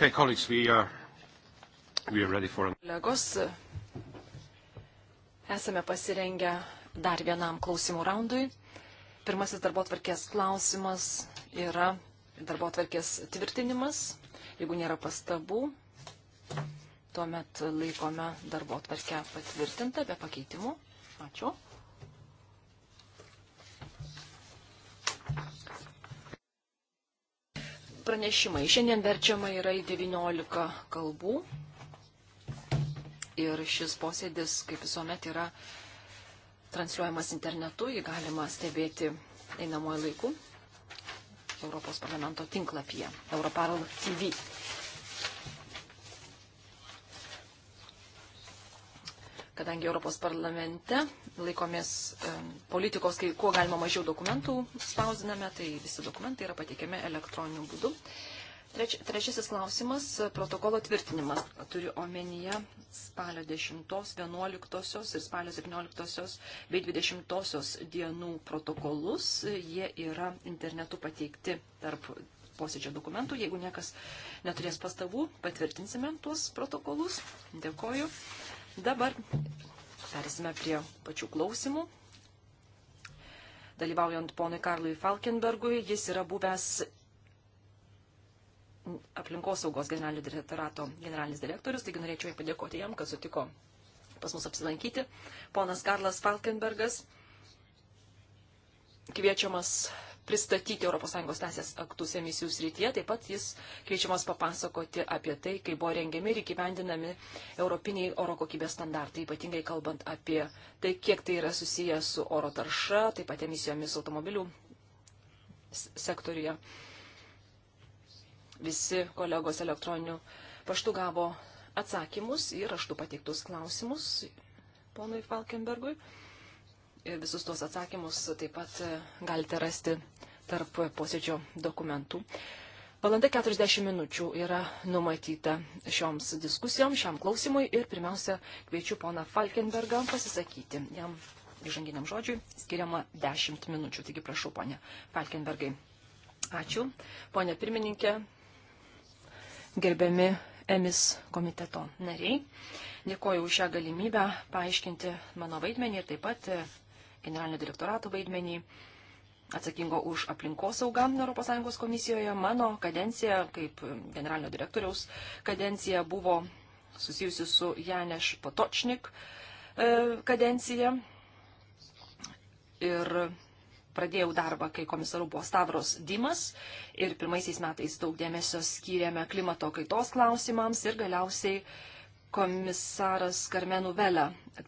Okay, colleagues, we are, uh, we are ready for... Kolegos, esame pasirengę dar vienam klausimų raundui. Pirmasis darbo tvarkės klausimas yra darbo tvarkės tvirtinimas. Jeigu nėra pastabų, tuomet laikome darbo tvarkę patvirtintą be pakeitimų. Ačiū. pranešimai. Šiandien verčiama yra į 19 kalbų. Ir šis posėdis, kaip visuomet, yra transliuojamas internetu, jį galima stebėti einamojo laiku Europos parlamento tinklapyje, Europarl TV. kadangi Europos parlamente laikomės politikos, kai kuo galima mažiau dokumentų spausdiname, tai visi dokumentai yra pateikiami elektroniniu būdu. Treč, trečiasis klausimas - protokolo tvirtinimas. Turiu omenyje spalio 10, 11 ir spalio 17 bei 20 dienų protokolus. Jie yra internetu pateikti tarp posėdžio dokumentų. Jeigu niekas neturės pastabų, patvirtinsime tuos protokolus. Dėkoju. Dabar perėsime prie pačių klausimų. Dalyvaujant ponui Karlui Falkenbergui, jis yra buvęs aplinkosaugos generalinio direktorato generalinis direktorius, taigi norėčiau padėkoti jam, kad sutiko pas mus apsilankyti. Ponas Karlas Falkenbergas kviečiamas pristatyti ES teisės aktus emisijų srityje. Taip pat jis kviečiamas papasakoti apie tai, kaip buvo rengiami ir įgyvendinami europiniai oro kokybės standartai, ypatingai kalbant apie tai, kiek tai yra susiję su oro tarša, taip pat emisijomis automobilių sektoriuje. Visi kolegos elektroninių paštų gavo atsakymus į raštų pateiktus klausimus ponui Falkenbergui. Visus tuos atsakymus taip pat e, galite rasti tarp posėdžio dokumentų. Valanda 40 minučių yra numatyta šioms diskusijoms, šiam klausimui ir pirmiausia kviečiu poną Falkenbergą pasisakyti. Jam įžanginiam žodžiui skiriama 10 minučių, taigi prašau, ponė Falkenbergai. Ačiū. Pone pirmininkė, gerbiami emis komiteto nariai, dėkoju už šią galimybę paaiškinti mano vaidmenį ir taip pat e, generalinio direktorato vaidmenį, atsakingo už aplinkosaugą ES komisijoje. Mano kadencija, kaip generalinio direktoriaus kadencija, buvo susijusi su Janeš Potočnik e, kadencija. Ir pradėjau darbą, kai komisaru buvo Stavros Dimas ir pirmaisiais metais daug dėmesio skyrėme klimato kaitos klausimams ir galiausiai komisaras Karmenų Vela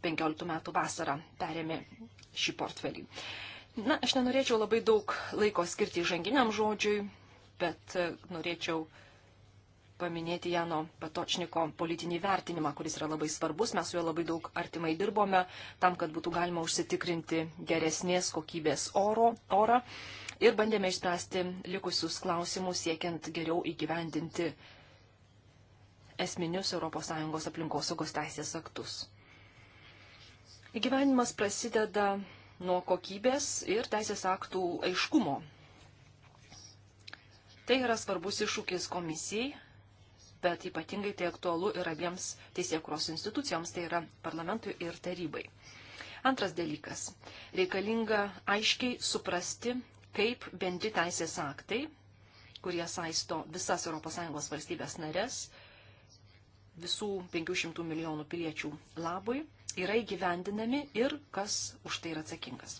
15 metų vasarą perėmė šį portfelį. Na, aš nenorėčiau labai daug laiko skirti įžanginiam žodžiui, bet e, norėčiau paminėti Jano Patočniko politinį vertinimą, kuris yra labai svarbus. Mes su juo labai daug artimai dirbome tam, kad būtų galima užsitikrinti geresnės kokybės oro, orą ir bandėme išspręsti likusius klausimus, siekiant geriau įgyvendinti esminius ES aplinkosaugos teisės aktus. Įgyvenimas prasideda nuo kokybės ir teisės aktų aiškumo. Tai yra svarbus iššūkis komisijai, bet ypatingai tai aktualu ir abiems teisėkros institucijoms, tai yra parlamentui ir tarybai. Antras dalykas. Reikalinga aiškiai suprasti, kaip bendri teisės aktai, kurie saisto visas ES valstybės narės, visų 500 milijonų piliečių labui yra įgyvendinami ir kas už tai yra atsakingas.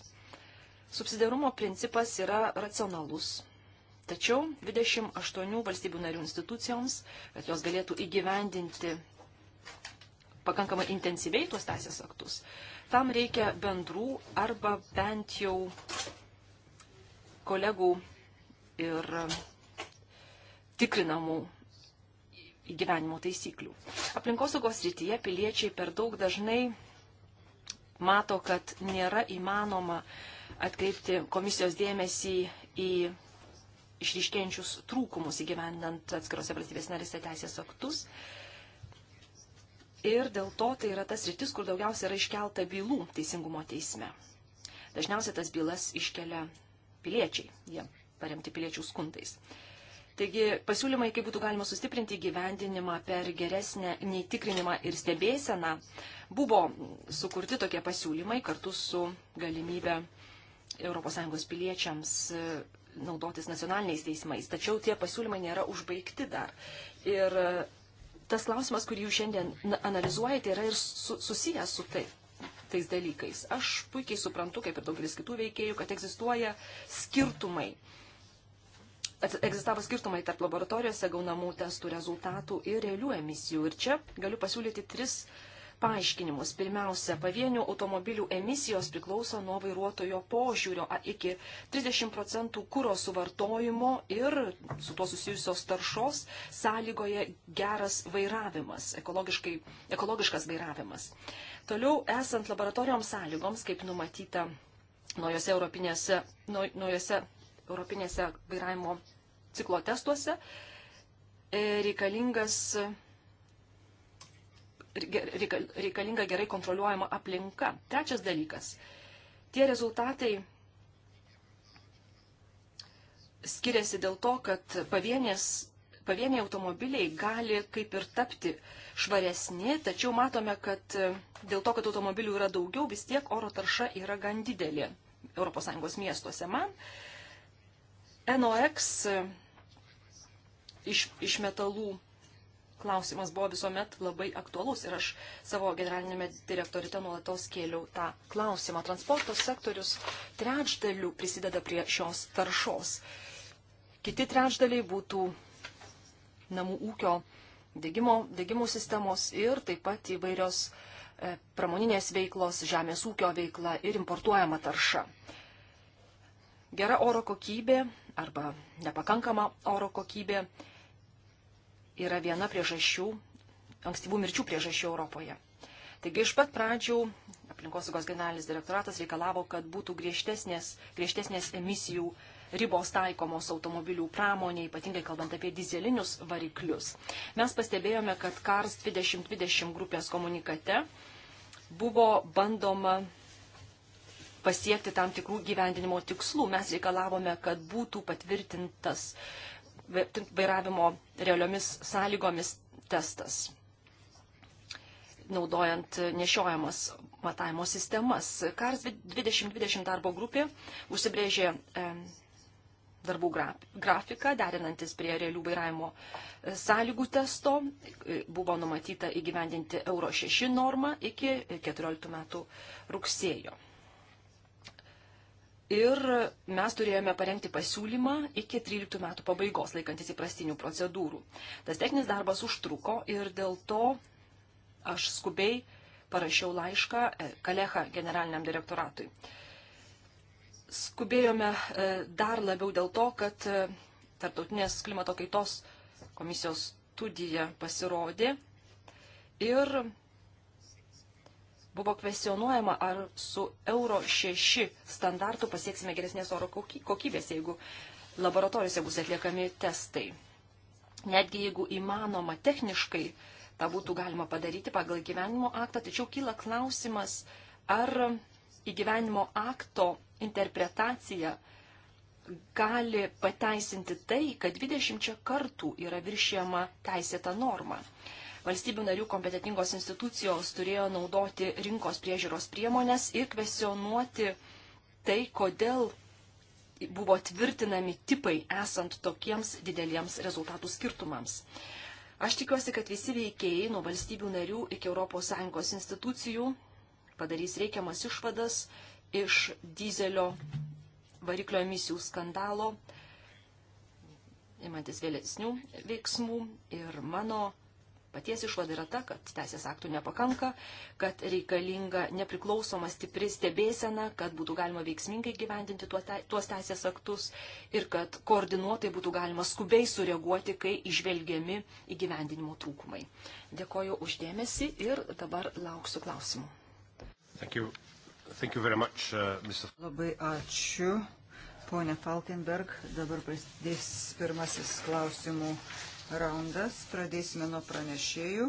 Subsidiarumo principas yra racionalus, tačiau 28 valstybių narių institucijoms, kad jos galėtų įgyvendinti pakankamai intensyviai tuos teisės aktus, tam reikia bendrų arba bent jau kolegų ir tikrinamų įgyvenimo taisyklių. Aplinkosaugos rytyje piliečiai per daug dažnai mato, kad nėra įmanoma atkreipti komisijos dėmesį į išryškėjančius trūkumus įgyvendant atskirose valstybės narėse teisės aktus. Ir dėl to tai yra tas rytis, kur daugiausia yra iškelta bylų teisingumo teisme. Dažniausiai tas bylas iškelia piliečiai, jie paremti piliečių skundais. Taigi pasiūlymai, kaip būtų galima sustiprinti gyvendinimą per geresnę neįtikrinimą ir stebėseną, buvo sukurti tokie pasiūlymai kartu su galimybė ES piliečiams e, naudotis nacionaliniais teismais. Tačiau tie pasiūlymai nėra užbaigti dar. Ir e, tas klausimas, kurį jūs šiandien analizuojate, yra ir su, susijęs su tai, tais dalykais. Aš puikiai suprantu, kaip ir daugelis kitų veikėjų, kad egzistuoja skirtumai. Mm egzistavo skirtumai tarp laboratorijose gaunamų testų rezultatų ir realių emisijų. Ir čia galiu pasiūlyti tris paaiškinimus. Pirmiausia, pavienių automobilių emisijos priklauso nuo vairuotojo požiūrio iki 30 procentų kūro suvartojimo ir su tuo susijusios taršos sąlygoje geras vairavimas, ekologiškas vairavimas. Toliau, esant laboratorijoms sąlygoms, kaip numatyta naujose europinėse, naujose europinėse vairavimo ciklo testuose e, reikalingas reikalinga gerai kontroliuojama aplinka. Trečias dalykas. Tie rezultatai skiriasi dėl to, kad pavienės, pavieniai automobiliai gali kaip ir tapti švaresni, tačiau matome, kad e, dėl to, kad automobilių yra daugiau, vis tiek oro tarša yra gan didelė ES miestuose. Man NOX iš, iš metalų klausimas buvo visuomet labai aktualus ir aš savo generalinėme direktorite nuolatos kėliau tą klausimą. Transporto sektorius trečdalių prisideda prie šios taršos. Kiti trečdaliai būtų namų ūkio degimo, degimų sistemos ir taip pat įvairios e, pramoninės veiklos, žemės ūkio veikla ir importuojama tarša. Gera oro kokybė arba nepakankama oro kokybė yra viena priežasčių, ankstyvų mirčių priežasčių Europoje. Taigi iš pat pradžių aplinkosaugos generalinis direktoratas reikalavo, kad būtų griežtesnės, griežtesnės emisijų ribos taikomos automobilių pramonė, ypatingai kalbant apie dizelinius variklius. Mes pastebėjome, kad Kars 2020 grupės komunikate buvo bandoma pasiekti tam tikrų gyvendinimo tikslų. Mes reikalavome, kad būtų patvirtintas vairavimo realiomis sąlygomis testas, naudojant nešiojamas matavimo sistemas. Kars 2020 darbo grupė užsibrėžė darbų grafiką, derinantis prie realių vairavimo e, sąlygų testo. E, buvo numatyta įgyvendinti Euro 6 normą iki 14 metų rugsėjo. Ir mes turėjome parengti pasiūlymą iki 13 metų pabaigos, laikantis įprastinių procedūrų. Tas techninis darbas užtruko ir dėl to aš skubiai parašiau laišką e, Kalecha generaliniam direktoratui. Skubėjome e, dar labiau dėl to, kad e, Tartautinės klimato kaitos komisijos studija pasirodė ir buvo kvestionuojama, ar su Euro 6 standartu pasieksime geresnės oro kokybės, jeigu laboratorijose bus atliekami testai. Netgi jeigu įmanoma techniškai tą būtų galima padaryti pagal gyvenimo aktą, tačiau kyla klausimas, ar įgyvenimo akto interpretacija gali pateisinti tai, kad 20 kartų yra viršijama teisėta norma valstybių narių kompetitingos institucijos turėjo naudoti rinkos priežiūros priemonės ir kvesionuoti tai, kodėl buvo tvirtinami tipai esant tokiems dideliems rezultatų skirtumams. Aš tikiuosi, kad visi veikėjai nuo valstybių narių iki ES institucijų padarys reikiamas išvadas iš dizelio variklio emisijų skandalo, imantis vėlesnių veiksmų ir mano paties išvada yra ta, kad teisės aktų nepakanka, kad reikalinga nepriklausoma stipri stebėsena, kad būtų galima veiksmingai gyvendinti tuos teisės aktus ir kad koordinuotai būtų galima skubiai sureaguoti, kai išvelgiami įgyvendinimo trūkumai. Dėkoju uždėmesi ir dabar lauksiu klausimų. Thank you. Thank you very much, uh, Mr. Labai ačiū. Pone Falkenberg, dabar prasidės pirmasis klausimų raundas. Pradėsime nuo pranešėjų,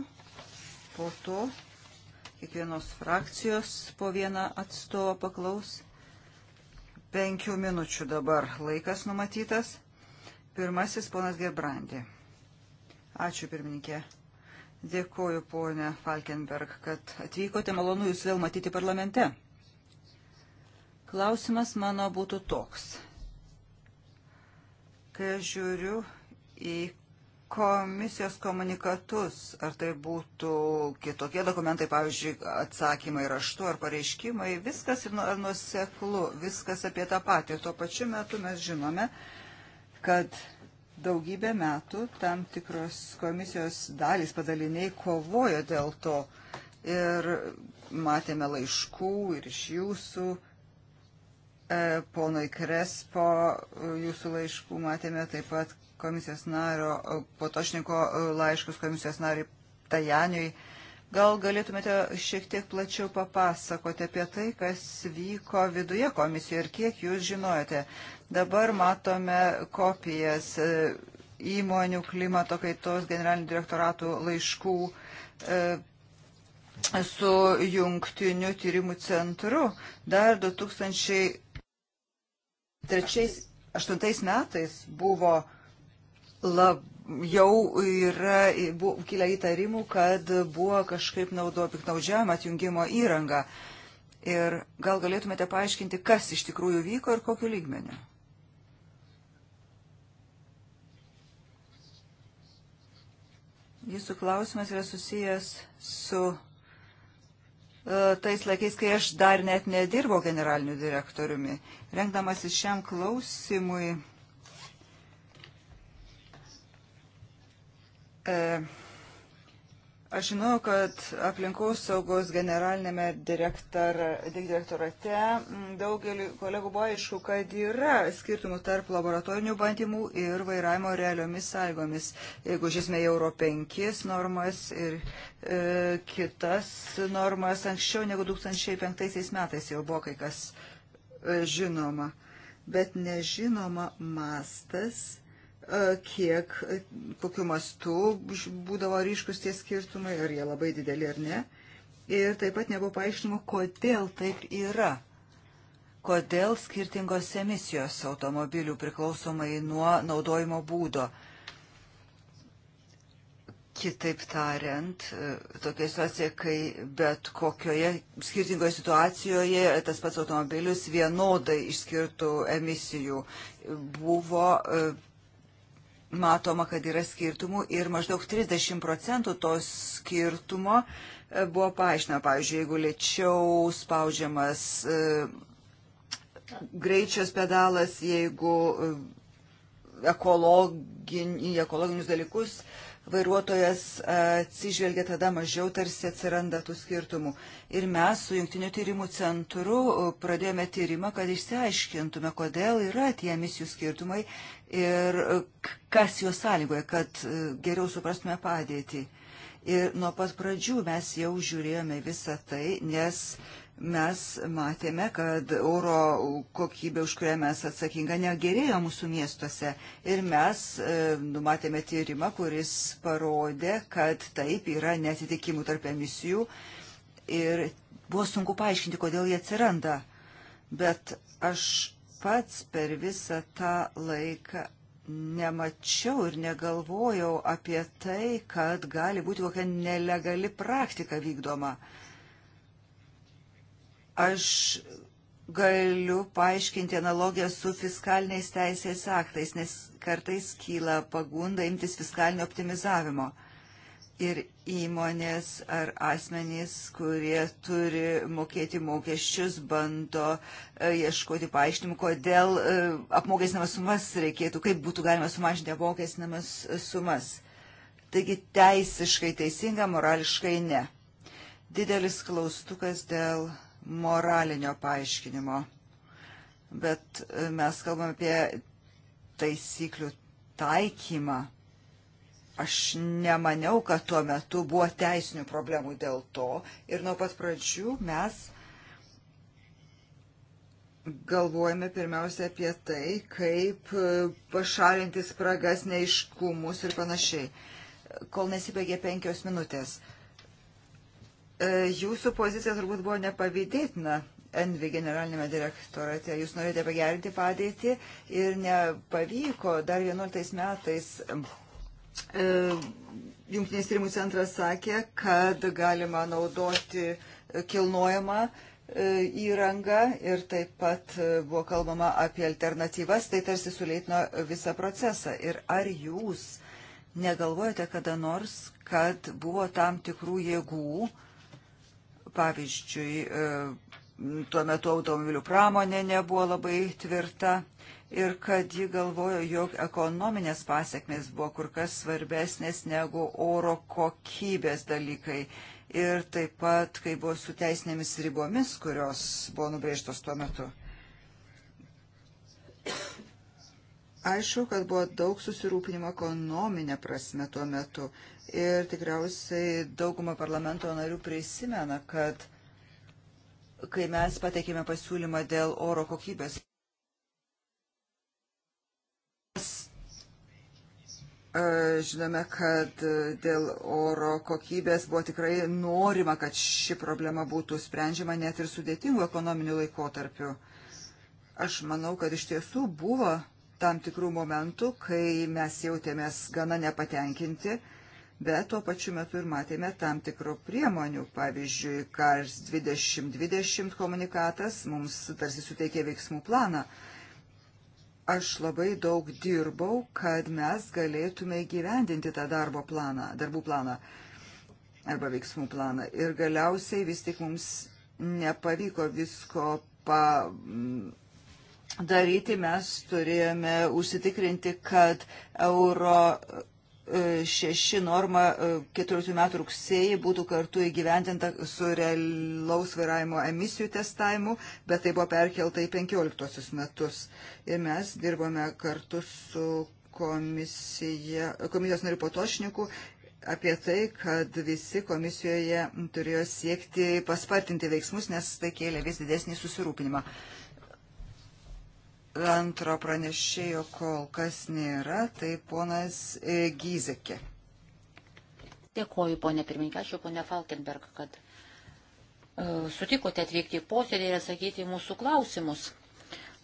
po to kiekvienos frakcijos po vieną atstovą paklaus. Penkių minučių dabar laikas numatytas. Pirmasis ponas Gerbrandi. Ačiū pirmininkė. Dėkoju ponė Falkenberg, kad atvykote. Malonu Jūs vėl matyti parlamente. Klausimas mano būtų toks. Kai aš žiūriu į komisijos komunikatus, ar tai būtų kitokie dokumentai, pavyzdžiui, atsakymai raštu ar pareiškimai, viskas nuseklu, viskas apie tą patį. Ir tuo pačiu metu mes žinome, kad daugybę metų tam tikros komisijos dalys padaliniai kovojo dėl to. Ir matėme laiškų ir iš jūsų, e, ponui Krespo, jūsų laiškų matėme taip pat komisijos nario Potošniko e, laiškus komisijos nariui Tajaniui. Gal galėtumėte šiek tiek plačiau papasakoti apie tai, kas vyko viduje komisijoje ir kiek jūs žinojate. Dabar matome kopijas e, įmonių klimato kaitos generalinių direktoratų laiškų e, su jungtiniu tyrimų centru. Dar 2008 metais buvo lab, jau yra bu, kilę įtarimų, kad buvo kažkaip naudo piknaudžiama atjungimo įranga. Ir gal galėtumėte paaiškinti, kas iš tikrųjų vyko ir kokiu lygmeniu? Jūsų klausimas yra susijęs su uh, tais laikais, kai aš dar net nedirbau generaliniu direktoriumi. Rengdamasis šiam klausimui E, aš žinau, kad aplinkos saugos generalinėme direktor, direktorate daugelį kolegų buvo aišku, kad yra skirtumų tarp laboratorinių bandymų ir vairavimo realiomis sąlygomis. Jeigu žiūrėsime Euro 5 normas ir e, kitas normas, anksčiau negu 2005 metais jau buvo kai kas e, žinoma, bet nežinoma mastas E, kiek, e, kokiu mastu būdavo ryškus tie skirtumai, ar jie labai dideli ar ne. Ir taip pat nebuvo paaiškinimo, kodėl taip yra. Kodėl skirtingos emisijos automobilių priklausomai nuo naudojimo būdo. Kitaip tariant, e, tokia situacija, kai bet kokioje skirtingoje situacijoje tas pats automobilis vienodai išskirtų emisijų buvo matoma, kad yra skirtumų ir maždaug 30 procentų to skirtumo e, buvo paaiškinama. Pavyzdžiui, jeigu lėčiau spaudžiamas e, greičios pedalas, jeigu e, ekologin, į ekologinius dalykus vairuotojas atsižvelgia tada mažiau, tarsi atsiranda tų skirtumų. Ir mes su Junktiniu tyrimų centru pradėjome tyrimą, kad išsiaiškintume, kodėl yra tie emisijų skirtumai ir kas juos sąlygoja, kad e, geriau suprastume padėtį. Ir nuo pat pradžių mes jau žiūrėjome visą tai, nes mes matėme, kad oro kokybė, už kurią mes atsakinga, negerėjo mūsų miestuose. Ir mes e, numatėme tyrimą, kuris parodė, kad taip yra netitikimų tarp emisijų. Ir buvo sunku paaiškinti, kodėl jie atsiranda. Bet aš pats per visą tą laiką nemačiau ir negalvojau apie tai, kad gali būti kokia nelegali praktika vykdoma. E, Aš galiu paaiškinti analogiją su fiskaliniais teisės aktais, nes kartais kyla pagunda imtis fiskalinio optimizavimo. Ir įmonės ar asmenys, kurie turi mokėti mokesčius, bando e, ieškoti paaiškinimų, kodėl e, apmokestinamas sumas reikėtų, kaip būtų galima sumažinti apmokestinamas e, sumas. Taigi teisiškai teisinga, morališkai ne. Didelis klaustukas dėl moralinio paaiškinimo, bet e, mes kalbam apie taisyklių taikymą. Aš nemaniau, kad tuo metu buvo teisinių problemų dėl to ir nuo pat pradžių mes galvojame pirmiausia apie tai, kaip e, pašalinti spragas, neiškumus ir panašiai. Kol nesibaigė penkios minutės. E, jūsų pozicija turbūt buvo nepavydėtina Envi generalinėme direktorate. Jūs norėjote pagerinti padėtį ir nepavyko dar 11 metais. E, Junktinės tyrimų centras sakė, kad galima naudoti kilnojamą e, įrangą ir taip pat buvo kalbama apie alternatyvas, tai tarsi sulėtino visą procesą. Ir ar jūs negalvojate kada nors, kad buvo tam tikrų jėgų, Pavyzdžiui, e, tuo metu automobilių pramonė nebuvo labai tvirta ir kad ji galvojo, jog ekonominės pasiekmes buvo kur kas svarbesnės negu oro kokybės dalykai. Ir taip pat, kai buvo su teisinėmis ribomis, kurios buvo nubrėžtos tuo metu. Aišku, kad buvo daug susirūpinimo ekonominė prasme tuo metu ir tikriausiai dauguma parlamento narių prisimena, kad kai mes pateikėme pasiūlymą dėl oro kokybės, e, Žinome, kad dėl oro kokybės buvo tikrai norima, kad ši problema būtų sprendžiama net ir sudėtingų ekonominių laikotarpių. Aš manau, kad iš tiesų buvo tam tikrų momentų, kai mes jautėmės gana nepatenkinti bet tuo pačiu metu ir matėme tam tikrų priemonių. Pavyzdžiui, Kars 2020 komunikatas mums tarsi suteikė veiksmų planą. Aš labai daug dirbau, kad mes galėtume gyvendinti tą darbo planą, darbų planą arba veiksmų planą. Ir galiausiai vis tik mums nepavyko visko pa, daryti, mes turėjome užsitikrinti, kad euro 6 norma 14 e, metų rugsėjai būtų kartu įgyvendinta su realaus vairavimo emisijų testavimu, bet tai buvo perkelta į 15 metus. Ir mes dirbome kartu su komisija, komisijos nariu Potošniku apie tai, kad visi komisijoje turėjo siekti paspartinti veiksmus, nes tai kėlė vis didesnį susirūpinimą. Uh, antro pranešėjo kol kas nėra, tai ponas e, Gyzekė. Dėkoju, ponė pirmininkė, ačiū ponė Falkenberg, kad uh, sutikote atvykti į posėdį ir atsakyti mūsų klausimus.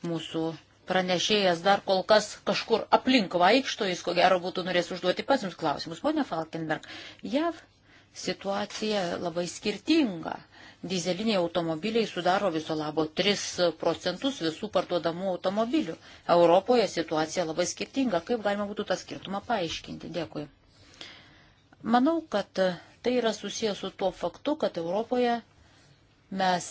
Mūsų pranešėjas dar kol kas kažkur aplink vaikšto, jis ko gero būtų norės užduoti pas jums klausimus. Pone Falkenberg, jav situacija labai skirtinga dizeliniai automobiliai sudaro viso labo 3 procentus visų parduodamų automobilių. Europoje situacija labai skirtinga. Kaip galima būtų tą skirtumą paaiškinti? Dėkui. Manau, kad tai yra susijęs su tuo faktu, kad Europoje mes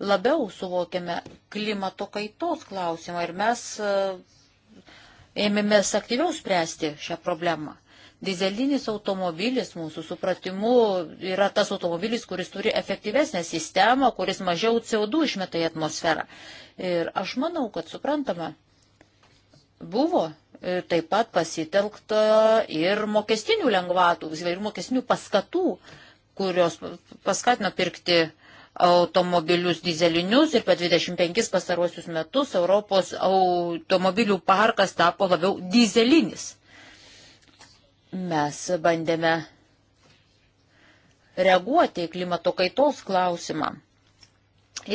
labiau suvokiame klimato kaitos klausimą ir mes e, ėmėmės aktyviau spręsti šią problemą. Dizelinis automobilis mūsų supratimu yra tas automobilis, kuris turi efektyvesnę sistemą, kuris mažiau CO2 išmeta į atmosferą. Ir aš manau, kad suprantama, buvo e, taip pat pasitelkta ir mokestinių lengvatų, ir mokestinių paskatų, kurios paskatino pirkti automobilius dizelinius ir per 25 pastaruosius metus Europos automobilių parkas tapo labiau dizelinis. Mes bandėme reaguoti į klimato kaitos klausimą.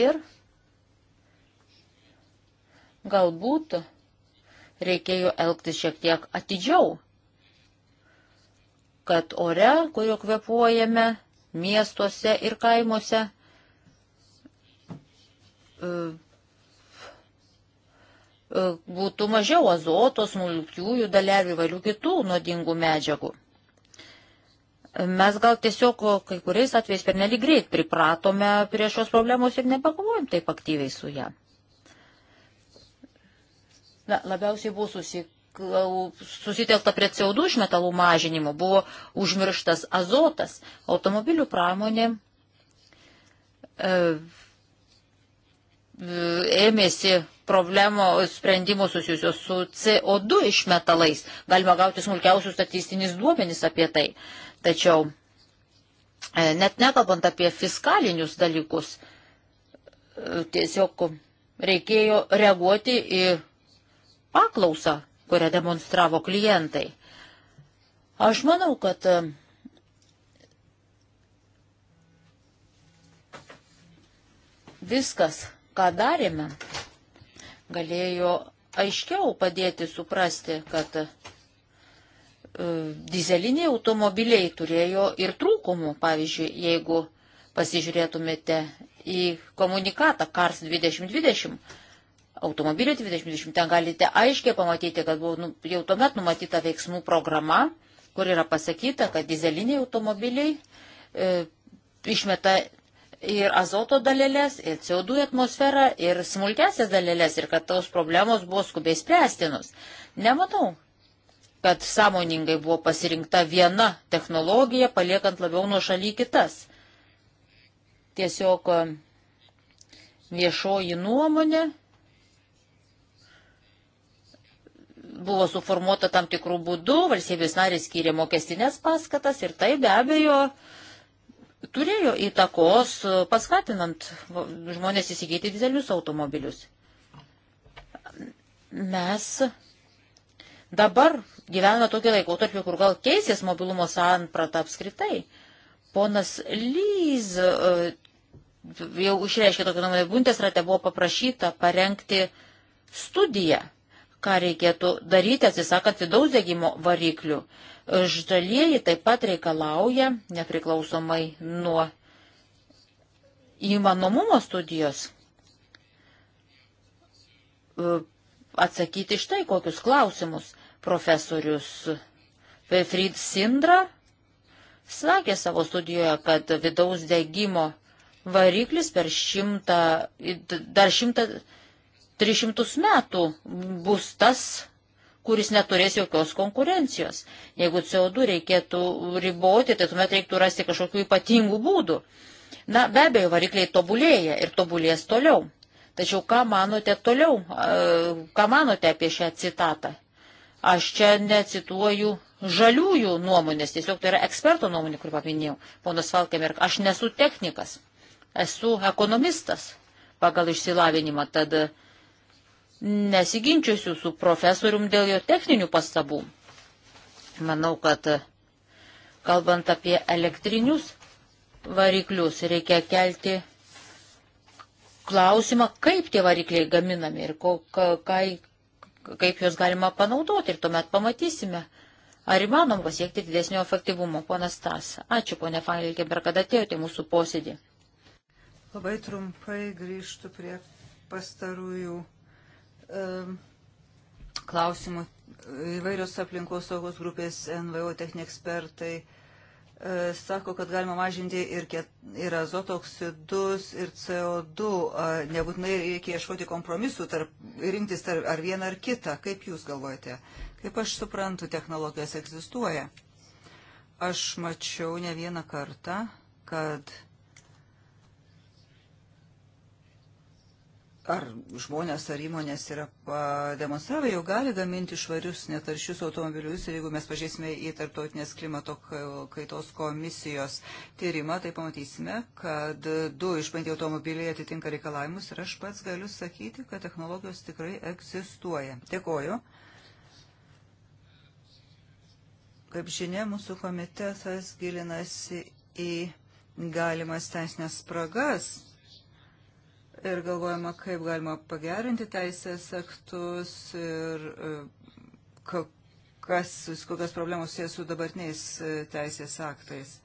Ir galbūt reikėjo elgtis šiek tiek atidžiau, kad ore, kurio kvepuojame miestuose ir kaimuose, e, E, būtų mažiau azoto, smulkiųjų dalelių, įvairių kitų nuodingų medžiagų. Mes gal tiesiog kai kuriais atvejais per nelik greit pripratome prie šios problemos ir nepakovojom taip aktyviai su ją. Na, labiausiai buvo susitelkta prie CO2 išmetalų mažinimo, buvo užmirštas azotas, automobilių pramonė. E, ėmėsi problemų sprendimų susijusios su CO2 išmetalais. Galima gauti smulkiausius statistinis duomenys apie tai. Tačiau e, net nekalbant apie fiskalinius dalykus, e, tiesiog reikėjo reaguoti į paklausą, kurią demonstravo klientai. Aš manau, kad e, viskas, ką darėme, galėjo aiškiau padėti suprasti, kad e, dizeliniai automobiliai turėjo ir trūkumų. Pavyzdžiui, jeigu pasižiūrėtumėte į komunikatą Kars 2020, automobilio 2020, ten galite aiškiai pamatyti, kad buvo nu, jau tuomet numatyta veiksmų programa, kur yra pasakyta, kad dizeliniai automobiliai e, išmeta ir azoto dalelės, ir CO2 atmosferą, ir smulkesias dalelės, ir kad tos problemos buvo skubiai spręstinos. Nemanau, kad sąmoningai buvo pasirinkta viena technologija, paliekant labiau nuo šaly kitas. Tiesiog e, viešoji nuomonė buvo suformuota tam tikrų būdų, valstybės narės skyrė mokestinės paskatas ir tai be abejo uh, turėjo įtakos e, paskatinant žmonės įsigyti didelius automobilius. Mes dabar gyvename tokį laikotarpį, kur gal keisės mobilumo samprata apskritai. Ponas Lyz e, jau išreiškė tokią nuomonę, Bundesrate buvo paprašyta parengti studiją, ką reikėtų daryti atsisakant vidaus degimo variklių. Žalieji taip pat reikalauja, nepriklausomai nuo įmanomumo studijos, e, atsakyti štai kokius klausimus. Profesorius Fefrid Sindra sakė savo studijoje, kad vidaus degimo variklis per šimtą, dar šimtą, 300 metų bus tas kuris neturės jokios konkurencijos. Jeigu CO2 reikėtų riboti, tai tuomet reiktų rasti kažkokių ypatingų būdų. Na, be abejo, varikliai tobulėja ir tobulės toliau. Tačiau ką manote toliau, e, ką manote apie šią citatą? Aš čia necituoju žaliųjų nuomonės, tiesiog tai yra eksperto nuomonė, kur paminėjau, ponas Falkemerk, aš nesu technikas, esu ekonomistas pagal išsilavinimą, tad uh, nesiginčiusiu su profesorium dėl jo techninių pastabų. Manau, kad e, kalbant apie elektrinius variklius, reikia kelti klausimą, kaip tie varikliai gaminami ir ko, ka, ka, kaip juos galima panaudoti ir tuomet pamatysime. Ar įmanom pasiekti didesnio efektyvumo, ponas Tas? Ačiū, ponė Fangelkeber, kad atėjote mūsų posėdį. Labai trumpai grįžtų prie pastarųjų klausimų. Įvairios aplinkos saugos grupės NVO techniniai ekspertai e, sako, kad galima mažinti ir, ket, ir azoto oksidus, ir CO2. Nebūtinai reikia ieškoti kompromisų tarp, rinktis tarp, ar vieną ar kitą. Kaip Jūs galvojate? Kaip aš suprantu, technologijos egzistuoja. Aš mačiau ne vieną kartą, kad ar žmonės, ar įmonės yra pademonstravę, jau gali gaminti švarius, netaršius automobilius. Ir jeigu mes pažiūrėsime į tarptautinės klimato kaitos komisijos tyrimą, tai pamatysime, kad du išbandyti automobiliai atitinka reikalavimus ir aš pats galiu sakyti, kad technologijos tikrai egzistuoja. Dėkoju. Kaip žinia, mūsų komitetas gilinasi į galimas teisinės spragas ir galvojama, kaip galima pagerinti teisės aktus ir e, kas, kokios problemos jie su dabartiniais e, teisės aktais.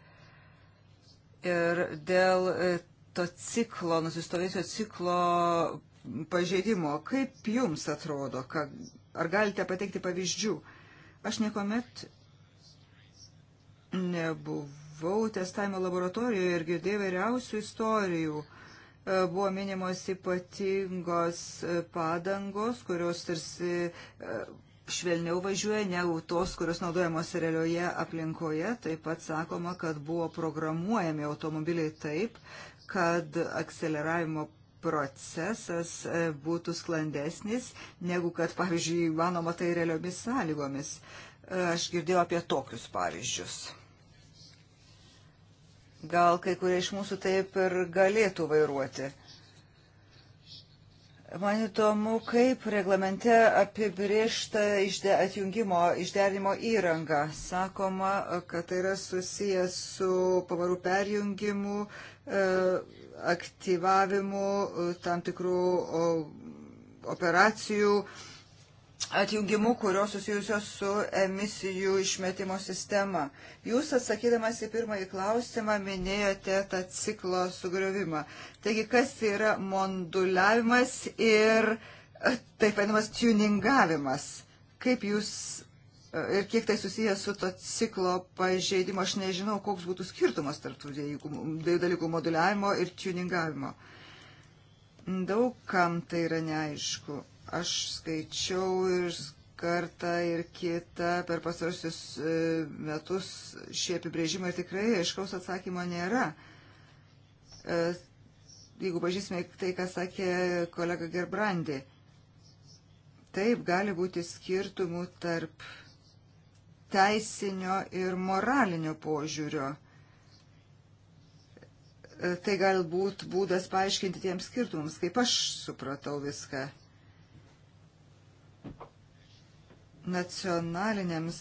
Ir dėl e, to ciklo, nusistovėjusio ciklo pažeidimo, kaip jums atrodo, ka, ar galite pateikti pavyzdžių? Aš niekuomet nebuvau testavimo laboratorijoje ir girdėjau vairiausių istorijų. Uh, E, buvo minimos ypatingos e, padangos, kurios tarsi e, švelniau važiuoja negu tos, kurios naudojamos realioje aplinkoje. Taip pat sakoma, kad buvo programuojami automobiliai taip, kad akceleravimo procesas būtų sklandesnis, negu kad, pavyzdžiui, manoma tai realiomis sąlygomis. Aš girdėjau apie tokius pavyzdžius. Gal kai kurie iš mūsų taip ir galėtų vairuoti. Man įdomu, kaip reglamente apibriešta išde, atjungimo, išderinimo įranga. Sakoma, kad tai yra susijęs su pavarų perjungimu, e, aktyvavimu tam tikrų operacijų, atjungimu, kurios susijusios su emisijų išmetimo sistema. Jūs atsakydamas į pirmąjį klausimą minėjote tą ciklo sugriovimą. Taigi, kas yra monduliavimas ir e, taip vadinamas tuningavimas? Kaip jūs e, ir kiek tai susijęs su to ciklo pažeidimu, aš nežinau, koks būtų skirtumas tarp tų dviejų dalykų moduliavimo ir tuningavimo. Daug kam tai yra neaišku Aš skaičiau ir kartą ir kitą per pasarosius e, metus šie apibrėžimai tikrai aiškaus atsakymo nėra. E, jeigu pažįsime tai, ką sakė kolega Gerbrandi, taip gali būti skirtumų tarp teisinio ir moralinio požiūrio e, tai galbūt būdas paaiškinti tiems skirtumams, kaip aš supratau viską. nacionalinėms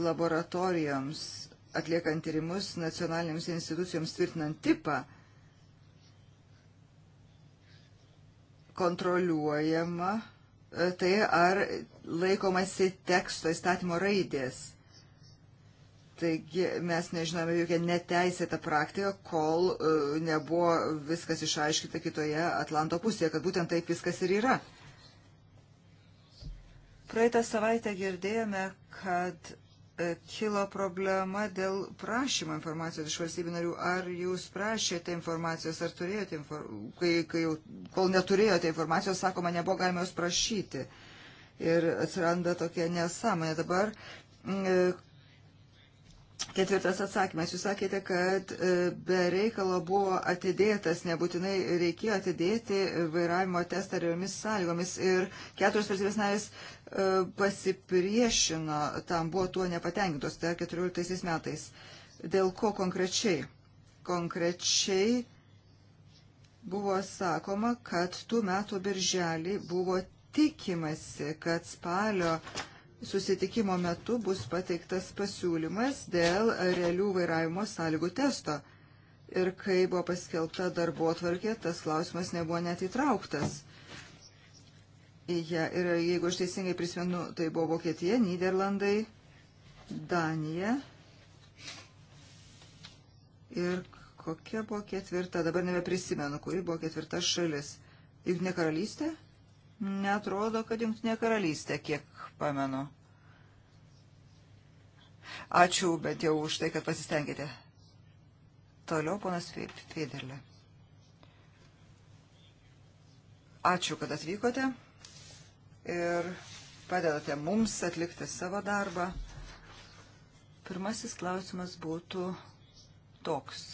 laboratorijoms atliekant tyrimus, nacionalinėms institucijoms tvirtinant tipą, kontroliuojama e, tai, ar laikomasi teksto įstatymo raidės. Taigi mes nežinome jokią neteisėtą praktiką, kol e, nebuvo viskas išaiškita kitoje Atlanto pusėje, kad būtent taip viskas ir yra. Praeitą savaitę girdėjome, kad e, kilo problema dėl prašymo informacijos iš valstybių narių. Ar jūs prašėte informacijos, ar turėjote informacijos, kai, kai jau, kol neturėjote informacijos, sakoma, nebuvo galima jos prašyti. Ir atsiranda tokia nesąmonė. Dabar e, Ketvirtas atsakymas. Jūs sakėte, kad e, be reikalo buvo atidėtas, nebūtinai reikėjo atidėti vairavimo testą realiomis sąlygomis ir keturios valstybės narės e, pasipriešino, tam buvo tuo nepatenkintos, tai 14 metais. Dėl ko konkrečiai? Konkrečiai buvo sakoma, kad tų metų birželį buvo tikimasi, kad spalio uh, susitikimo metu bus pateiktas pasiūlymas dėl realių vairavimo sąlygų testo. Ir kai buvo paskelbta darbo atvarkė, tas klausimas nebuvo net įtrauktas. Ja, ir jeigu aš teisingai prisimenu, tai buvo Vokietija, Niderlandai, Danija ir kokia buvo ketvirta, dabar nebeprisimenu, kuri buvo ketvirta šalis. Juk ne karalystė? Netrodo, kad jungtinė karalystė, kiek pamenu. Ačiū, bet jau už tai, kad pasistengėte. Toliau, ponas Federle. Ačiū, kad atvykote ir padedate mums atlikti savo darbą. Pirmasis klausimas būtų toks.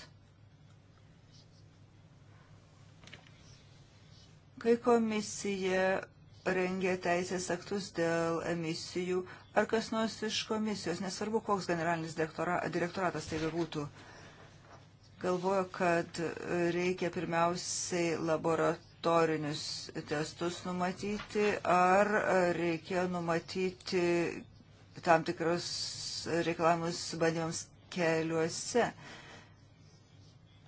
Kai komisija rengia teisės aktus dėl emisijų, ar kas nors iš komisijos, nesvarbu, koks generalinis direktora, direktoratas tai bebūtų, galvoja, kad reikia pirmiausiai laboratorinius testus numatyti, ar reikia numatyti tam tikrus reikalavimus bandymams keliuose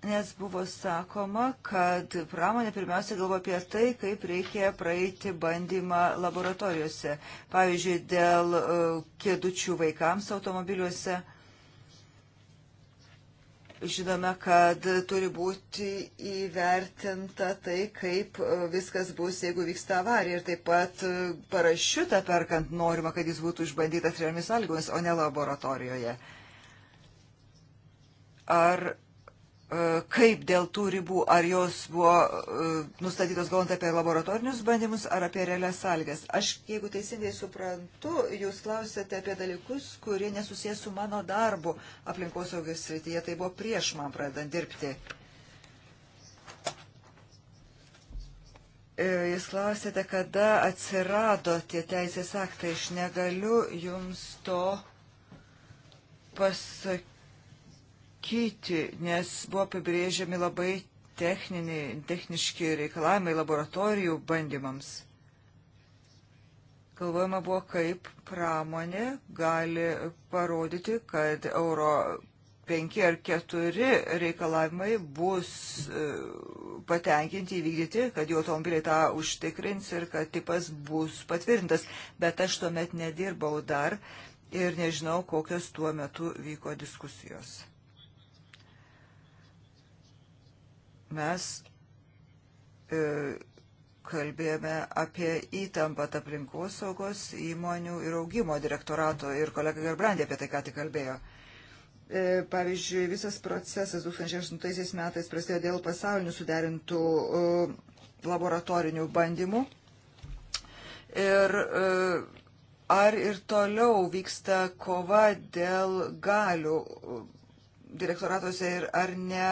nes buvo sakoma, kad pramonė pirmiausia galvo apie tai, kaip reikia praeiti bandymą laboratorijose. Pavyzdžiui, dėl e, kėdučių vaikams automobiliuose. Žinome, kad turi būti įvertinta tai, kaip e, viskas bus, jeigu vyksta avarija. Ir taip pat e, parašiutą perkant norima, kad jis būtų išbandytas realiomis sąlygomis, o ne laboratorijoje. Ar E, kaip dėl tų ribų, ar jos buvo e, nustatytos galvant apie laboratorinius bandymus ar apie realias sąlygas. Aš, jeigu teisingai suprantu, jūs klausėte apie dalykus, kurie nesusijęs su mano darbu aplinkosaugos srityje, tai buvo prieš man pradant dirbti. E, jūs klausėte, kada atsirado tie teisės aktai, aš negaliu jums to pasakyti tvarkyti, nes buvo apibrėžiami labai techniniai, techniški reikalavimai laboratorijų bandymams. Galvojama buvo, kaip pramonė gali parodyti, kad euro 5 ar 4 reikalavimai bus e, patenkinti įvykdyti, kad jų automobiliai tą užtikrins ir kad tipas bus patvirtintas. Bet aš tuomet nedirbau dar ir nežinau, kokios tuo metu vyko diskusijos. Mes e, kalbėjome apie įtampą aplinkos saugos įmonių ir augimo direktorato ir kolega Gerbrandė apie tai ką tik kalbėjo. E, pavyzdžiui, visas procesas 2008 metais prasidėjo dėl pasaulinių suderintų e, laboratorinių bandymų. Ir e, ar ir toliau vyksta kova dėl galių direktoratuose ir ar ne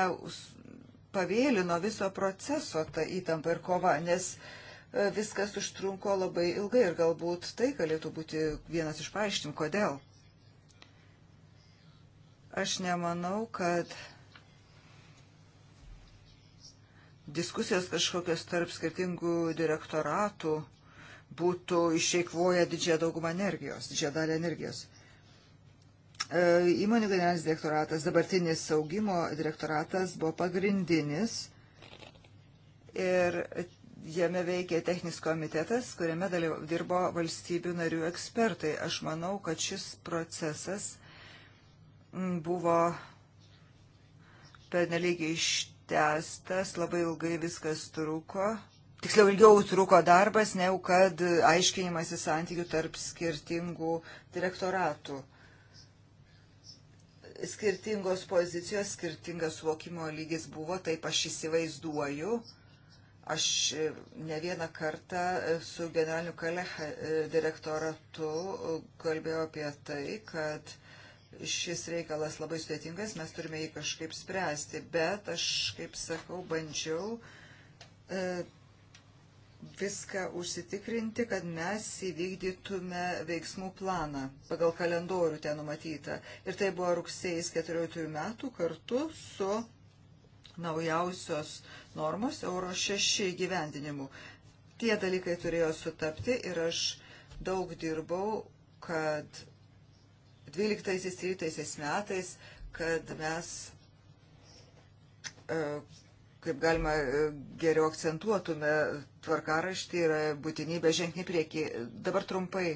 pavėlino viso proceso tą įtampą ir kovą, nes e, viskas užtrunko labai ilgai ir galbūt tai galėtų būti vienas iš paaiškim, kodėl. Aš nemanau, kad diskusijos kažkokios tarp skirtingų direktoratų būtų išeikvoję didžiąją daugumą energijos, didžiąją dalį energijos. E, įmonių generalinis direktoratas, dabartinis saugimo direktoratas buvo pagrindinis ir jame veikė techninis komitetas, kuriame dirbo valstybių narių ekspertai. Aš manau, kad šis procesas buvo pernelyg ištestas, labai ilgai viskas truko. Tiksliau, ilgiau truko darbas, negu kad aiškinimasis santykių tarp skirtingų direktoratų skirtingos pozicijos, skirtingas suvokimo lygis buvo, taip aš įsivaizduoju. Aš e, ne vieną kartą e, su generaliniu Kalech e, direktoratu kalbėjau apie tai, kad šis reikalas labai sudėtingas, mes turime jį kažkaip spręsti, bet aš, kaip sakau, bandžiau e, viską užsitikrinti, kad mes įvykdytume veiksmų planą pagal kalendorių ten numatytą. Ir tai buvo rugsėjais 14 metų kartu su naujausios normos Euro 6 gyvendinimu. Tie dalykai turėjo sutapti ir aš daug dirbau, kad 12-13 metais, kad mes e, kaip galima e, geriau akcentuotume tvarkaraštį ir būtinybę žengti priekį. Dabar trumpai,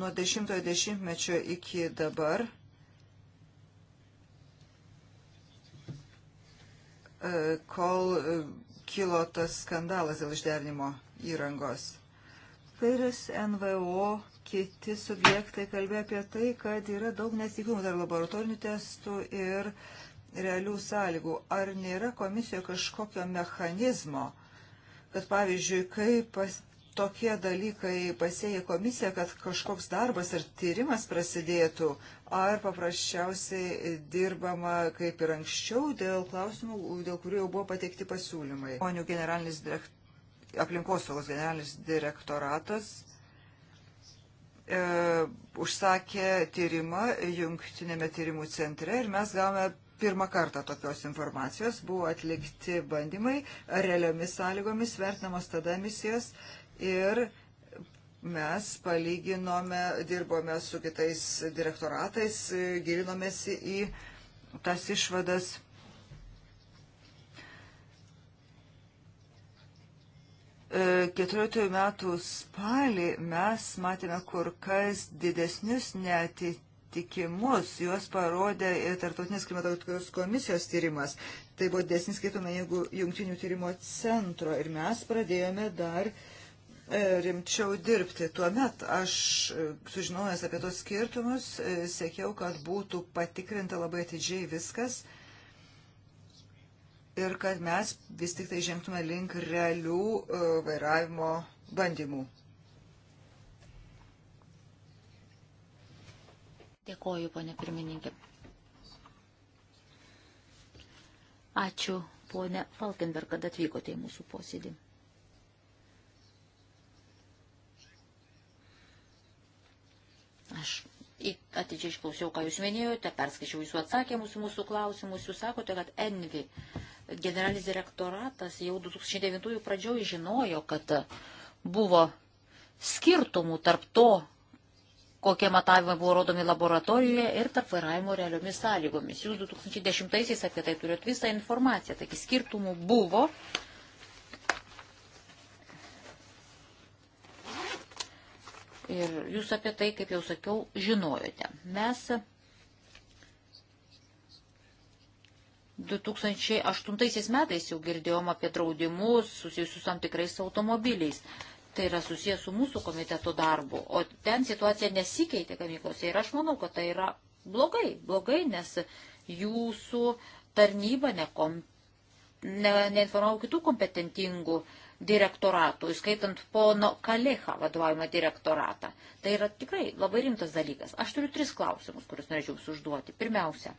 nuo 10-ojo dešimtmečio iki dabar e, kol e, kilo tas skandalas dėl išderinimo įrangos. Kairis NVO kiti subjektai kalbėjo apie tai, kad yra daug nesitikimų tarp laboratorinių testų ir uh, realių sąlygų. Ar nėra komisijoje kažkokio mechanizmo, kad pavyzdžiui, kai pas, tokie dalykai pasėja komisija, kad kažkoks darbas ar tyrimas prasidėtų, ar paprasčiausiai dirbama kaip ir anksčiau dėl klausimų, dėl kurių jau buvo pateikti pasiūlymai. Ponių generalinis direkt... aplinkosaugos generalinis direktoratas e, užsakė tyrimą jungtinėme tyrimų centre ir mes gavome pirmą kartą tokios informacijos, buvo atlikti bandymai realiomis sąlygomis, vertinamos tada misijos ir mes palyginome, dirbome su kitais direktoratais, gilinomės į tas išvadas. E, Keturiotųjų metų spalį mes matėme kur kas didesnius neatitikti netikimus. Juos parodė ir Tartautinės klimatos komisijos tyrimas. Tai buvo desnis skaitome, jeigu jungtinių tyrimo centro. Ir mes pradėjome dar e, rimčiau dirbti. Tuomet aš, e, sužinojęs apie tos skirtumus, e, siekiau, kad būtų patikrinta labai atidžiai viskas ir kad mes vis tik tai žengtume link realių vairavimo bandymų. Dėkoju, ponė pirmininkė. Ačiū, ponė Falkenberg, kad atvykote į mūsų posėdį. Aš atidžiai išklausiau, ką jūs minėjote, perskaičiau jūsų atsakymus į mūsų klausimus. Jūs sakote, kad Envi generalinis direktoratas jau 2009 pradžioj žinojo, kad buvo skirtumų tarp to, kokie matavimai buvo rodomi laboratorijoje ir tarp vairavimo realiomis sąlygomis. Jūs 2010-aisiais apie tai turėt visą informaciją, taigi skirtumų buvo. Ir jūs apie tai, kaip jau sakiau, žinojote. Mes 2008 metais jau girdėjom apie draudimus susijusius tam tikrais automobiliais tai yra susijęs su mūsų komiteto darbu, o ten situacija nesikeitė gamyklose ir aš manau, kad tai yra blogai, blogai, nes jūsų tarnyba nekom, ne, neinformavo kitų kompetentingų direktoratų, įskaitant pono Kalecha vadovavimą direktoratą. Tai yra tikrai labai rimtas dalykas. Aš turiu tris klausimus, kuriuos norėčiau užduoti. Pirmiausia,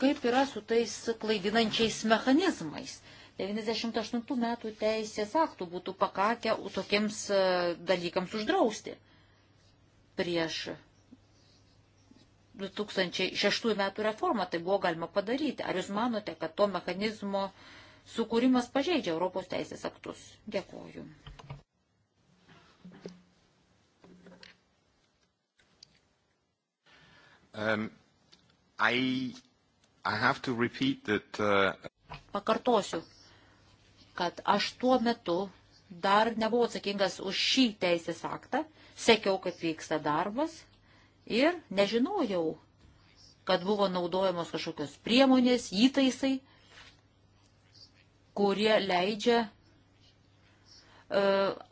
Kaip yra su tais klaidinančiais mechanizmais? 98 metų teisės aktų būtų pakakę tokiems e, dalykams uždrausti. Prieš 2006 metų reformą tai buvo galima padaryti. Ar jūs manote, kad to mechanizmo sukūrimas pažeidžia Europos teisės aktus? Dėkuoju. Um, I That, uh... Pakartosiu, kad aš tuo metu dar nebuvau atsakingas už šį teisės aktą, sekiau, kaip vyksta darbas ir nežinojau, kad buvo naudojamos kažkokios priemonės, įtaisai, kurie leidžia uh,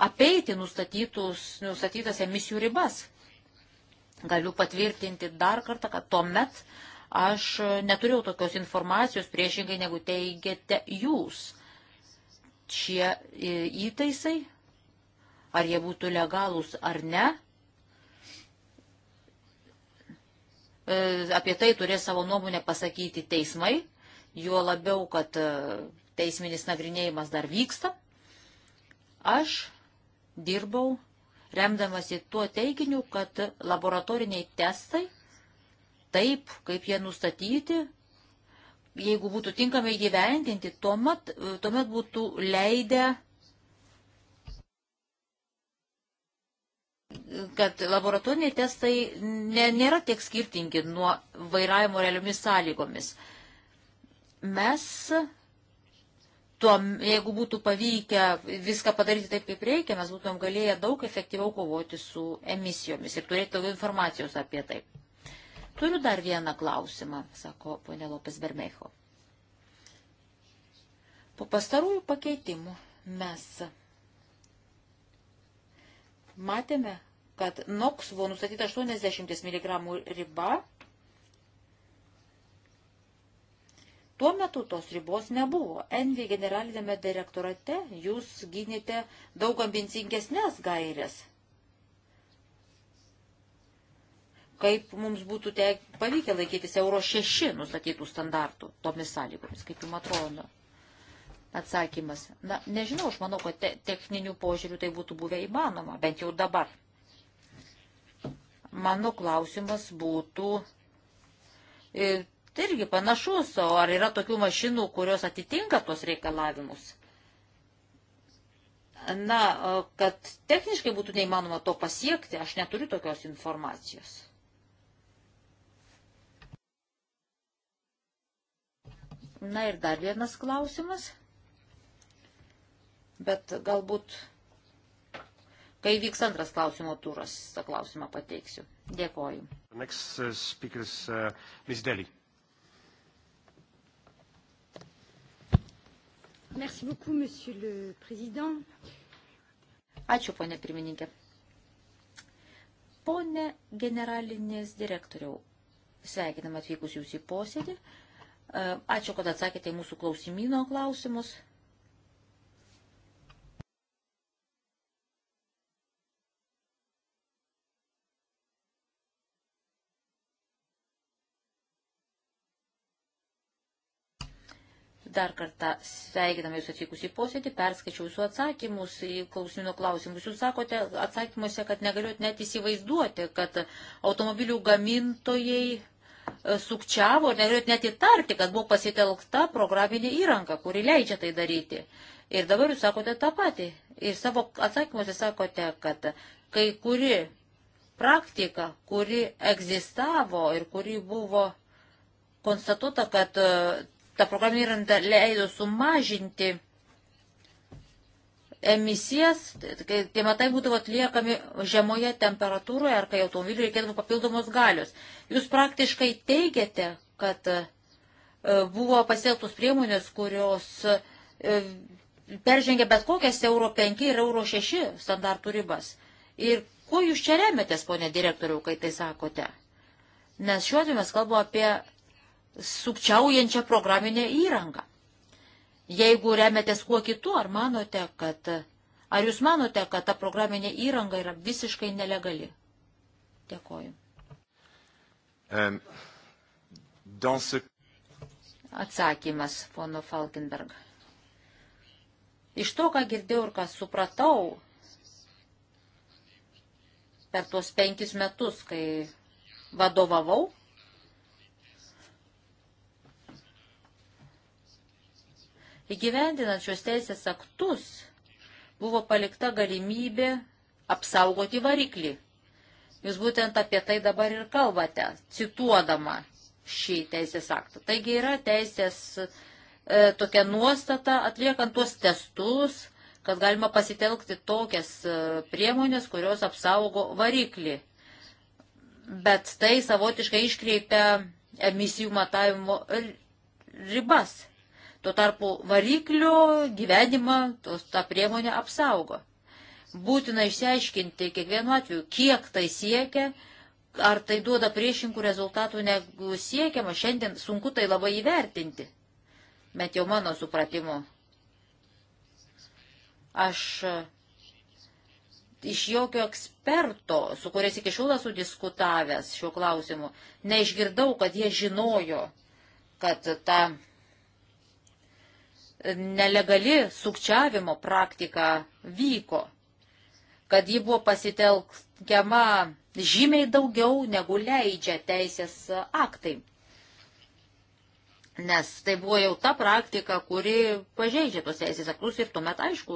apeiti nustatytas emisijų ribas. Galiu patvirtinti dar kartą, kad tuo met uh, Aš neturėjau tokios informacijos priešingai negu teigiate jūs. Šie e, įtaisai, ar jie būtų legalūs ar ne, e, apie tai turės savo nuomonę pasakyti teismai, juo labiau, kad e, teisminis nagrinėjimas dar vyksta. Aš dirbau remdamasi tuo teiginiu, kad laboratoriniai testai taip, kaip jie nustatyti, jeigu būtų tinkamai gyvendinti, tuomet, tuomet būtų leidę, kad laboratoriniai testai ne, nėra tiek skirtingi nuo vairavimo realiomis sąlygomis. Mes tuom, jeigu būtų pavykę viską padaryti taip, kaip reikia, mes būtumėm galėję daug efektyviau kovoti su emisijomis ir turėti daugiau informacijos apie tai. Turiu dar vieną klausimą, sako ponė Lopes Bermecho. Po pastarųjų pakeitimų mes matėme, kad NOX buvo nustatyta 80 mg riba. Tuo metu tos ribos nebuvo. Envy generalinėme direktorate jūs gynėte daug ambicingesnės gairės kaip mums būtų te, pavykę laikytis euro 6 nustatytų standartų tomis sąlygomis, kaip jums atrodo. Atsakymas. Na, nežinau, aš manau, kad te, techninių požiūrių tai būtų buvę įmanoma, bent jau dabar. Mano klausimas būtų ir, e, tai irgi panašus, o ar yra tokių mašinų, kurios atitinka tos reikalavimus? Na, kad techniškai būtų neįmanoma to pasiekti, aš neturiu tokios informacijos. Na ir dar vienas klausimas. Bet galbūt, kai vyks antras klausimo turas, tą klausimą pateiksiu. Dėkoju. Next uh, speaker is uh, Ms. Deli. Merci beaucoup, Monsieur le Président. Ačiū, ponė pirmininkė. Pone generalinis direktoriau, sveikinam atvykus jūs į posėdį. Uh, Ačiū, kad atsakėte į mūsų klausimino klausimus. Dar kartą sveikiname Jūs atvykus į posėdį, perskaičiau Jūsų atsakymus į klausimino klausimus. Jūs sakote atsakymuose, kad negaliu net įsivaizduoti, kad automobilių gamintojai sukčiavo ir negalėjot net įtarti, kad buvo pasitelkta programinė įranga, kuri leidžia tai daryti. Ir dabar jūs sakote tą patį. Ir savo atsakymuose sakote, kad kai kuri praktika, kuri egzistavo ir kuri buvo konstatuota, kad e, ta programinė įranga leido sumažinti emisijas, kai tie matai būdavo atliekami žemoje temperatūroje ar kai automobiliui reikėdavo papildomos galios. Jūs praktiškai teigiate, kad e, buvo pasielgtos priemonės, kurios e, peržengia bet kokias euro 5 ir euro 6 standartų ribas. Ir kuo jūs čia remetės, ponė direktoriau, kai tai sakote? Nes šiuo atveju mes kalbame apie sukčiaujančią programinę įrangą. Jeigu remiatės kuo kitu, ar manote, kad, ar jūs manote, kad ta programinė įranga yra visiškai nelegali? Dėkoju. Um, ce... Atsakymas, pono Falkenberg. Iš to, ką girdėjau ir ką supratau per tuos penkis metus, kai vadovavau, Įgyvendinant šios teisės aktus buvo palikta galimybė apsaugoti variklį. Jūs būtent apie tai dabar ir kalbate, cituodama šį teisės aktą. Taigi yra teisės e, tokia nuostata, atliekant tuos testus, kad galima pasitelkti tokias e, priemonės, kurios apsaugo variklį. Bet tai savotiškai iškreipia emisijų matavimo ribas. Tuo tarpu variklio gyvenimą tos, tą priemonę apsaugo. Būtina išsiaiškinti kiekvienu atveju, kiek tai siekia, ar tai duoda priešinkų rezultatų negu siekiama. Šiandien sunku tai labai įvertinti, bet jau mano supratimu. Aš iš jokio eksperto, su kuriais iki šiol esu diskutavęs šiuo klausimu, neišgirdau, kad jie žinojo, kad ta nelegali sukčiavimo praktika vyko, kad ji buvo pasitelkiama žymiai daugiau negu leidžia teisės aktai. Nes tai buvo jau ta praktika, kuri pažeidžia tos teisės aktus ir tuomet, aišku,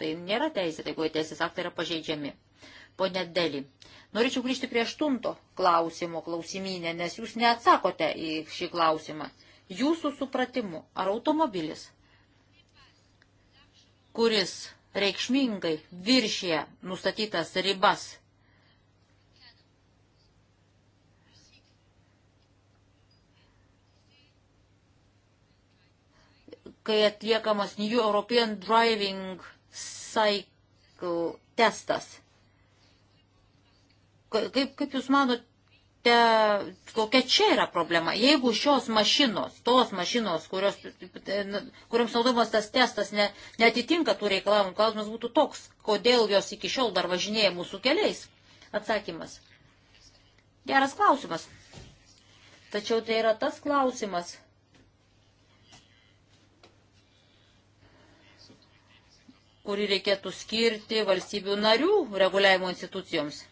tai nėra teisė, tai kuo teisės aktai yra pažeidžiami. Pone Deli, norėčiau grįžti prie aštunto klausimo klausimynę, nes jūs neatsakote į šį klausimą. Jūsų supratimu, ar automobilis kuris reikšmingai viršė nustatytas ribas. kai atliekamas New European Driving Cycle testas. Kaip, kaip Jūs manot, kokia čia yra problema. Jeigu šios mašinos, tos mašinos, kurios, e, nu, kuriams naudojamas tas testas, ne, netitinka tų reikalavimų, klausimas būtų toks, kodėl jos iki šiol dar važinėja mūsų keliais. Atsakymas. Geras klausimas. Tačiau tai yra tas klausimas, kurį reikėtų skirti valstybių narių reguliavimo institucijoms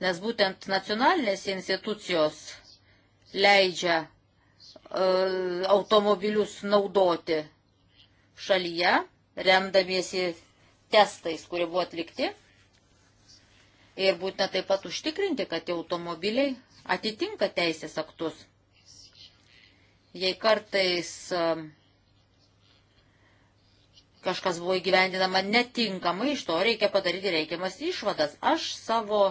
nes būtent nacionalinės institucijos leidžia e, automobilius naudoti šalyje, remdamiesi testais, kurie buvo atlikti. Ir būtina taip pat užtikrinti, kad tie automobiliai atitinka teisės aktus. Jei kartais e, kažkas buvo įgyvendinama netinkamai, iš to reikia padaryti reikiamas išvadas. Aš savo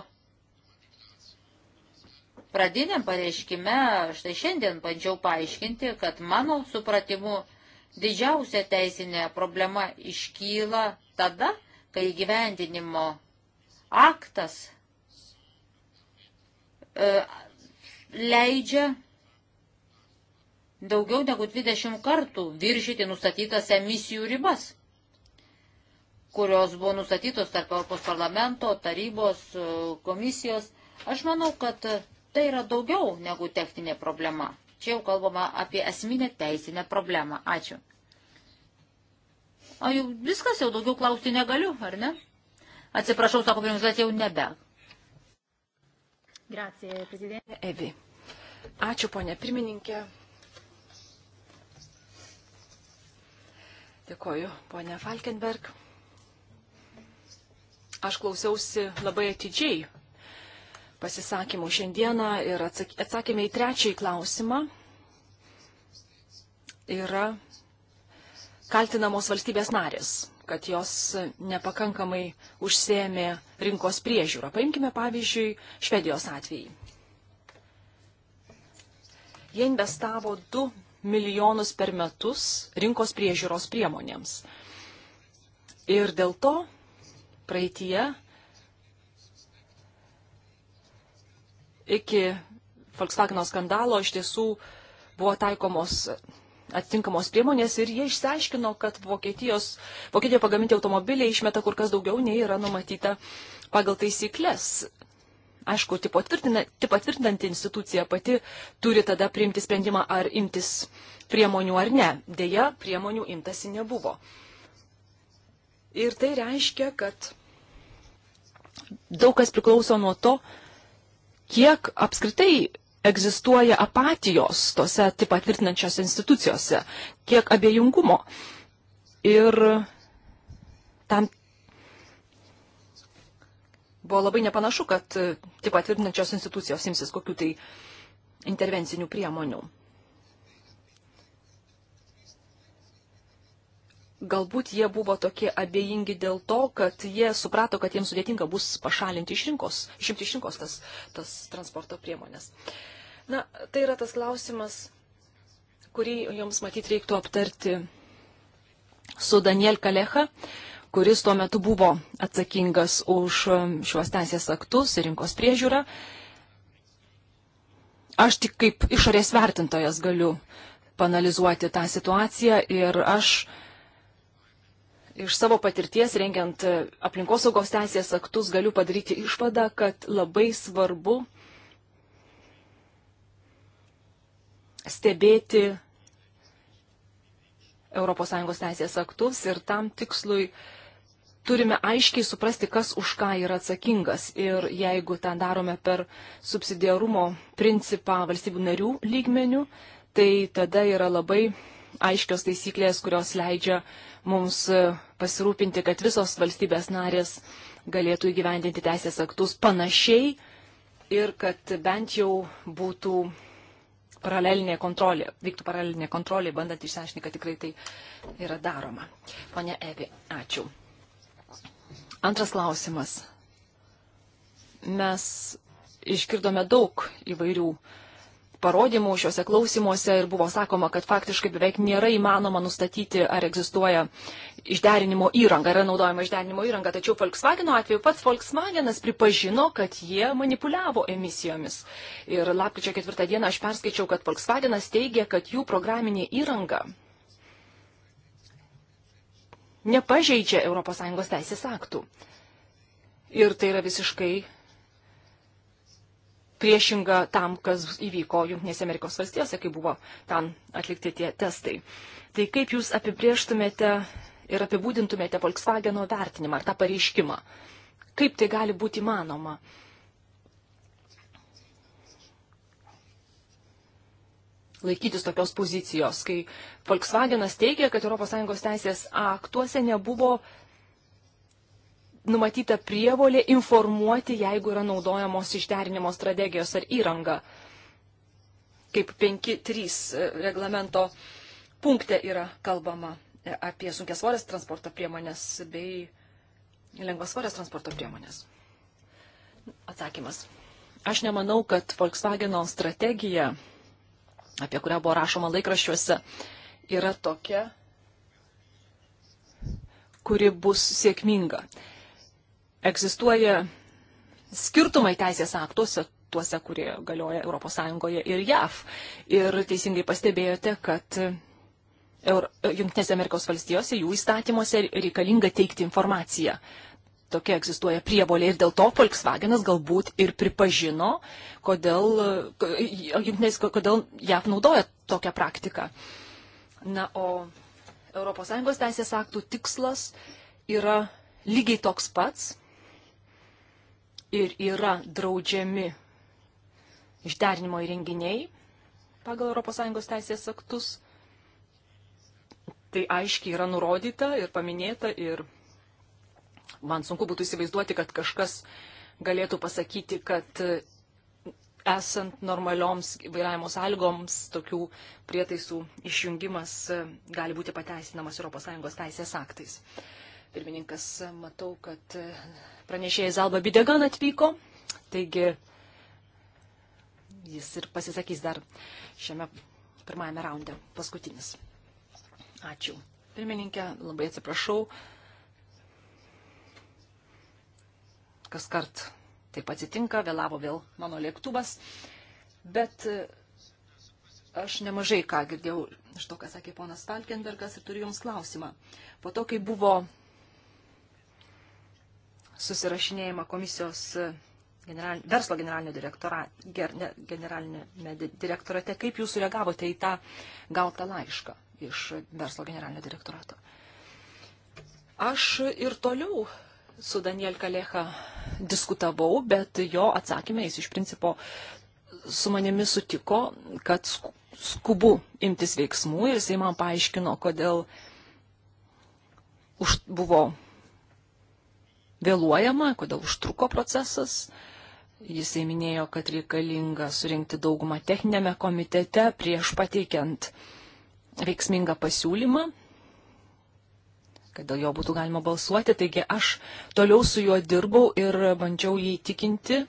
pradiniam pareiškime, štai šiandien bandžiau paaiškinti, kad mano supratimu didžiausia teisinė problema iškyla tada, kai gyvendinimo aktas e, leidžia daugiau negu 20 kartų viršyti nustatytas emisijų ribas, kurios buvo nustatytos tarp Europos parlamento, tarybos, e, komisijos. Aš manau, kad Tai yra daugiau negu techninė problema. Čia jau kalbama apie esminę teisinę problemą. Ačiū. O jau viskas jau daugiau klausti negaliu, ar ne? Atsiprašau, sako pirmininkas, bet jau nebe. Grazie, prezidentė. Evi. Ačiū, ponė pirmininkė. Dėkoju, ponė Falkenberg. Aš klausiausi labai atidžiai pasisakymų šiandieną ir atsakėme į trečiąjį klausimą. Yra kaltinamos valstybės narės, kad jos nepakankamai užsėmė rinkos priežiūrą. Paimkime pavyzdžiui Švedijos atvejį. Jie investavo 2 milijonus per metus rinkos priežiūros priemonėms. Ir dėl to praeitie iki Volkswagen skandalo iš tiesų buvo taikomos atitinkamos priemonės ir jie išsiaiškino, kad Vokietijos, Vokietijoje pagaminti automobiliai išmeta kur kas daugiau nei yra numatyta pagal taisyklės. Aišku, tipo tvirtinanti institucija pati turi tada priimti sprendimą ar imtis priemonių ar ne. Deja, priemonių imtasi nebuvo. Ir tai reiškia, kad daug kas priklauso nuo to, kiek apskritai egzistuoja apatijos tose tik patvirtinančiose institucijose, kiek abejingumo. Ir tam buvo labai nepanašu, kad e, tik patvirtinančios institucijos imsis kokių tai intervencinių priemonių. galbūt jie buvo tokie abejingi dėl to, kad jie suprato, kad jiems sudėtinga bus pašalinti iš rinkos, išimti iš rinkos tas, tas transporto priemonės. Na, tai yra tas klausimas, kurį jums matyt reiktų aptarti su Daniel Kalecha, kuris tuo metu buvo atsakingas už um, šiuos teisės aktus ir rinkos priežiūrą. Aš tik kaip išorės vertintojas galiu panalizuoti tą situaciją ir aš uh, iš savo patirties rengiant e, aplinkosaugos teisės aktus galiu padaryti išvadą, kad labai svarbu stebėti ES teisės aktus ir tam tikslui turime aiškiai suprasti, kas už ką yra atsakingas. Ir jeigu tą darome per subsidiarumo principą valstybių narių lygmenių, tai tada yra labai aiškios taisyklės, kurios leidžia mums e, pasirūpinti, kad visos valstybės narės galėtų įgyvendinti teisės aktus panašiai ir kad bent jau būtų paralelinė kontrolė, vyktų paralelinė kontrolė, bandant išsiaiškinti, kad tikrai tai yra daroma. Pone Evi, ačiū. Antras klausimas. Mes išgirdome daug įvairių uh, parodymų šiuose klausimuose ir buvo sakoma, kad faktiškai beveik nėra įmanoma nustatyti, ar egzistuoja išderinimo įranga, yra naudojama išderinimo įranga. Tačiau Volkswagen atveju pats Volkswagenas pripažino, kad jie manipuliavo emisijomis. Ir lapkričio ketvirtą dieną aš perskaičiau, kad Volkswagenas teigia, kad jų programinė įranga nepažeidžia ES teisės aktų. Ir tai yra visiškai priešinga tam, kas įvyko Junktinėse Amerikos valstijose, kai buvo ten atlikti tie testai. Tai kaip jūs apibrieštumėte ir apibūdintumėte Volkswageno vertinimą ar tą pareiškimą? Kaip tai gali būti įmanoma? Laikytis tokios pozicijos, kai Volkswagenas teigia, kad ES teisės aktuose nebuvo numatyta prievolė informuoti, jeigu yra naudojamos išderinimo strategijos ar įranga, kaip 5.3 e, reglamento punkte yra kalbama e, apie sunkiasvorės transporto priemonės bei lengvasvorės transporto priemonės. Atsakymas. Aš nemanau, kad Volkswageno strategija, apie kurią buvo rašoma laikraščiuose, yra tokia, kuri bus sėkminga egzistuoja skirtumai teisės aktuose, tuose, kurie galioja ES ir JAV. Ir teisingai pastebėjote, kad Junktinėse Amerikos valstijose jų įstatymuose reikalinga teikti informaciją. Tokia egzistuoja prievolė ir dėl to Volkswagenas galbūt ir pripažino, kodėl, jungtinės, kodėl JAV naudoja tokią praktiką. Na, o ES teisės aktų tikslas yra lygiai toks pats ir yra draudžiami išderinimo įrenginiai pagal ES teisės aktus. Tai aiškiai yra nurodyta ir paminėta ir man sunku būtų įsivaizduoti, kad kažkas galėtų pasakyti, kad esant normalioms vairavimo sąlygoms, tokių prietaisų išjungimas gali būti pateisinamas ES teisės aktais. Pirmininkas, matau, kad pranešėjas Alba Bidegan atvyko, taigi jis ir pasisakys dar šiame pirmajame raunde, paskutinis. Ačiū. Pirmininkė, labai atsiprašau. Kas kart taip atsitinka, vėlavo vėl mano lėktuvas, bet aš nemažai ką girdėjau iš to, ką sakė ponas Falkenbergas ir turiu Jums klausimą. Po to, kai buvo susirašinėjimą komisijos e, general, verslo generalinio direktora, generalinėme direktorate. Kaip jūs sureagavote į tą gautą laišką iš verslo generalinio direktorato? Aš ir toliau su Daniel Kalecha diskutavau, bet jo atsakymė jis iš principo su manimi sutiko, kad skubu imtis veiksmų ir jisai man paaiškino, kodėl už, buvo vėluojama, kodėl užtruko procesas. Jisai minėjo, kad reikalinga surinkti daugumą techninėme komitete prieš pateikiant veiksmingą pasiūlymą, kad dėl jo būtų galima balsuoti. Taigi aš toliau su juo dirbau ir bandžiau jį įtikinti,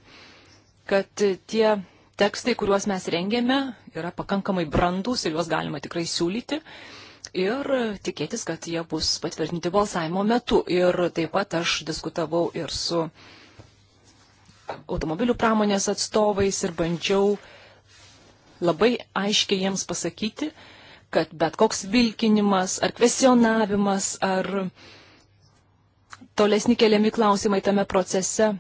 kad tie tekstai, kuriuos mes rengėme, yra pakankamai brandus ir juos galima tikrai siūlyti. Uh, ir tikėtis, kad jie bus patvirtinti balsavimo metu. Ir taip pat aš diskutavau ir su automobilių pramonės atstovais ir bandžiau labai aiškiai jiems pasakyti, kad bet koks vilkinimas ar kvesionavimas ar tolesni keliami klausimai tame procese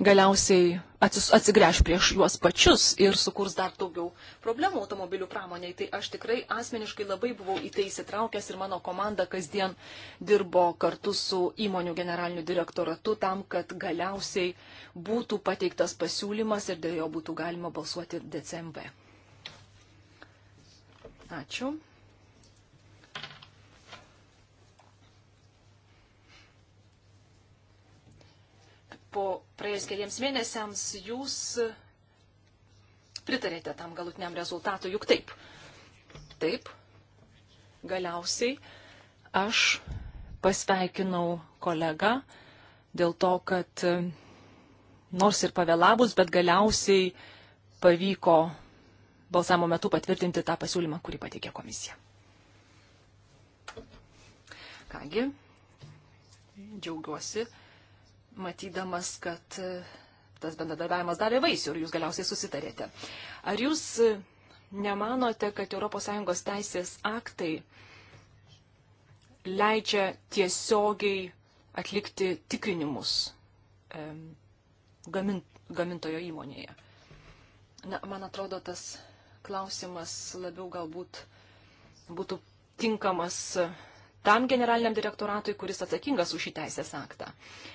galiausiai atsigręš prieš juos pačius ir sukurs dar daugiau problemų automobilių pramoniai. Tai aš tikrai asmeniškai labai buvau į tai įsitraukęs ir mano komanda kasdien dirbo kartu su įmonių generaliniu direktoratu tam, kad galiausiai būtų pateiktas pasiūlymas ir dėl jo būtų galima balsuoti DCMB. Ačiū. po praėjus keliems mėnesiams jūs pritarėte tam galutiniam rezultatui, juk taip. Taip, galiausiai aš pasveikinau kolegą dėl to, kad e, nors ir pavėlavus, bet galiausiai pavyko balsavimo metu patvirtinti tą pasiūlymą, kurį pateikė komisija. Kągi, džiaugiuosi matydamas, kad e, tas bendradarbiavimas davė vaisių ir jūs galiausiai susitarėte. Ar jūs e, nemanote, kad ES teisės aktai leidžia tiesiogiai atlikti tikrinimus e, gamint, gamintojo įmonėje? Na, man atrodo, tas klausimas labiau galbūt būtų tinkamas tam generaliniam direktoratui, kuris atsakingas už šį teisės aktą. Uh,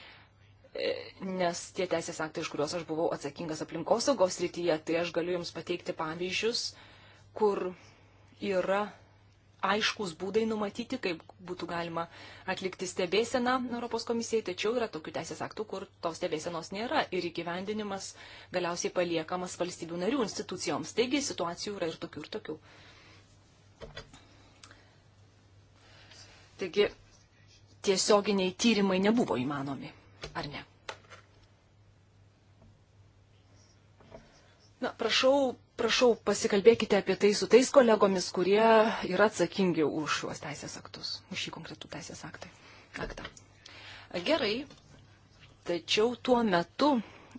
nes tie teisės aktai, iš kuriuos aš buvau atsakingas aplinkosaugos rytyje, tai aš galiu Jums pateikti pavyzdžius, kur yra aiškus būdai numatyti, kaip būtų galima atlikti stebėseną Europos komisijai, tačiau yra tokių teisės aktų, kur tos stebėsenos nėra ir įgyvendinimas galiausiai paliekamas valstybių narių institucijoms. Taigi situacijų yra ir tokių, ir tokių. Taigi tiesioginiai tyrimai nebuvo įmanomi ar ne? Na, prašau, prašau, pasikalbėkite apie tai su tais kolegomis, kurie yra atsakingi už šiuos teisės aktus, už šį konkretų teisės aktą. aktą. Gerai, tačiau tuo metu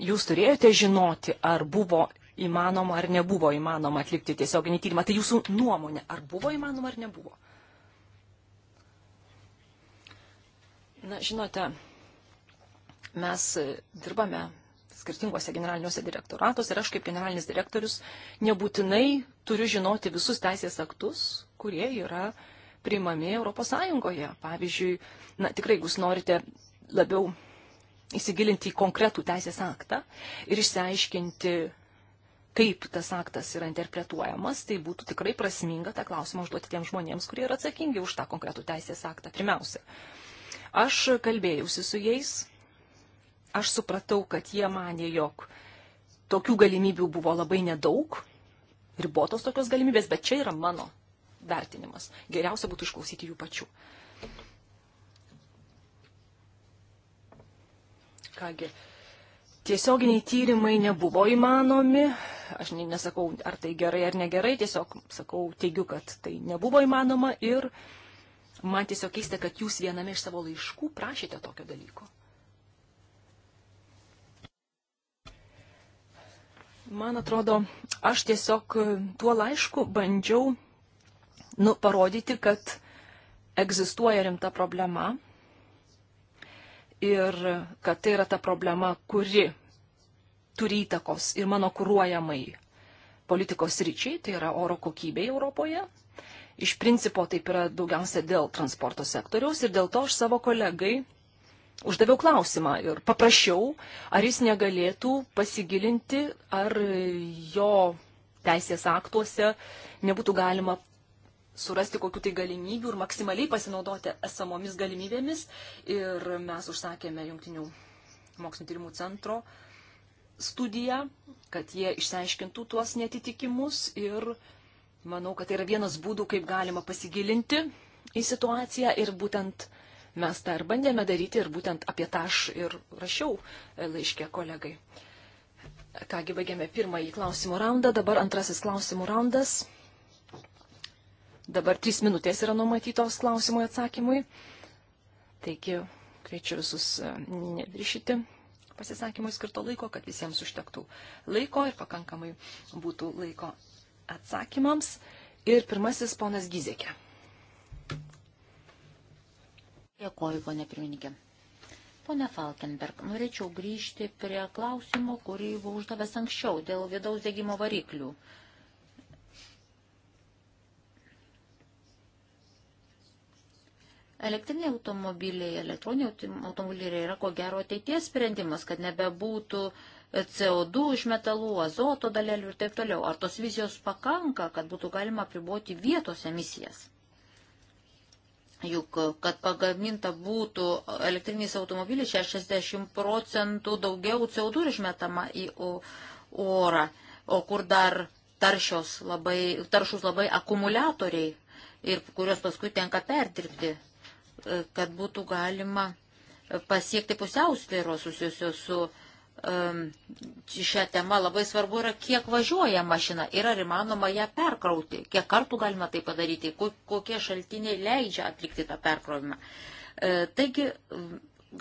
jūs turėjote žinoti, ar buvo įmanoma ar nebuvo įmanoma atlikti tiesioginį tyrimą. Tai jūsų nuomonė, ar buvo įmanoma ar nebuvo? Na, žinote, mes dirbame skirtingose generaliniuose direktoratuose ir aš kaip generalinis direktorius nebūtinai turiu žinoti visus teisės aktus, kurie yra priimami ES. Pavyzdžiui, na, tikrai, jeigu jūs norite labiau įsigilinti į konkretų teisės aktą ir išsiaiškinti, kaip tas aktas yra interpretuojamas, tai būtų tikrai prasminga tą klausimą užduoti tiems žmonėms, kurie yra atsakingi už tą konkretų teisės aktą pirmiausia. Aš kalbėjausi su jais aš supratau, kad jie mane, jog tokių galimybių buvo labai nedaug, ribotos tokios galimybės, bet čia yra mano vertinimas. Geriausia būtų išklausyti jų pačių. Kągi, tiesioginiai tyrimai nebuvo įmanomi. Aš nesakau, ar tai gerai ar negerai, tiesiog sakau, teigiu, kad tai nebuvo įmanoma ir man tiesiog keista, kad jūs viename iš savo laiškų prašėte tokio dalyko. Man atrodo, aš tiesiog e, tuo laišku bandžiau nu, parodyti, kad egzistuoja rimta problema ir kad tai yra ta problema, kuri turi įtakos ir mano kūruojamai politikos ryčiai, tai yra oro kokybei Europoje. Iš principo taip yra daugiausia dėl transporto sektoriaus ir dėl to aš savo kolegai uždaviau klausimą ir paprašiau, ar jis negalėtų pasigilinti, ar jo teisės aktuose nebūtų galima surasti kokiu tai galimybių ir maksimaliai pasinaudoti esamomis galimybėmis. Ir mes užsakėme Junktinių mokslinio tyrimų centro studiją, kad jie išsiaiškintų tuos netitikimus ir manau, kad tai yra vienas būdų, kaip galima pasigilinti į situaciją ir būtent mes tą ir bandėme daryti ir būtent apie tą aš ir rašiau e, laiškę kolegai. Kągi baigėme pirmąjį klausimų raundą, dabar antrasis klausimų raundas. Dabar trys minutės yra numatytos klausimui atsakymui. Taigi kviečiu visus e, neviršyti pasisakymui skirto laiko, kad visiems užtektų laiko ir pakankamai būtų laiko atsakymams. Ir pirmasis ponas Gizekė. Dėkoju, ponė pirmininkė. Pone Falkenberg, norėčiau grįžti prie klausimo, kurį buvau uždavęs anksčiau dėl vidaus degimo variklių. Elektriniai automobiliai, elektroniniai automobiliai yra ko gero ateities sprendimas, kad nebebūtų CO2 iš metalų, azoto dalelių ir taip toliau. Ar tos vizijos pakanka, kad būtų galima priboti vietos emisijas? Juk, kad pagaminta būtų elektrinis automobilis 60 procentų daugiau CO2 išmetama į orą, o kur dar taršios labai, taršus labai akumuliatoriai ir kurios paskui tenka perdirbti, kad būtų galima pasiekti pusiausvėros susijusios su šią temą labai svarbu yra, kiek važiuoja mašina ir ar įmanoma ją perkrauti, kiek kartų galima tai padaryti, kokie šaltiniai leidžia atlikti tą perkrovimą. E, taigi,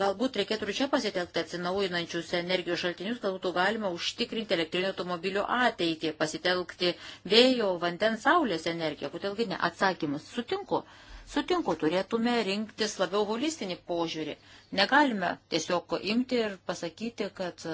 galbūt reikėtų ir čia pasitelkti atsinaujinančius energijos šaltinius, kad būtų galima užtikrinti elektrinio automobilio ateitį, pasitelkti vėjo, vandens, saulės energiją. Kodėlgi ne? Atsakymas sutinku. Uh, Sutinku, turėtume rinktis labiau holistinį požiūrį. Negalime tiesiog imti ir pasakyti, kad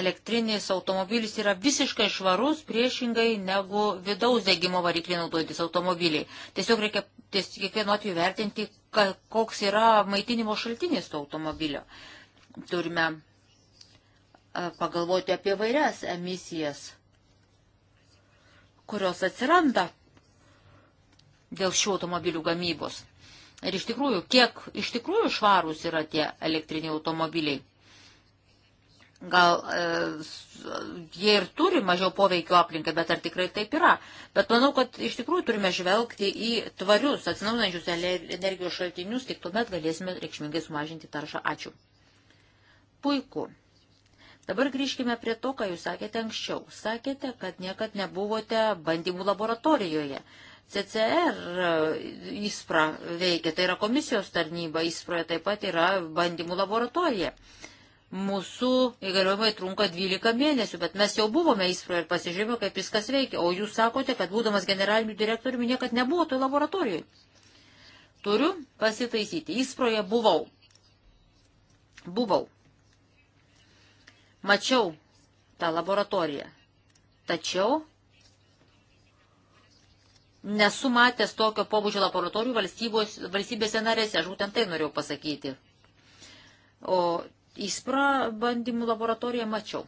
elektrinis automobilis yra visiškai švarus priešingai negu vidaus degimo variklį naudojantis automobiliai. Tiesiog reikia ties, kiekvienu atveju vertinti, ka, koks yra maitinimo šaltinis to automobilio. Turime pagalvoti apie vairias emisijas kurios atsiranda dėl šių automobilių gamybos. Ir iš tikrųjų, kiek iš tikrųjų švarūs yra tie elektriniai automobiliai. Gal e, jie ir turi mažiau poveikio aplinkai, bet ar tikrai taip yra. Bet manau, kad iš tikrųjų turime žvelgti į tvarius atsinaujančius energijos šaltinius, tik tuomet galėsime reikšmingai sumažinti taršą. Ačiū. Puiku. Dabar grįžkime prie to, ką jūs sakėte anksčiau. Sakėte, kad niekad nebuvote bandymų laboratorijoje. CCR įspra e, veikia, tai yra komisijos tarnyba, įsproje taip pat yra bandymų laboratorija. Mūsų įgaliojimai trunka 12 mėnesių, bet mes jau buvome įsproje ir pasižiūrėjome, kaip viskas veikia, o jūs sakote, kad būdamas generaliniu direktoriumi niekad nebuvo toje laboratorijoje. Turiu pasitaisyti, įsproje buvau. Buvau, Mačiau tą laboratoriją. Tačiau nesu matęs tokio pobūdžio laboratorijų valstybėse narėse, aš būtent tai norėjau pasakyti. O įspra bandymų laboratoriją mačiau.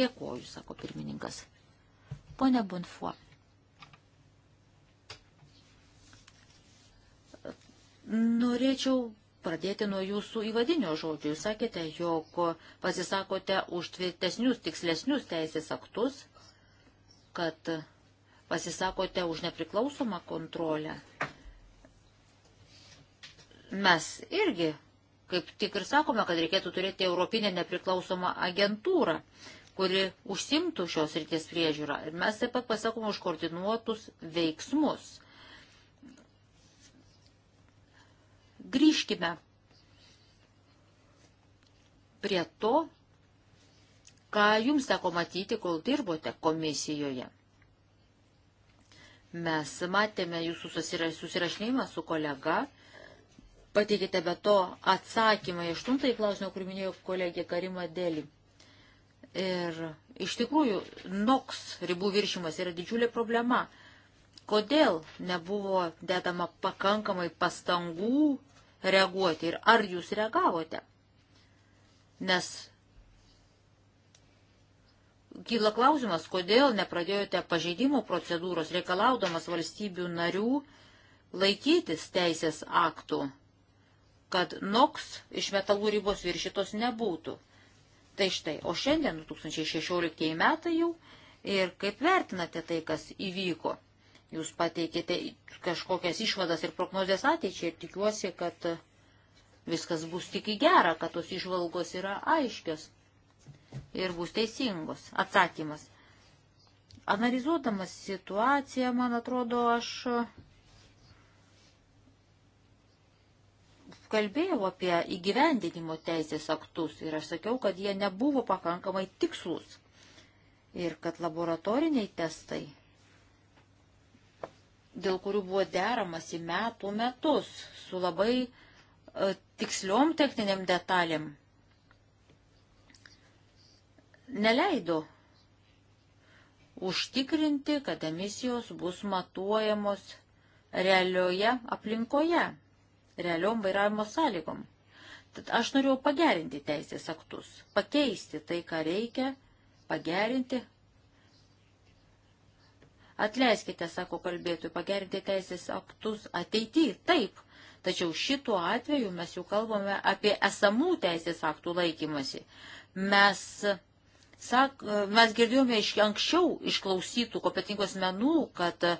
Dėkuoju, sako pirmininkas. Pone Bonfuo. Norėčiau pradėti nuo jūsų įvadinio žodžio. Jūs sakėte, jog pasisakote už tvirtesnius, tikslesnius teisės aktus, kad pasisakote už nepriklausomą kontrolę. Mes irgi, kaip tik ir sakome, kad reikėtų turėti Europinę nepriklausomą agentūrą, kuri užsimtų šios ryties priežiūrą. Ir mes taip pat pasakome už koordinuotus veiksmus grįžkime prie to, ką jums teko matyti, kol dirbote komisijoje. Mes matėme jūsų susirašinėjimą su kolega, pateikite be to atsakymą į aštuntąjį klausimą, kurį minėjo kolegė Karima Deli. Ir iš tikrųjų, NOX ribų viršimas yra didžiulė problema. Kodėl nebuvo dedama pakankamai pastangų reaguoti ir ar jūs reagavote. Nes kyla klausimas, kodėl nepradėjote pažeidimo procedūros reikalaudamas valstybių narių laikytis teisės aktų, kad NOX iš metalų ribos viršytos nebūtų. Tai štai, o šiandien 2016 metai jau ir kaip vertinate tai, kas įvyko? Jūs pateikėte kažkokias išvadas ir prognozijas ateičiai ir tikiuosi, kad viskas bus tik į gerą, kad tos išvalgos yra aiškios ir bus teisingos. Atsakymas. Analizuodamas situaciją, man atrodo, aš kalbėjau apie įgyvendinimo teisės aktus ir aš sakiau, kad jie nebuvo pakankamai tikslus ir kad laboratoriniai testai dėl kurių buvo deramasi metų metus su labai e, tiksliom techniniam detalėm, neleido užtikrinti, kad emisijos bus matuojamos realioje aplinkoje, realiom vairavimo sąlygom. Tad aš norėjau pagerinti teisės aktus, pakeisti tai, ką reikia, pagerinti, Atleiskite, sako kalbėtojų, pagerinti teisės aktus ateityje. Taip. Tačiau šituo atveju mes jau kalbame apie esamų teisės aktų laikymasi. Mes, sak, mes girdėjome iš anksčiau išklausytų kompetingos menų, kad uh,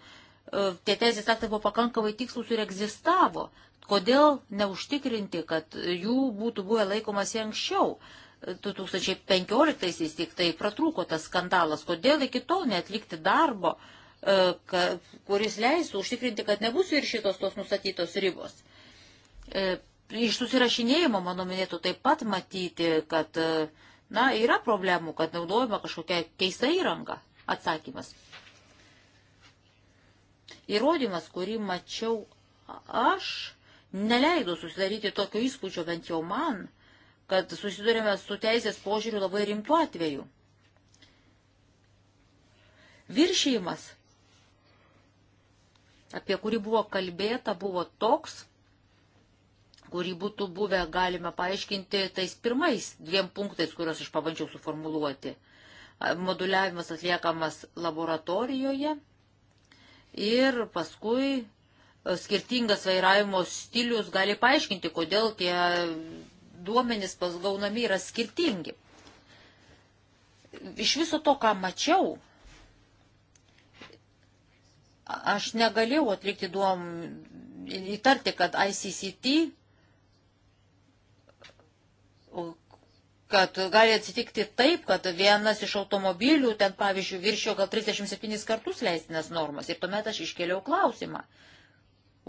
tie teisės aktai buvo pakankamai tikslus ir egzistavo. Kodėl neužtikrinti, kad jų būtų buvę laikomasi anksčiau? 2015-aisiais tik tai pratrūko tas skandalas. Kodėl iki tol netlikti darbo? Uh, E, kuris leisų užtikrinti, kad nebus ir šitos tos nustatytos ribos. E, iš susirašinėjimo, mano minėtų, taip pat matyti, kad e, na, yra problemų, kad naudojama kažkokia keista įranga. Atsakymas. Įrodymas, kurį mačiau aš, neleido susidaryti tokio įspūdžio bent jau man, kad susidurėme su teisės požiūriu labai rimtu atveju. Viršėjimas apie kurį buvo kalbėta, buvo toks, kurį būtų buvę galima paaiškinti tais pirmais dviem punktais, kuriuos aš pabandžiau suformuluoti. Moduliavimas atliekamas laboratorijoje ir paskui e, skirtingas vairavimo stilius gali paaiškinti, kodėl tie duomenys pasgaunami yra skirtingi. Iš viso to, ką mačiau, Aš negalėjau atlikti duom, įtarti, kad ICCT, kad gali atsitikti taip, kad vienas iš automobilių ten, pavyzdžiui, viršio gal 37 kartus leistinas normas. Ir tuomet aš iškėliau klausimą.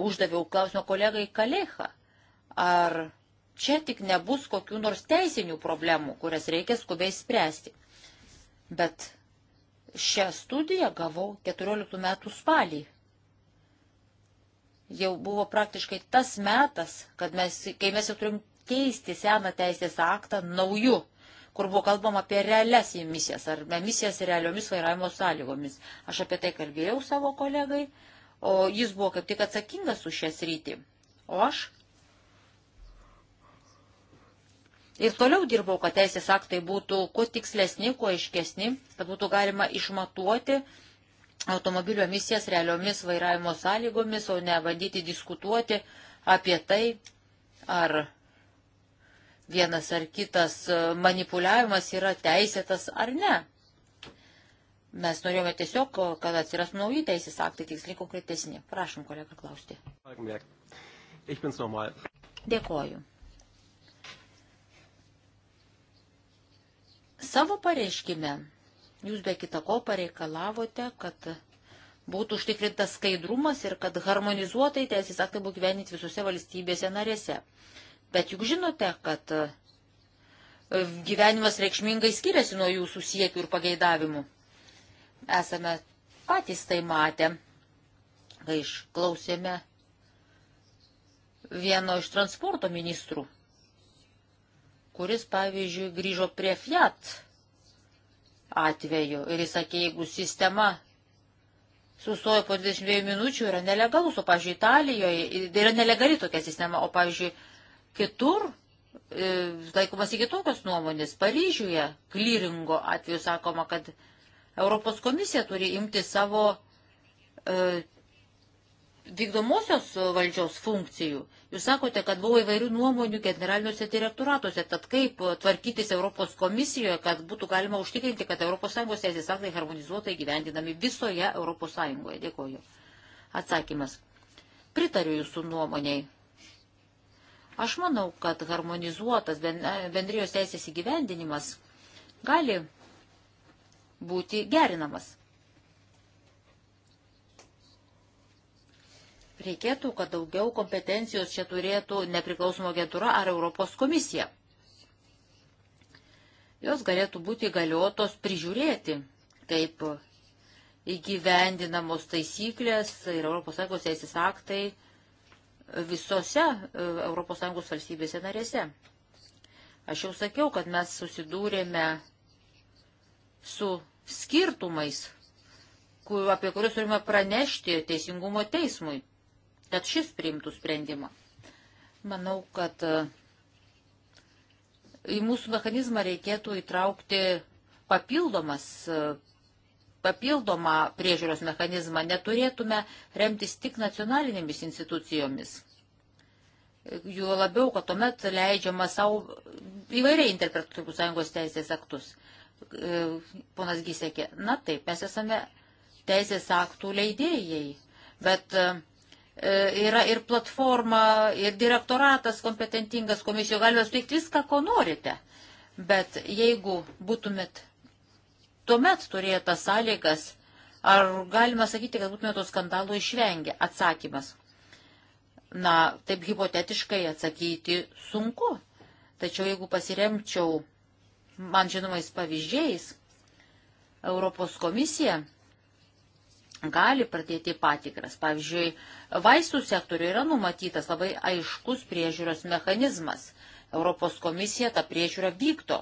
Uždaviau klausimą kolegai Kalechą. Ar čia tik nebus kokių nors teisinių problemų, kurias reikia skubiai spręsti. Bet šią studiją gavau 14 metų spalį. Jau buvo praktiškai tas metas, kad mes, kai mes jau turim keisti seną teisės aktą nauju, kur buvo kalbama apie realias emisijas ar emisijas realiomis vairavimo sąlygomis. Aš apie tai kalbėjau savo kolegai, o jis buvo kaip tik atsakingas už šią sritį. O aš Ir toliau dirbau, kad teisės aktai būtų kuo tikslesni, kuo aiškesni, kad būtų galima išmatuoti automobilio emisijas realiomis vairavimo sąlygomis, o ne bandyti diskutuoti apie tai, ar vienas ar kitas manipuliavimas yra teisėtas ar ne. Mes norėjome tiesiog, kad atsiras nauji teisės aktai, tiksliai konkretesni. Prašom, kolega, klausti. Dėkoju. Savo pareiškime jūs be kita ko pareikalavote, kad būtų užtikrintas skaidrumas ir kad harmonizuotai teisės aktai būtų gyveninti visose valstybėse narėse. Bet juk žinote, kad e, gyvenimas reikšmingai skiriasi nuo jūsų siekių ir pageidavimų. Esame patys tai matę, kai išklausėme vieno iš transporto ministrų kuris, pavyzdžiui, grįžo prie Fiat atveju ir jis sakė, jeigu sistema sustojo po 22 minučių, yra nelegalus, o, pavyzdžiui, Italijoje yra nelegali tokia sistema, o, pavyzdžiui, kitur taikomas į kitokios nuomonės. Paryžiuje klyringo atveju sakoma, kad Europos komisija turi imti savo e, vykdomosios valdžios funkcijų. Jūs sakote, kad buvo įvairių nuomonių generaliniuose direktoratuose, tad kaip tvarkytis Europos komisijoje, kad būtų galima užtikrinti, kad ES teisės aktai harmonizuotai gyvendinami visoje ES. Dėkoju. Atsakymas. Pritariu jūsų nuomoniai. Aš manau, kad harmonizuotas bendrijos teisės įgyvendinimas gali būti gerinamas. Reikėtų, kad daugiau kompetencijos čia turėtų nepriklausoma agentūra ar Europos komisija. Jos galėtų būti galiotos prižiūrėti, kaip įgyvendinamos taisyklės ir ES teisės aktai visose e, ES valstybėse narėse. Aš jau sakiau, kad mes susidūrėme su skirtumais, kur, apie kuriuos turime pranešti Teisingumo teismui kad šis priimtų sprendimą. Manau, kad e, į mūsų mechanizmą reikėtų įtraukti papildomas, e, papildomą priežiūros mechanizmą. Neturėtume remtis tik nacionalinėmis institucijomis. Juo labiau, kad tuomet leidžiama savo įvairiai interpretuoti sąjungos teisės aktus. E, ponas Gysekė, na taip, mes esame teisės aktų leidėjai, bet uh, E, yra ir platforma, ir direktoratas kompetentingas komisijoje, galime suteikti viską, ko norite. Bet jeigu būtumėt tuomet turėję tas sąlygas, ar galima sakyti, kad būtume to skandalo išvengę? Atsakymas. Na, taip hipotetiškai atsakyti sunku. Tačiau jeigu pasiremčiau man žinomais pavyzdžiais, Europos komisija gali pradėti patikras. Pavyzdžiui, vaistų sektoriuje yra numatytas labai aiškus priežiūros mechanizmas. Europos komisija tą priežiūrą vykdo.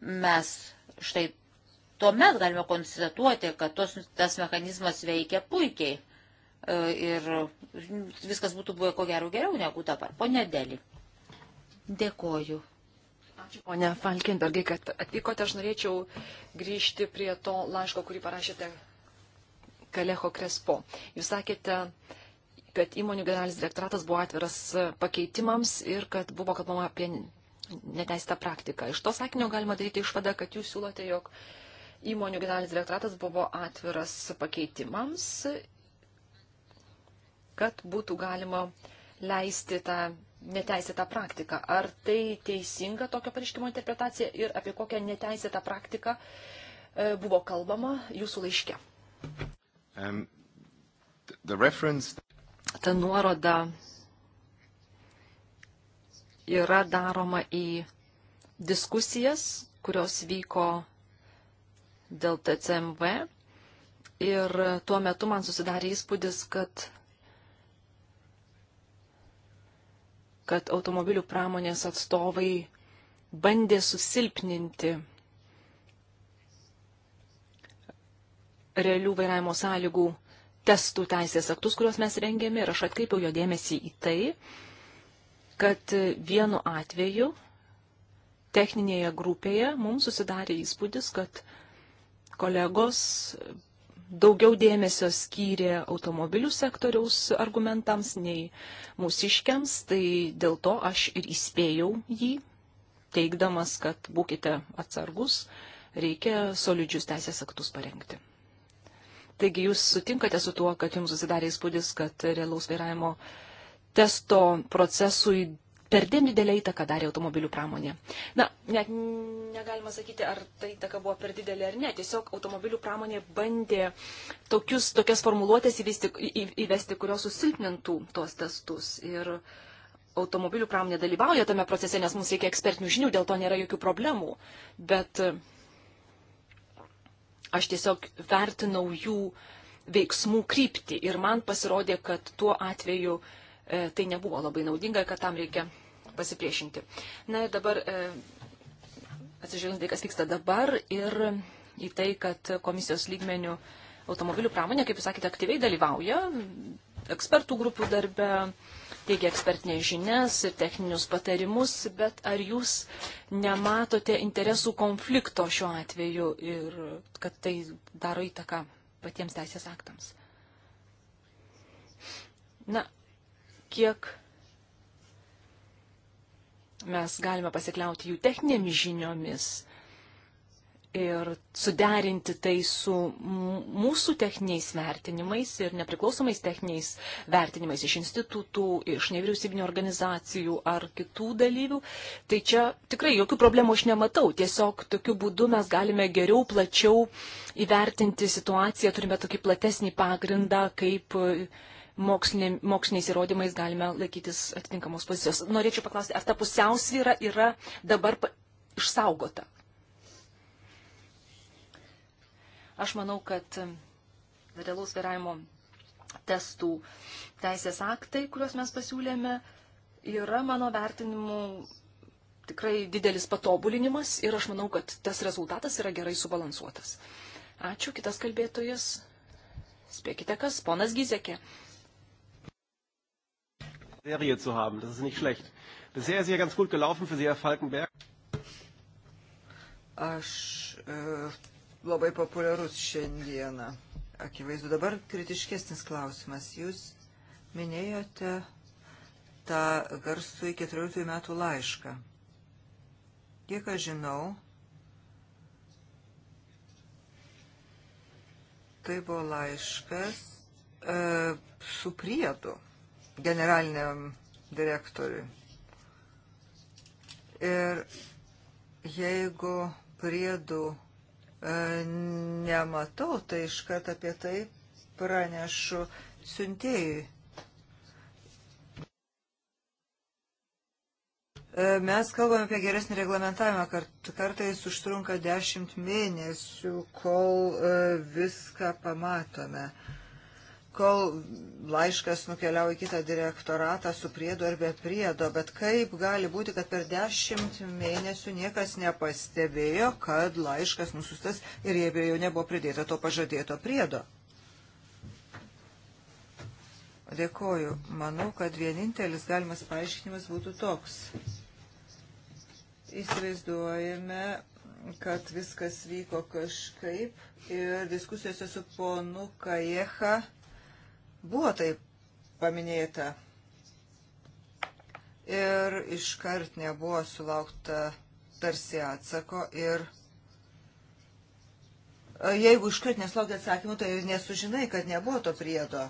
Mes štai tuomet galime konstatuoti, kad tos, tas mechanizmas veikia puikiai. E, ir viskas būtų buvę ko gero geriau negu dabar. Pone Deli. Dėkoju. Ačiū, ponia Falkenbergai, kad atvykote. Aš norėčiau grįžti prie to laiško, kurį parašėte Kalecho Krespo. Jūs sakėte, kad įmonių generalinis direktoratas buvo atviras pakeitimams ir kad buvo kalbama apie neteistą praktiką. Iš to sakinio galima daryti išvadą, kad jūs siūlote, jog įmonių generalinis direktoratas buvo atviras pakeitimams, kad būtų galima leisti tą neteisėtą praktiką. Ar tai teisinga tokio pareiškimo interpretacija ir apie kokią neteisėtą praktiką e, buvo kalbama jūsų laiške? Um, the reference... Ta nuoroda yra daroma į diskusijas, kurios vyko dėl TCMV. Ir tuo metu man susidarė įspūdis, kad, kad automobilių pramonės atstovai bandė susilpninti realių vairavimo sąlygų testų teisės aktus, kuriuos mes rengėme ir aš atkreipiau jo dėmesį į tai, kad vienu atveju techninėje grupėje mums susidarė įspūdis, kad kolegos daugiau dėmesio skyrė automobilių sektoriaus argumentams nei mūsiškiams, tai dėl to aš ir įspėjau jį, teikdamas, kad būkite atsargus, reikia solidžius teisės aktus parengti. Taigi jūs sutinkate su tuo, kad jums susidarė įspūdis, kad realaus vairavimo testo procesui per dėm didelį įtaką darė automobilių pramonė. Na, net negalima sakyti, ar ta įtaka buvo per didelė ar ne. Tiesiog automobilių pramonė bandė tokius, tokias formuluotės įvesti, į, įvesti, kurios susilpnintų tuos testus. Ir automobilių pramonė dalyvauja tame procese, nes mums reikia ekspertinių žinių, dėl to nėra jokių problemų. Bet Aš tiesiog vertinau jų veiksmų kryptį ir man pasirodė, kad tuo atveju e, tai nebuvo labai naudinga, kad tam reikia pasipriešinti. Na ir dabar e, atsižiūrint tai, kas vyksta dabar ir į tai, kad komisijos lygmenių automobilių pramonė, kaip jūs sakėte, aktyviai dalyvauja, ekspertų grupių darbe, teigia ekspertinės žinias ir techninius patarimus, bet ar jūs nematote interesų konflikto šiuo atveju ir kad tai daro įtaką patiems teisės aktams? Na, kiek mes galime pasikliauti jų techninėmis žiniomis ir suderinti tai su mūsų techniniais vertinimais ir nepriklausomais techniniais vertinimais iš institutų, iš nevyriausybinio organizacijų ar kitų dalyvių. Tai čia tikrai jokių problemų aš nematau. Tiesiog tokiu būdu mes galime geriau, plačiau įvertinti situaciją, turime tokį platesnį pagrindą, kaip e, mokslinė, moksliniais įrodymais galime laikytis atitinkamos pozicijos. Norėčiau paklausti, ar ta pusiausvyra yra dabar išsaugota? Aš manau, kad realaus vairavimo testų teisės aktai, kuriuos mes pasiūlėme, yra mano vertinimu tikrai didelis patobulinimas ir aš manau, kad tas rezultatas yra gerai subalansuotas. Ačiū, kitas kalbėtojas. Spėkite, kas, ponas Gizekė. Serie zu haben, das ist nicht schlecht. Bisher ist ja ganz gut gelaufen für Sie, Herr Falkenberg. Aš e, labai populiarus šiandieną. Akivaizdu, dabar kritiškesnis klausimas. Jūs minėjote tą garsų į 14 metų laišką. Kiek aš žinau, tai buvo laiškas e, su priedu generaliniam direktoriui. Ir jeigu priedų E, nematau, tai iškart apie tai pranešu siuntėjui. E, mes kalbame apie geresnį reglamentavimą, kad kartais užtrunka dešimt mėnesių, kol e, viską pamatome. Uh, kol laiškas nukeliau į kitą direktoratą su priedu ar be priedo, bet kaip gali būti, kad per dešimt mėnesių niekas nepastebėjo, kad laiškas nusustas ir jeigu jau nebuvo pridėta to pažadėto priedo. Dėkoju. Manau, kad vienintelis galimas paaiškinimas būtų toks. Įsivaizduojame, kad viskas vyko kažkaip ir diskusijose su ponu Kajecha Buvo tai paminėta ir iškart nebuvo sulaukta tarsi atsako ir e, jeigu iškart nesulaukia atsakymų, tai nesužinai, kad nebuvo to priedo.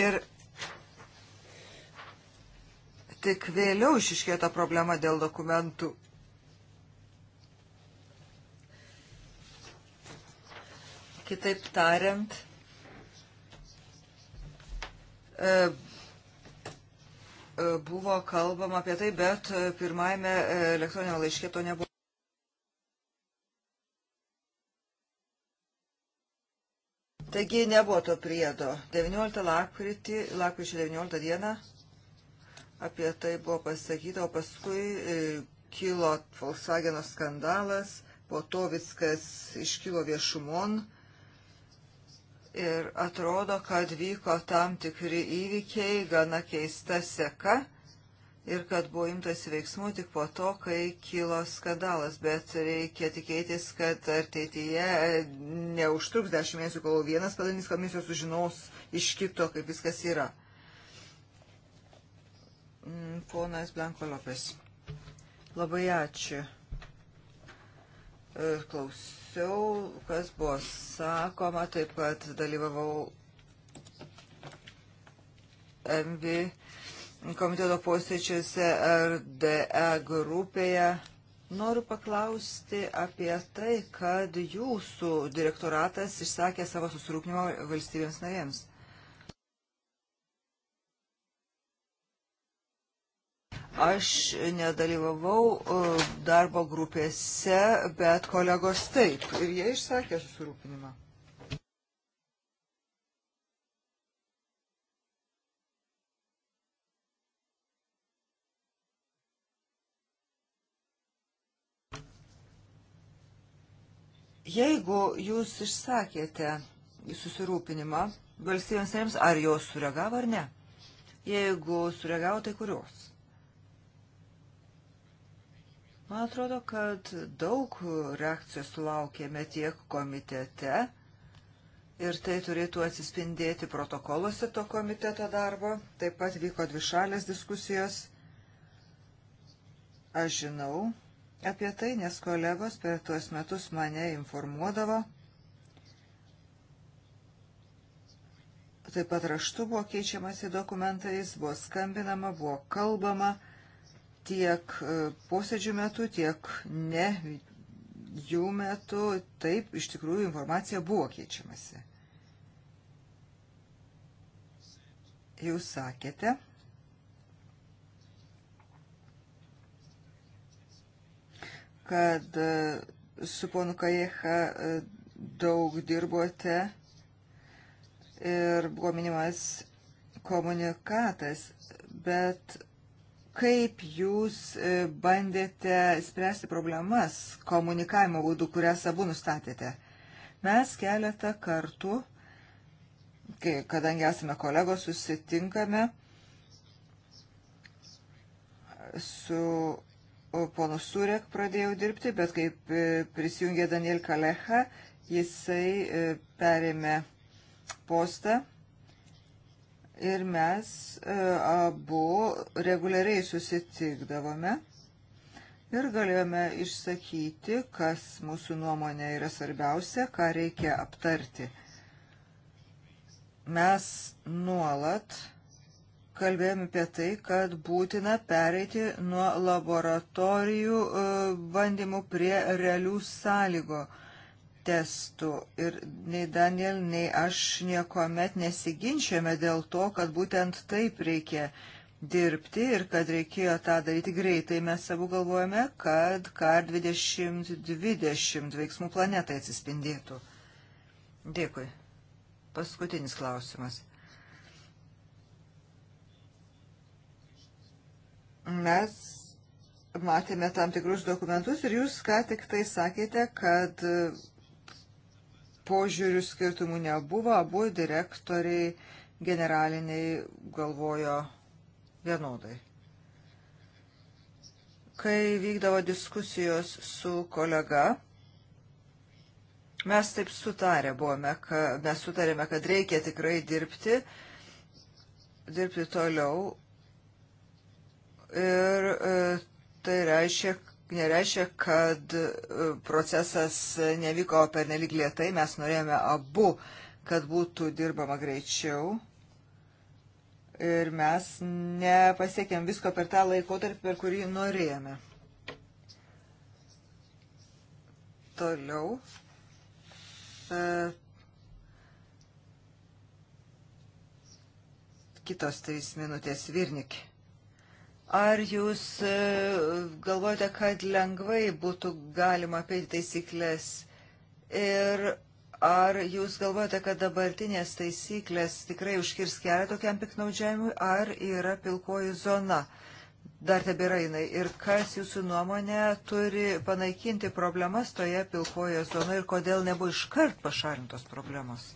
Ir tik vėliau išiškėjo ta problema dėl dokumentų Kitaip tariant, e, e, buvo kalbama apie tai, bet pirmajame elektroninio laiške to nebuvo. Taigi nebuvo to priedo. 19 lakrytį, lakryčio 19 dieną apie tai buvo pasakyta, o paskui e, kilo Volkswageno skandalas, po to viskas iškilo viešumon ir atrodo, kad vyko tam tikri įvykiai, gana keista seka ir kad buvo imtas veiksmų tik po to, kai kilo skandalas, bet reikia tikėtis, kad ateityje e, neužtruks dešimt mėnesių, kol vienas padalinys komisijos sužinos iš kito, kaip viskas yra. Mm, ponas Blanko Lopes. Labai ačiū. E, klausiau, kas buvo sakoma, taip pat dalyvavau MV komiteto posėdžiuose RDE grupėje. Noriu paklausti apie tai, kad jūsų direktoratas išsakė savo susirūpinimą valstybėms narėms. Aš nedalyvavau e, darbo grupėse, bet kolegos taip. Ir jie išsakė susirūpinimą. Jeigu jūs išsakėte susirūpinimą valstybėms narėms, ar jos sureagavo ar ne? Jeigu sureagavo, tai kurios? Man atrodo, kad daug reakcijų sulaukėme tiek komitete ir tai turėtų atsispindėti protokoluose to komiteto darbo. Taip pat vyko dvišalės diskusijos. Aš žinau apie tai, nes kolegos per tuos metus mane informuodavo. Taip pat raštu buvo keičiamasi dokumentais, buvo skambinama, buvo kalbama tiek e, posėdžių metu, tiek ne jų metu. Taip, iš tikrųjų, informacija buvo keičiamasi. Jūs sakėte. kad e, su ponu Kajeha e, daug dirbote ir buvo minimas komunikatas, bet kaip jūs e, bandėte spręsti problemas komunikavimo būdų, kurias abu nustatėte. Mes keletą kartų, kai, kadangi esame kolegos, susitinkame su ponu Surek pradėjau dirbti, bet kaip e, prisijungė Daniel Kalecha, jisai e, perėmė postą ir mes e, abu reguliariai susitikdavome ir galėjome išsakyti, kas mūsų nuomonė yra svarbiausia, ką reikia aptarti. Mes nuolat kalbėjome apie tai, kad būtina pereiti nuo laboratorijų e, bandymų prie realių sąlygo, testų. Ir nei Daniel, nei aš niekuomet nesiginčiame dėl to, kad būtent taip reikia dirbti ir kad reikėjo tą daryti greitai. Mes savo galvojame, kad KAR 2020 veiksmų planetai atsispindėtų. Dėkui. Paskutinis klausimas. Mes matėme tam tikrus dokumentus ir jūs ką tik tai sakėte, kad požiūrių skirtumų nebuvo, abu direktoriai generaliniai galvojo vienodai. Kai vykdavo diskusijos su kolega, mes taip sutarę buvome, kad, mes sutarėme, kad reikia tikrai dirbti, dirbti toliau ir e, tai reiškia, nereiškia, kad e, procesas nevyko per nelik lietai, mes norėjome abu, kad būtų dirbama greičiau. Ir mes nepasiekėm visko per tą laikotarpį, per kurį norėjome. Toliau. E, kitos trys minutės virnikė. Ar jūs e, galvojate, kad lengvai būtų galima apeiti taisyklės? Ir ar jūs galvojate, kad dabartinės taisyklės tikrai užkirs kelią tokiam piknaudžiavimui, ar yra pilkoji zona? Dar tebėra jinai. Ir kas jūsų nuomonė turi panaikinti problemas toje pilkojoje zonoje ir kodėl nebuvo iškart pašalintos problemos?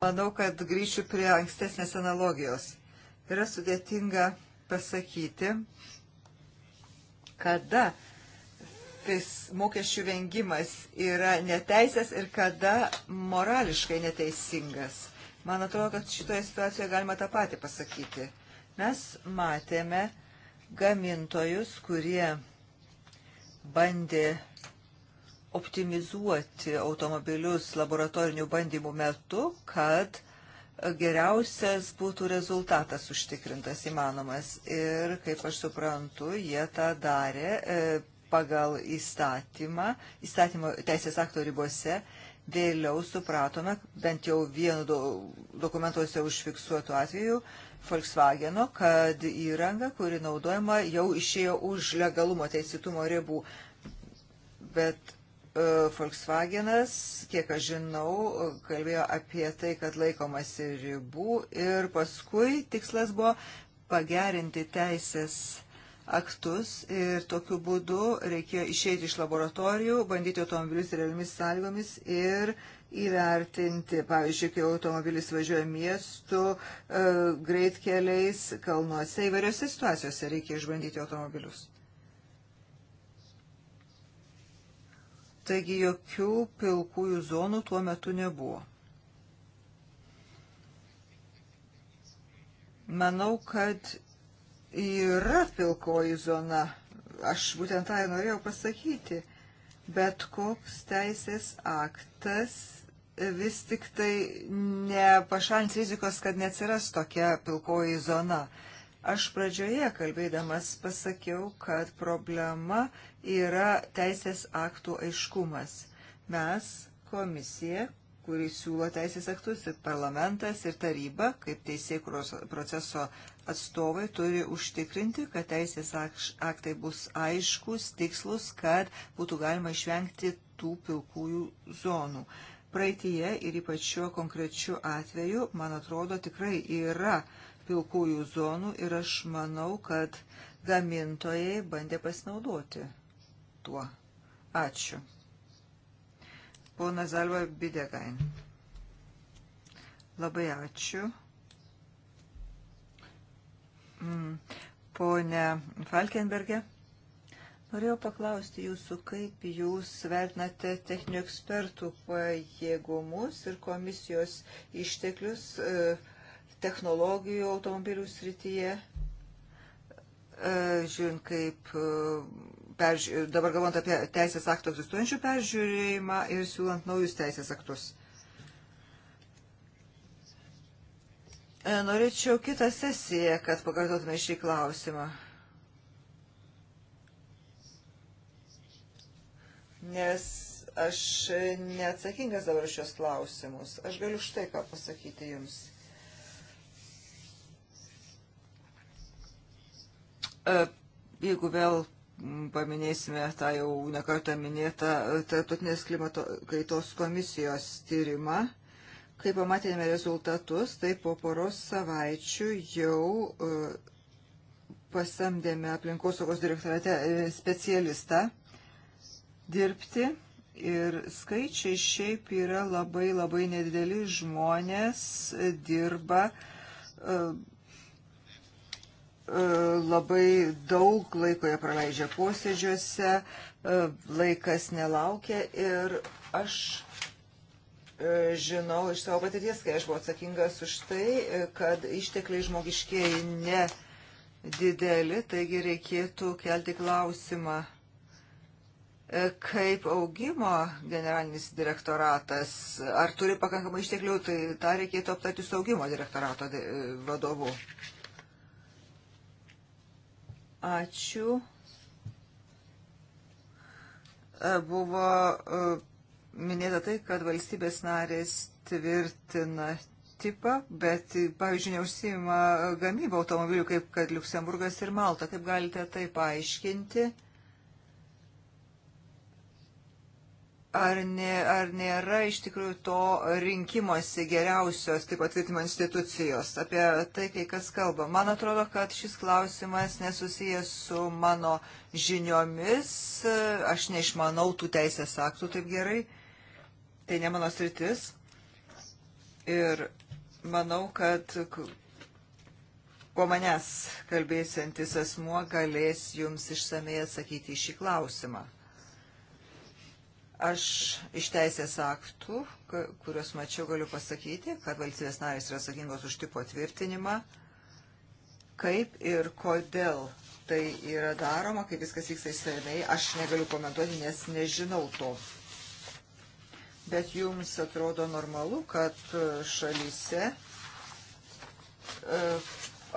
Manau, kad grįšiu prie ankstesnės analogijos. Yra sudėtinga pasakyti, kada mokesčių vengimas yra neteisęs ir kada morališkai neteisingas. Man atrodo, kad šitoje situacijoje galima tą patį pasakyti. Mes matėme gamintojus, kurie bandė optimizuoti automobilius laboratorinių bandymų metu, kad geriausias būtų rezultatas užtikrintas įmanomas. Ir, kaip aš suprantu, jie tą darė e, pagal įstatymą, įstatymo teisės akto ribose. Vėliau supratome, bent jau vienu do, dokumentuose užfiksuotų atveju, Volkswageno, kad įranga, kuri naudojama, jau išėjo už legalumo teisėtumo ribų. Bet E, Volkswagenas, kiek aš žinau, kalbėjo apie tai, kad laikomasi ribų ir paskui tikslas buvo pagerinti teisės aktus ir tokiu būdu reikėjo išeiti iš laboratorijų, bandyti automobilius realiomis sąlygomis ir įvertinti, pavyzdžiui, kai automobilis važiuoja miestu, e, greitkeliais, kalnuose, įvairiose situacijose reikia išbandyti automobilius. Taigi jokių pilkųjų zonų tuo metu nebuvo. Manau, kad yra pilkoji zona. Aš būtent tą ir norėjau pasakyti. Bet koks teisės aktas vis tik tai nepašalins rizikos, kad neatsiras tokia pilkoji zona. Aš pradžioje kalbėdamas pasakiau, kad problema yra teisės aktų aiškumas. Mes, komisija, kuri siūlo teisės aktus ir parlamentas ir taryba, kaip teisėkuros proceso atstovai, turi užtikrinti, kad teisės aktai bus aiškus, tikslus, kad būtų galima išvengti tų pilkųjų zonų. Praeitie ir ypač šiuo konkrečiu atveju, man atrodo, tikrai yra uh, pilkųjų zonų ir aš manau, kad gamintojai bandė pasinaudoti tuo. Ačiū. Pona Zalva Bidegain. Labai ačiū. Mm. Pone Falkenberge, norėjau paklausti jūsų, kaip jūs vertinate techninių ekspertų pajėgumus ir komisijos išteklius uh, technologijų automobilių srityje, e, žiūrint kaip, e, peržiūrė, dabar galvant apie teisės aktų egzistuojančių peržiūrėjimą ir siūlant naujus teisės aktus. E, norėčiau kitą sesiją, kad pakartotume šį klausimą. Nes aš neatsakingas dabar šios klausimus. Aš galiu štai ką pasakyti jums. E, jeigu vėl paminėsime tą jau nekartą minėtą Tartutinės klimato kaitos komisijos tyrimą, kai pamatėme rezultatus, tai po poros savaičių jau e, pasamdėme aplinkosaugos direktorate e, specialistą dirbti ir skaičiai šiaip yra labai labai nedideli žmonės dirba E, labai daug laiko jie praleidžia posėdžiuose, e, laikas nelaukia ir aš e, žinau iš savo patirties, kai aš buvau atsakingas už tai, kad ištekliai žmogiškieji nedideli, taigi reikėtų kelti klausimą, kaip augimo generalinis direktoratas, ar turi pakankamai išteklių, tai tą reikėtų aptarti su augimo direktorato vadovu. Ačiū. E, buvo e, minėta tai, kad valstybės narės tvirtina tipą, bet, pavyzdžiui, neužsima gamybą automobilių, kaip kad Luksemburgas ir Malta. Kaip galite tai paaiškinti? Ar, ne, ar nėra iš tikrųjų to rinkimosi geriausios, kaip patvirtimo institucijos, apie tai kai kas kalba. Man atrodo, kad šis klausimas nesusijęs su mano žiniomis, aš neišmanau tų teisės aktų taip gerai, tai ne mano sritis. Ir manau, kad po manęs kalbėsiantis asmuo galės jums išsamei atsakyti į šį klausimą. Aš iš teisės aktų, kuriuos mačiau, galiu pasakyti, kad valstybės narės yra atsakingos už tipo tvirtinimą, kaip ir kodėl tai yra daroma, kaip viskas vyksta įsirmiai, aš negaliu komentuoti, nes nežinau to. Bet jums atrodo normalu, kad e, šalyse e,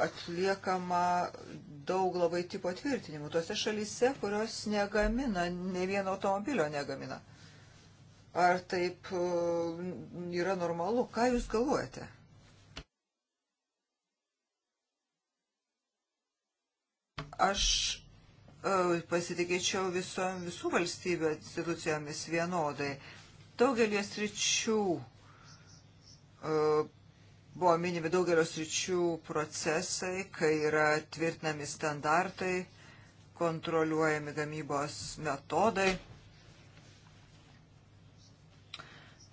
atliekama daug labai tipo tvirtinimų. Tose šalyse, kurios negamina, ne vieno automobilio negamina. Ar taip e, yra normalu? Ką Jūs galvojate? Aš e, pasitikėčiau viso, visų valstybių institucijomis vienodai. Daugelio sričių e, buvo minimi daugelio sričių procesai, kai yra tvirtinami standartai, kontroliuojami gamybos metodai.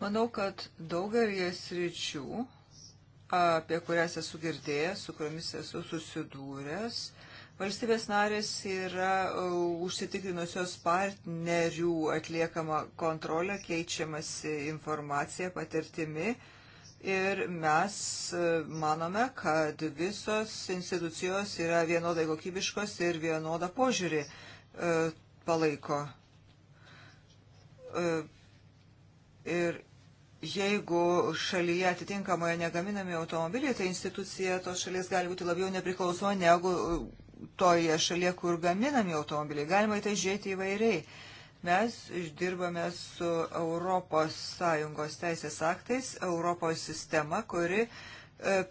Manau, kad daugelie sričių, apie kurias esu girdėjęs, su kuriomis esu susidūręs, valstybės narės yra užsitikrinusios partnerių atliekama kontrolė, keičiamasi informacija, patirtimi. Ir mes manome, kad visos institucijos yra vienodai kokybiškos ir vienodą požiūrį palaiko. Ir jeigu šalyje atitinkamoje negaminami automobiliai, tai institucija tos šalies gali būti labiau nepriklausoma negu uh, toje šalyje, kur gaminami automobiliai. Galima į tai žiūrėti įvairiai. Mes išdirbame su ES teisės aktais, Europos sistema, kuri uh,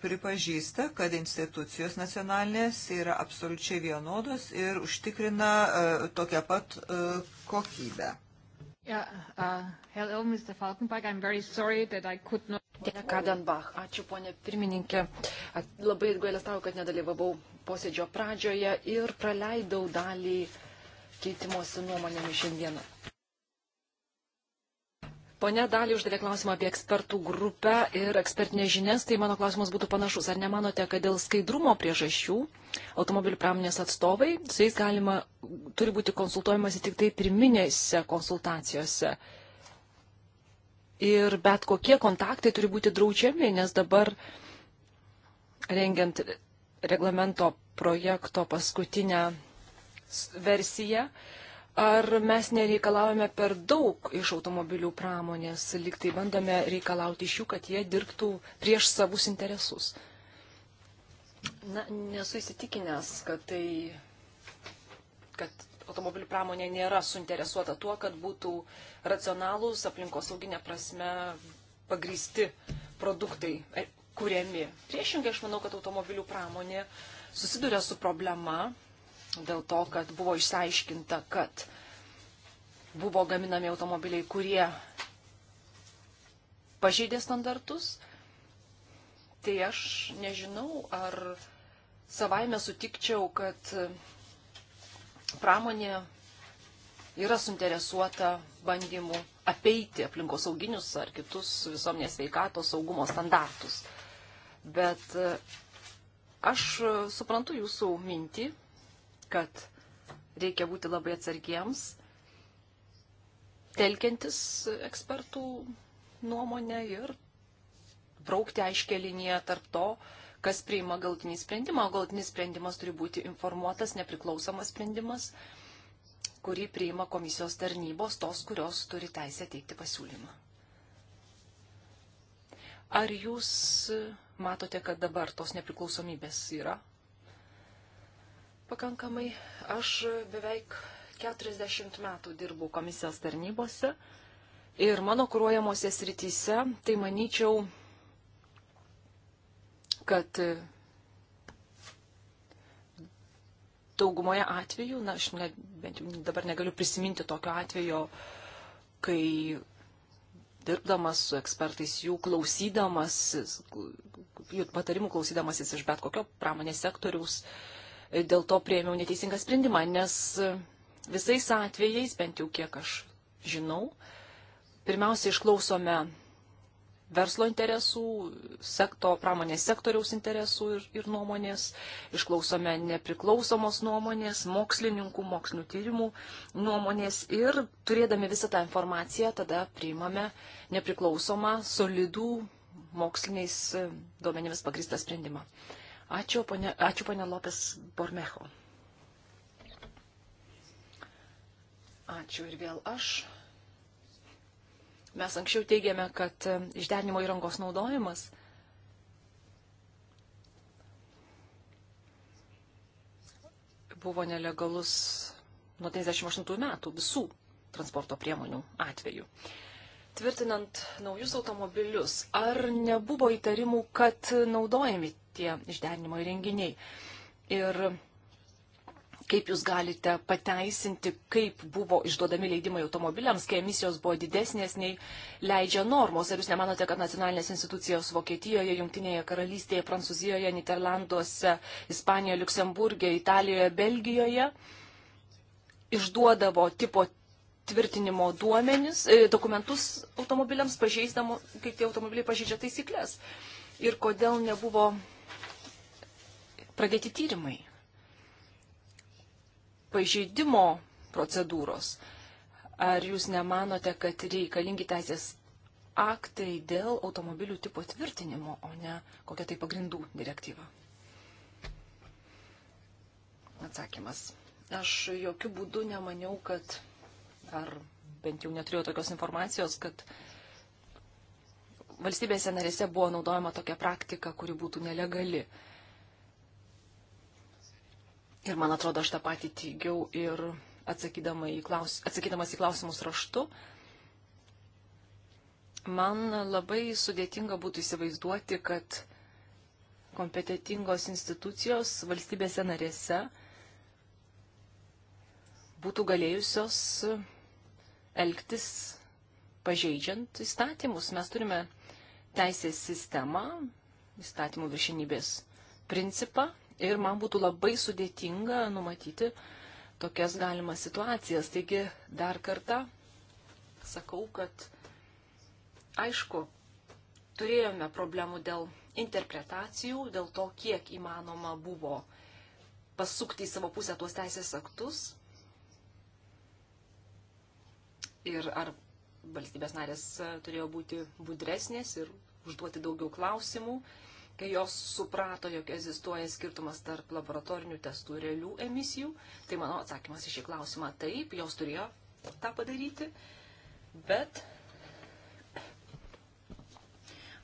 pripažįsta, kad institucijos nacionalinės yra absoliučiai vienodos ir užtikrina uh, tokią pat kokybę. Yeah, uh, hello, Mr. Falkenberg. I'm very sorry that I could not. Dėkui, Kadenbach. Ačiū, ponė pirmininkė. Labai gailestauju, kad nedalyvavau posėdžio pradžioje ir praleidau dalį keitimosi nuomonėmis šiandieną. Pone Dalį uždavė klausimą apie ekspertų grupę ir ekspertinės žinias, tai mano klausimas būtų panašus. Ar nemanote, kad dėl skaidrumo priežasčių automobilių pramonės atstovai, su jais galima, turi būti konsultuojamasi tik tai pirminėse konsultacijose? Ir bet kokie kontaktai turi būti draudžiami, nes dabar rengiant reglamento projekto paskutinę versiją, ar mes nereikalavome per daug iš automobilių pramonės, liktai bandome reikalauti iš jų, kad jie dirbtų prieš savus interesus. Na, nesu įsitikinęs, kad tai, kad automobilių pramonė nėra suinteresuota tuo, kad būtų racionalūs aplinkosauginė prasme pagrysti produktai e, kuriami. Priešingai, aš manau, kad automobilių pramonė susiduria su problema dėl to, kad buvo išsiaiškinta, kad buvo gaminami automobiliai, kurie pažeidė standartus, tai aš nežinau, ar savaime sutikčiau, kad pramonė yra suinteresuota bandymu apeiti aplinkosauginius ar kitus visuomenės veikatos saugumo standartus. Bet e, aš suprantu jūsų mintį kad reikia būti labai atsargiems, telkiantis ekspertų nuomonę ir braukti aiškę liniją tarp to, kas priima galtinį sprendimą. O galtinis sprendimas turi būti informuotas, nepriklausomas sprendimas, kurį priima komisijos tarnybos, tos, kurios turi teisę teikti pasiūlymą. Ar jūs matote, kad dabar tos nepriklausomybės yra? pakankamai. Aš beveik 40 metų dirbau komisijos tarnybose ir mano kūruojamosios rytise, tai manyčiau, kad daugumoje atvejų, na, aš ne, bent jau dabar negaliu prisiminti tokio atvejo, kai dirbdamas su ekspertais, jų klausydamas, jų patarimų klausydamasis iš bet kokio pramonės sektoriaus, uh, dėl to prieimiau neteisingą sprendimą, nes visais atvejais, bent jau kiek aš žinau, pirmiausia išklausome verslo interesų, sekto, pramonės sektoriaus interesų ir, ir nuomonės, išklausome nepriklausomos nuomonės, mokslininkų, mokslinių tyrimų nuomonės ir turėdami visą tą informaciją tada priimame nepriklausomą, solidų, moksliniais e, duomenimis pagristą sprendimą. Ačiū, ponė, ačiū, ponė Lopes Bormecho. Ačiū ir vėl aš. Mes anksčiau teigėme, kad e, išderinimo įrangos naudojimas buvo nelegalus nuo 98 metų visų transporto priemonių atveju. Tvirtinant naujus automobilius, ar nebuvo įtarimų, kad naudojami tie išderinimo įrenginiai. Ir kaip jūs galite pateisinti, kaip buvo išduodami leidimai automobiliams, kai emisijos buvo didesnės nei leidžia normos. Ar jūs nemanote, kad nacionalinės institucijos Vokietijoje, Junktinėje karalystėje, Prancūzijoje, Niderlanduose, Ispanijoje, Luksemburgė, Italijoje, Belgijoje išduodavo tipo tvirtinimo duomenis, e, dokumentus automobiliams, pažeisdamo, kaip tie automobiliai pažeidžia taisyklės. Ir kodėl nebuvo pradėti tyrimai, pažeidimo procedūros. Ar jūs nemanote, kad reikalingi teisės aktai dėl automobilių tipo tvirtinimo, o ne kokia tai pagrindų direktyva? Atsakymas. Aš jokių būdų nemaniau, kad, ar bent jau neturėjau tokios informacijos, kad valstybėse narėse buvo naudojama tokia praktika, kuri būtų nelegali. Uh, Ir man atrodo, aš tą patį teigiau ir atsakydama į klaus, atsakydamas į klausimus raštu. Man labai sudėtinga būtų įsivaizduoti, kad kompetitingos institucijos valstybėse narėse būtų galėjusios elgtis pažeidžiant įstatymus. Mes turime teisės sistemą, įstatymų viršinybės principą ir man būtų labai sudėtinga numatyti tokias galimas situacijas. Taigi dar kartą sakau, kad aišku, turėjome problemų dėl interpretacijų, dėl to, kiek įmanoma buvo pasukti į savo pusę tuos teisės aktus ir ar valstybės narės turėjo būti budresnės ir užduoti daugiau klausimų kai jos suprato, jog egzistuoja skirtumas tarp laboratorinių testų ir realių emisijų, tai mano atsakymas į šį klausimą taip, jos turėjo tą padaryti, bet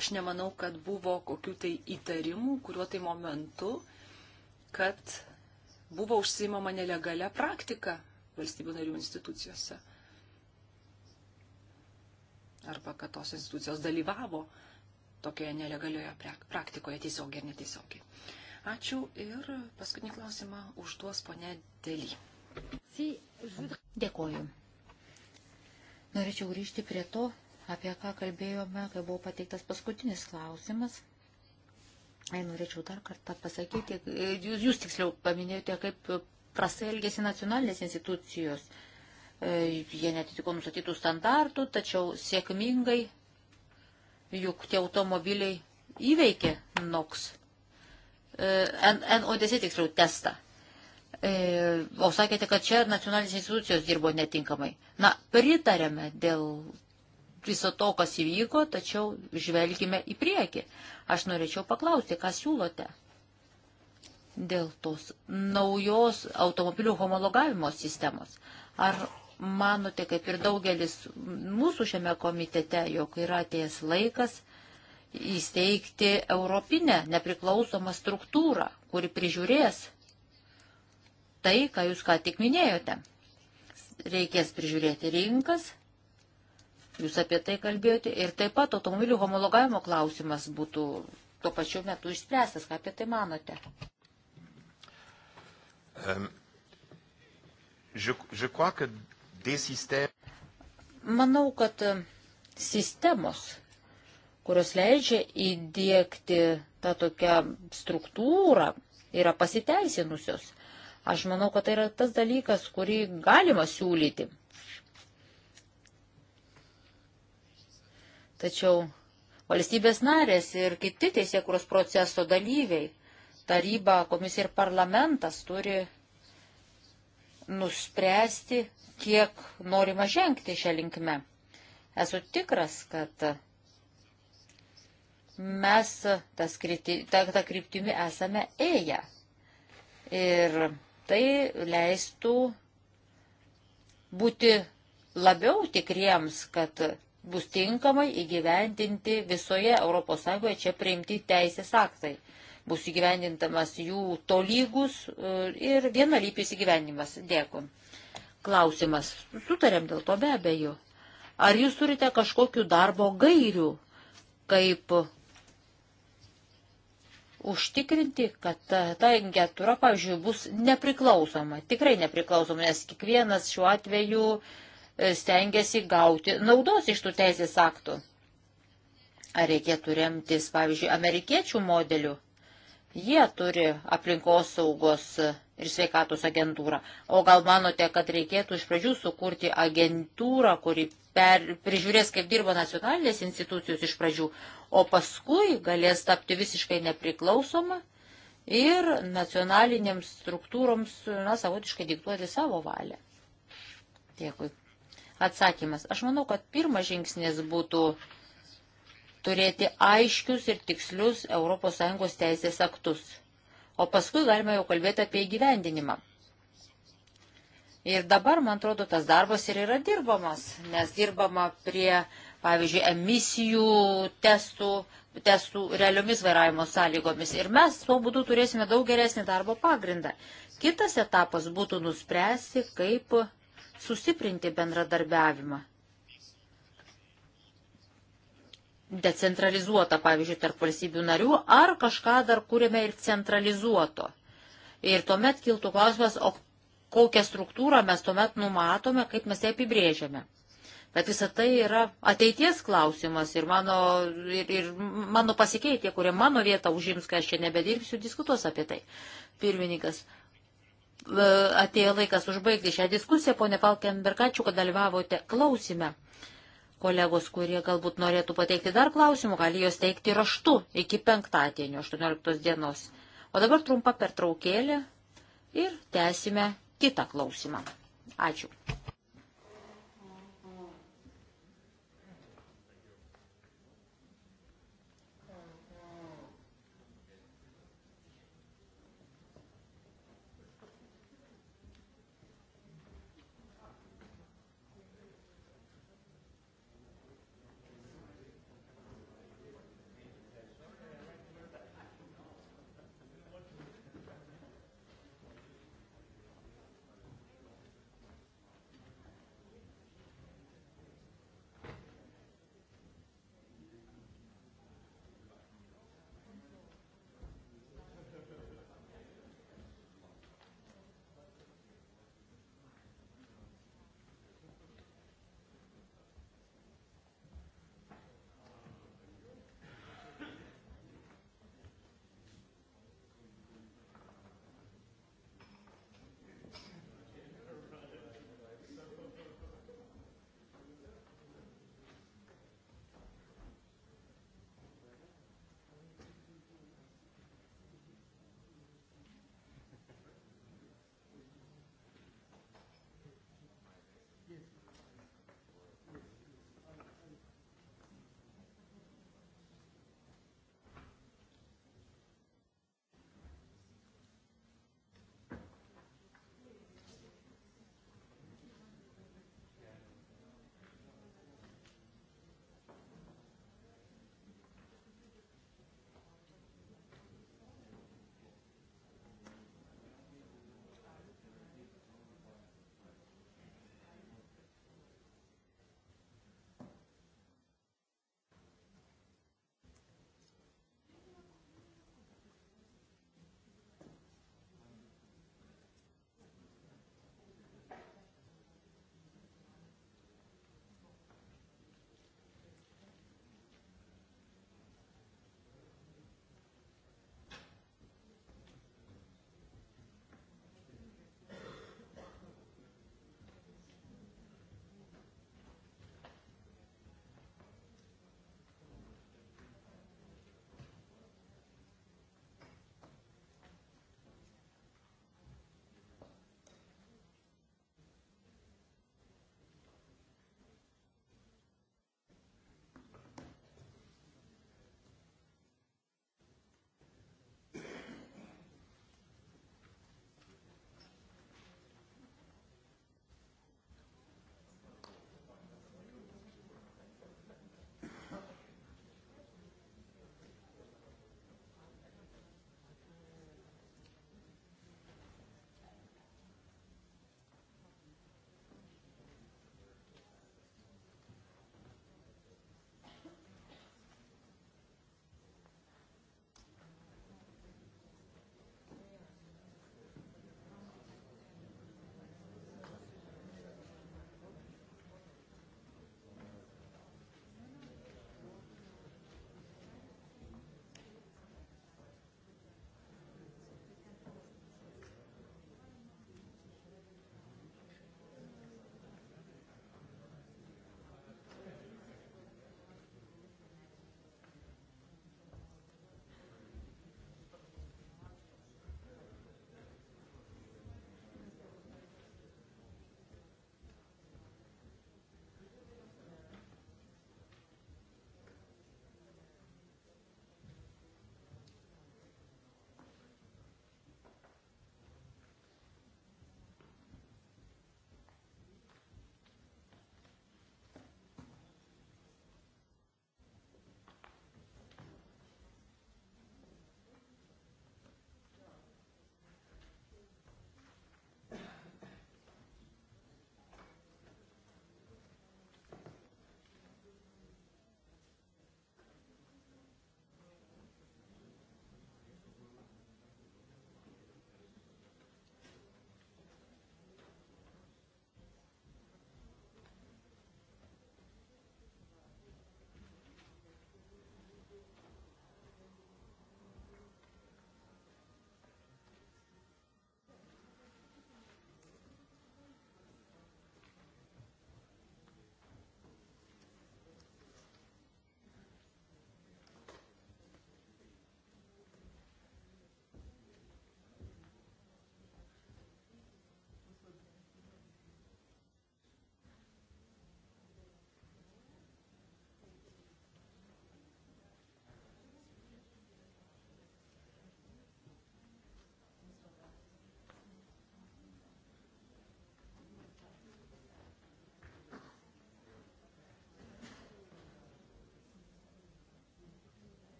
aš nemanau, kad buvo kokių tai įtarimų, kuriuo tai momentu, kad buvo užsimama nelegalia praktika valstybių narių institucijose. Arba kad tos institucijos dalyvavo uh, tokioje nelegalioje praktikoje tiesiogiai ir netiesiogiai. Ačiū ir paskutinį klausimą užduos ponė Dėly. Dėkoju. Norėčiau grįžti prie to, apie ką kalbėjome, kai buvo pateiktas paskutinis klausimas. Ai, norėčiau dar kartą pasakyti, e, jūs, jūs tiksliau paminėjote, kaip prastai elgėsi nacionalinės institucijos. E, jie netitiko nustatytų standartų, tačiau sėkmingai juk tie automobiliai įveikė NOX, e, NODC tiksliau testą. E, o sakėte, kad čia nacionalinės institucijos dirbo netinkamai. Na, pritarėme dėl viso to, kas įvyko, tačiau žvelgime į priekį. Aš norėčiau paklausti, ką siūlote dėl tos naujos automobilių homologavimo sistemos. Ar manote, kaip ir daugelis mūsų šiame komitete, jog yra atėjęs laikas įsteigti Europinę nepriklausomą struktūrą, kuri prižiūrės tai, ką jūs ką tik minėjote. Reikės prižiūrėti rinkas, jūs apie tai kalbėjote, ir taip pat automobilių homologavimo klausimas būtų tuo pačiu metu išspręstas. Ką apie tai manote? Um, je, je crois que Manau, kad sistemos, kurios leidžia įdėkti tą tokią struktūrą, yra pasiteisinusios. Aš manau, kad tai yra tas dalykas, kurį galima siūlyti. Tačiau valstybės narės ir kiti teisėkuros proceso dalyviai, taryba, komisija ir parlamentas turi nuspręsti, kiek norima žengti šią linkmę. Esu tikras, kad mes tas kriti, ta, tą kryptimį esame ėję. Ir tai leistų būti labiau tikriems, kad bus tinkamai įgyvendinti visoje ES čia priimti teisės aktai. Bus įgyvendintamas jų tolygus e, ir vienalypis įgyvendimas. Dėkui klausimas. Sutarėm dėl to be abejo. Ar jūs turite kažkokiu darbo gairių, kaip užtikrinti, kad ta agentūra, pavyzdžiui, bus nepriklausoma, tikrai nepriklausoma, nes kiekvienas šiuo atveju e, stengiasi gauti naudos iš tų teisės aktų. Ar reikėtų remtis, pavyzdžiui, amerikiečių modeliu, Jie turi aplinkos saugos ir sveikatos agentūrą. O gal manote, kad reikėtų iš pradžių sukurti agentūrą, kuri per, prižiūrės, kaip dirba nacionalinės institucijos iš pradžių, o paskui galės tapti visiškai nepriklausoma ir nacionalinėms struktūroms, na, savotiškai diktuoti savo valią. Dėkui. Atsakymas. Aš manau, kad pirmas žingsnis būtų turėti aiškius ir tikslius ES teisės aktus. O paskui galime jau kalbėti apie įgyvendinimą. Ir dabar, man atrodo, tas darbas ir yra dirbamas, nes dirbama prie, pavyzdžiui, emisijų testų, testų realiomis vairavimo sąlygomis. Ir mes tuo būdu turėsime daug geresnį darbo pagrindą. Kitas etapas būtų nuspręsti, kaip sustiprinti bendradarbiavimą decentralizuota, pavyzdžiui, tarp valstybių narių, ar kažką dar kūrėme ir centralizuoto. Ir tuomet kiltų klausimas, o kokią struktūrą mes tuomet numatome, kaip mes ją apibrėžiame. Bet visa tai yra ateities klausimas ir mano, ir, ir mano pasikeitė, kurie mano vietą užims, kai aš čia nebedirbsiu, diskutuos apie tai. Pirmininkas, e, atėjo laikas užbaigti šią diskusiją, ponė Falkenbergačių, kad dalyvavote klausime. Kolegos, kurie galbūt norėtų pateikti dar klausimų, gali juos teikti raštu iki penktadienio 18 dienos. O dabar trumpa pertraukėlė ir tęsime kitą klausimą. Ačiū.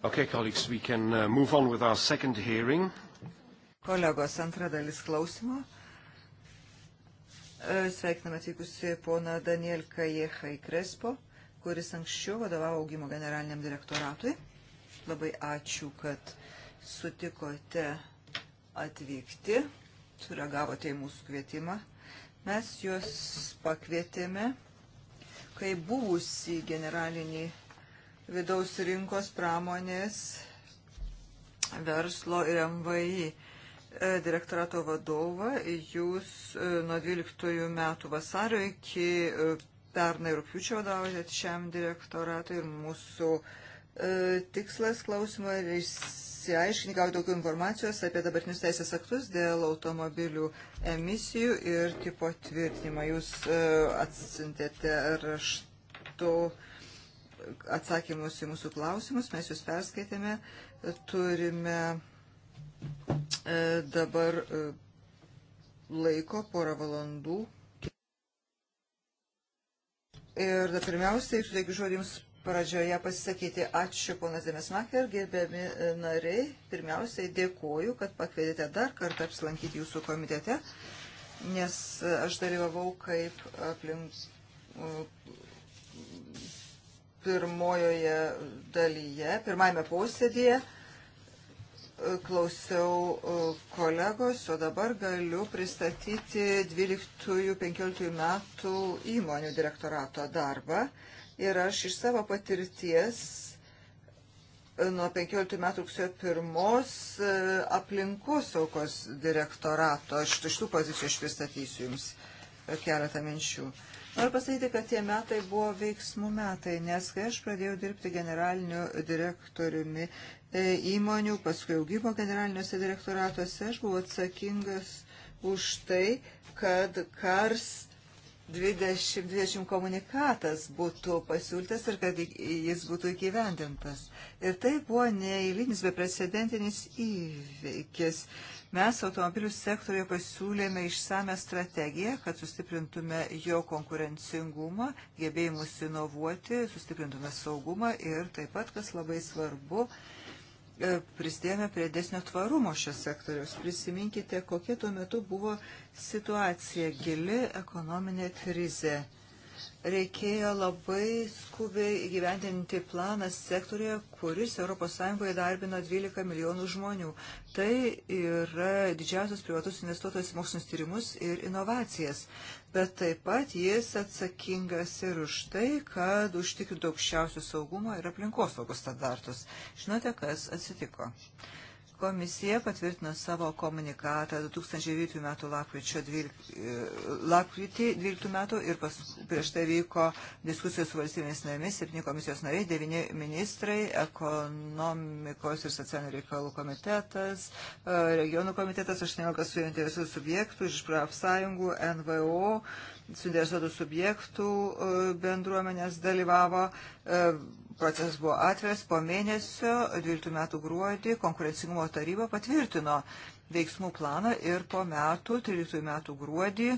Okay, colleagues, we can uh, move on with our second hearing. Kolegos, antra dalis klausimo. E, sveikiname atvykusi pona Daniel Kajehai Krespo, kuris anksčiau vadovavo augimo generaliniam direktoratui. Labai ačiū, kad sutikote atvykti, sureagavote į mūsų kvietimą. Mes juos pakvietėme, kai buvusi generalinį direktorą vidaus rinkos pramonės verslo ir MVI e, direktorato vadovą. Jūs e, nuo 12 metų vasario iki e, pernai rūpiučio vadovaujate šiam direktoratui ir mūsų tikslas klausimą ir išsiaiškinti, gauti daugiau informacijos apie dabartinius teisės aktus dėl automobilių emisijų ir tipo tvirtinimą. Jūs atsintėte raštu atsakymus į mūsų klausimus, mes jūs perskaitėme, turime e, dabar e, laiko porą valandų. Ir da, pirmiausiai, suteikiu žodį Jums pradžioje pasisakyti. Ačiū, ponas Demesmacher, gerbėmi e, nariai. Pirmiausiai, dėkoju, kad pakvietėte dar kartą apsilankyti Jūsų komitete, nes aš dalyvavau kaip aplink pirmojoje dalyje, pirmajame posėdėje e, klausiau e, kolegos, o dabar galiu pristatyti 12-15 metų įmonių direktorato darbą. Ir aš iš savo patirties e, nuo 15 metų rugsėjo pirmos aplinkos saukos direktorato, aš iš tų pozicijų aš pristatysiu jums keletą minčių. Uh, Noriu pasakyti, kad tie metai buvo veiksmų metai, nes kai aš pradėjau dirbti generaliniu direktoriumi e, įmonių, paskui augimo generaliniuose direktoratuose, aš buvau atsakingas už tai, kad kars 2020 komunikatas būtų pasiūlytas ir kad jis būtų įgyvendintas. Ir tai buvo neįlynis, beprecedentinis įvykis. Mes automobilių sektorioje pasiūlėme išsame strategiją, kad sustiprintume jo konkurencingumą, gebėjimus inovuoti, sustiprintume saugumą ir taip pat, kas labai svarbu, uh, E, prisidėjome prie desnio tvarumo šios sektoriaus. Prisiminkite, kokia tuo metu buvo situacija, gili ekonominė krizė reikėjo labai skubiai įgyvendinti planą sektorėje, kuris ES darbina 12 milijonų žmonių. Tai yra didžiausias privatus investuotojas į mokslinius tyrimus ir inovacijas. Bet taip pat jis atsakingas ir už tai, kad užtikrintų aukščiausių saugumo ir aplinkosaugos standartus. Žinote, kas atsitiko? Komisija patvirtino savo komunikatą 2009 m. lapkričio 12, lapkritį 12 metų ir pas, prieš tai vyko diskusijos su valstybėmis narėmis, septyni komisijos nariai, devyni ministrai, ekonomikos ir socialinių reikalų komitetas, e, regionų komitetas, 18 suinteresuotų subjektų iš profsąjungų, NVO, suinteresuotų subjektų e, bendruomenės dalyvavo e, procesas buvo atviras, po mėnesio, 12 metų gruodį, konkurencingumo taryba patvirtino veiksmų planą ir po metų, 13 metų gruodį,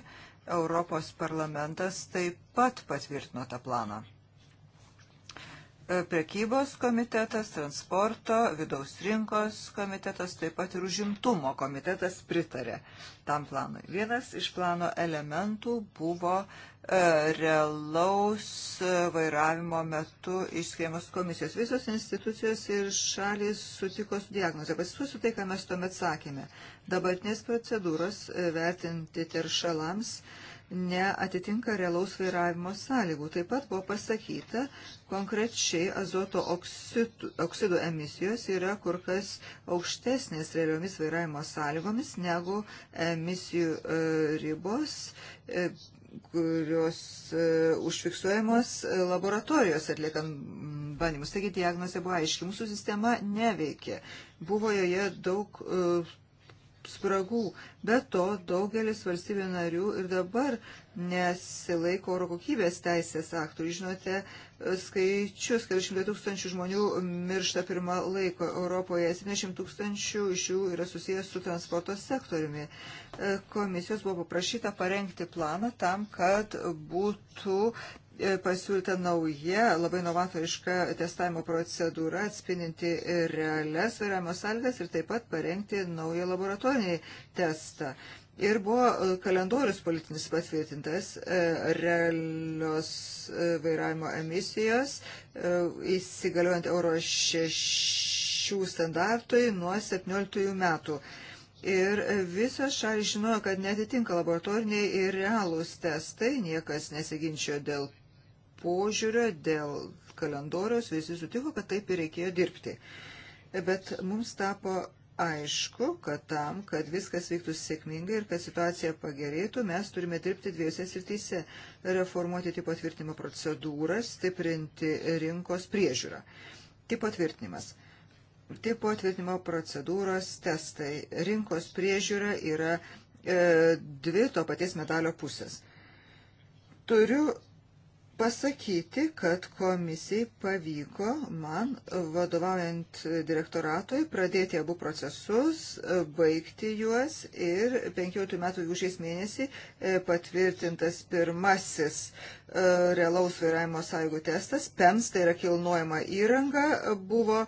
Europos parlamentas taip pat patvirtino tą planą. Prekybos komitetas, transporto, vidaus rinkos komitetas, taip pat ir užimtumo komitetas pritarė tam planui. Vienas iš plano elementų buvo e, realaus e, vairavimo metu išskiriamos komisijos. Visos institucijos ir šalis sutiko su diagnoze. Pasisusiu tai, ką mes tuomet sakėme. Dabartinės procedūros e, vertinti teršalams neatitinka realaus vairavimo sąlygų. Taip pat buvo pasakyta, konkrečiai azoto oksidų, oksidų emisijos yra kur kas aukštesnės realiomis vairavimo sąlygomis negu emisijų e, ribos. E, kurios e, užfiksuojamos e, laboratorijos atliekant bandymus. Taigi diagnozė buvo aiški, mūsų sistema neveikė. Buvo joje daug e, spragų. Be to, daugelis valstybių narių ir dabar nesilaiko oro kokybės teisės aktų. Žinote, skaičius, 40 tūkstančių žmonių miršta pirmą laiko Europoje, 70 tūkstančių iš jų yra susijęs su transporto sektoriumi. Komisijos buvo paprašyta parengti planą tam, kad būtų E, pasiūlyta nauja, labai novatoriška testavimo procedūra atspindinti realias vairavimo sąlygas ir taip pat parengti naują laboratorinį testą. Ir buvo e, kalendorius politinis patvirtintas, e, realios vairavimo emisijos, įsigaliojant Euro 6 standartui nuo 17 metų. Ir visas šalis žinojo, kad netitinka laboratoriniai ir realūs testai, niekas nesiginčio dėl požiūrio, dėl kalendoriaus visi sutiko, kad taip ir reikėjo dirbti. Bet mums tapo aišku, kad tam, kad viskas vyktų sėkmingai ir kad situacija pagerėtų, mes turime dirbti dviejose srityse - reformuoti tipo tvirtinimo procedūras, stiprinti rinkos priežiūrą. Tipo tvirtinimas. Tipo tvirtinimo procedūros testai. Rinkos priežiūra yra e, dvi to paties medalio pusės. Turiu pasakyti, kad komisijai pavyko man, vadovaujant direktoratui, pradėti abu procesus, baigti juos ir 15 metų gegužės mėnesį e, patvirtintas pirmasis e, realaus vairavimo sąlygų testas, PEMS, tai yra kilnojama įranga, buvo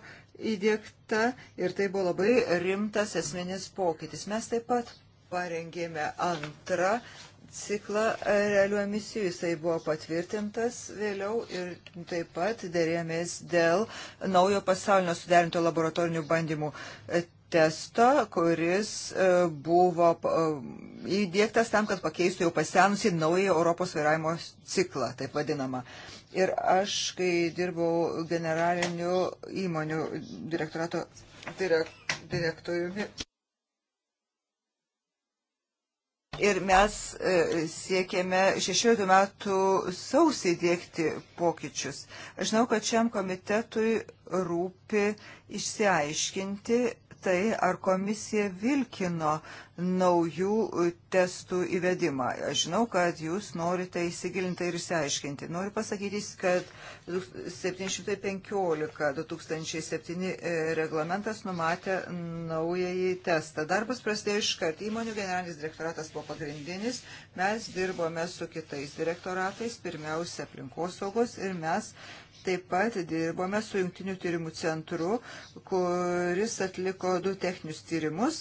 įdėkta ir tai buvo labai rimtas esminis pokytis. Mes taip pat parengėme antrą ciklą realių emisijų. Jisai buvo patvirtintas vėliau ir taip pat dėrėmės dėl naujo pasaulinio suderinto laboratorinių bandymų e, testo, kuris e, buvo e, įdėktas tam, kad pakeistų jau pasenusi naują Europos vairavimo ciklą, taip vadinamą. Ir aš, kai dirbau generaliniu įmonių direktorato direkt, direktoriumi. Ir mes e, siekėme 16 metų sausį dėkti pokyčius. Aš žinau, kad šiam komitetui rūpi išsiaiškinti, tai, ar komisija vilkino naujų e, testų įvedimą. Aš žinau, kad jūs norite įsigilinti ir išsiaiškinti. Noriu pasakyti, kad 715-2007 e, reglamentas numatė naująjį testą. Darbas prasidėjo iš kart. Įmonių generalinis direktoratas buvo pagrindinis. Mes dirbome su kitais direktoratais, pirmiausia aplinkosaugos ir mes taip pat dirbome su Junktiniu tyrimų centru, kuris atliko du techninius tyrimus.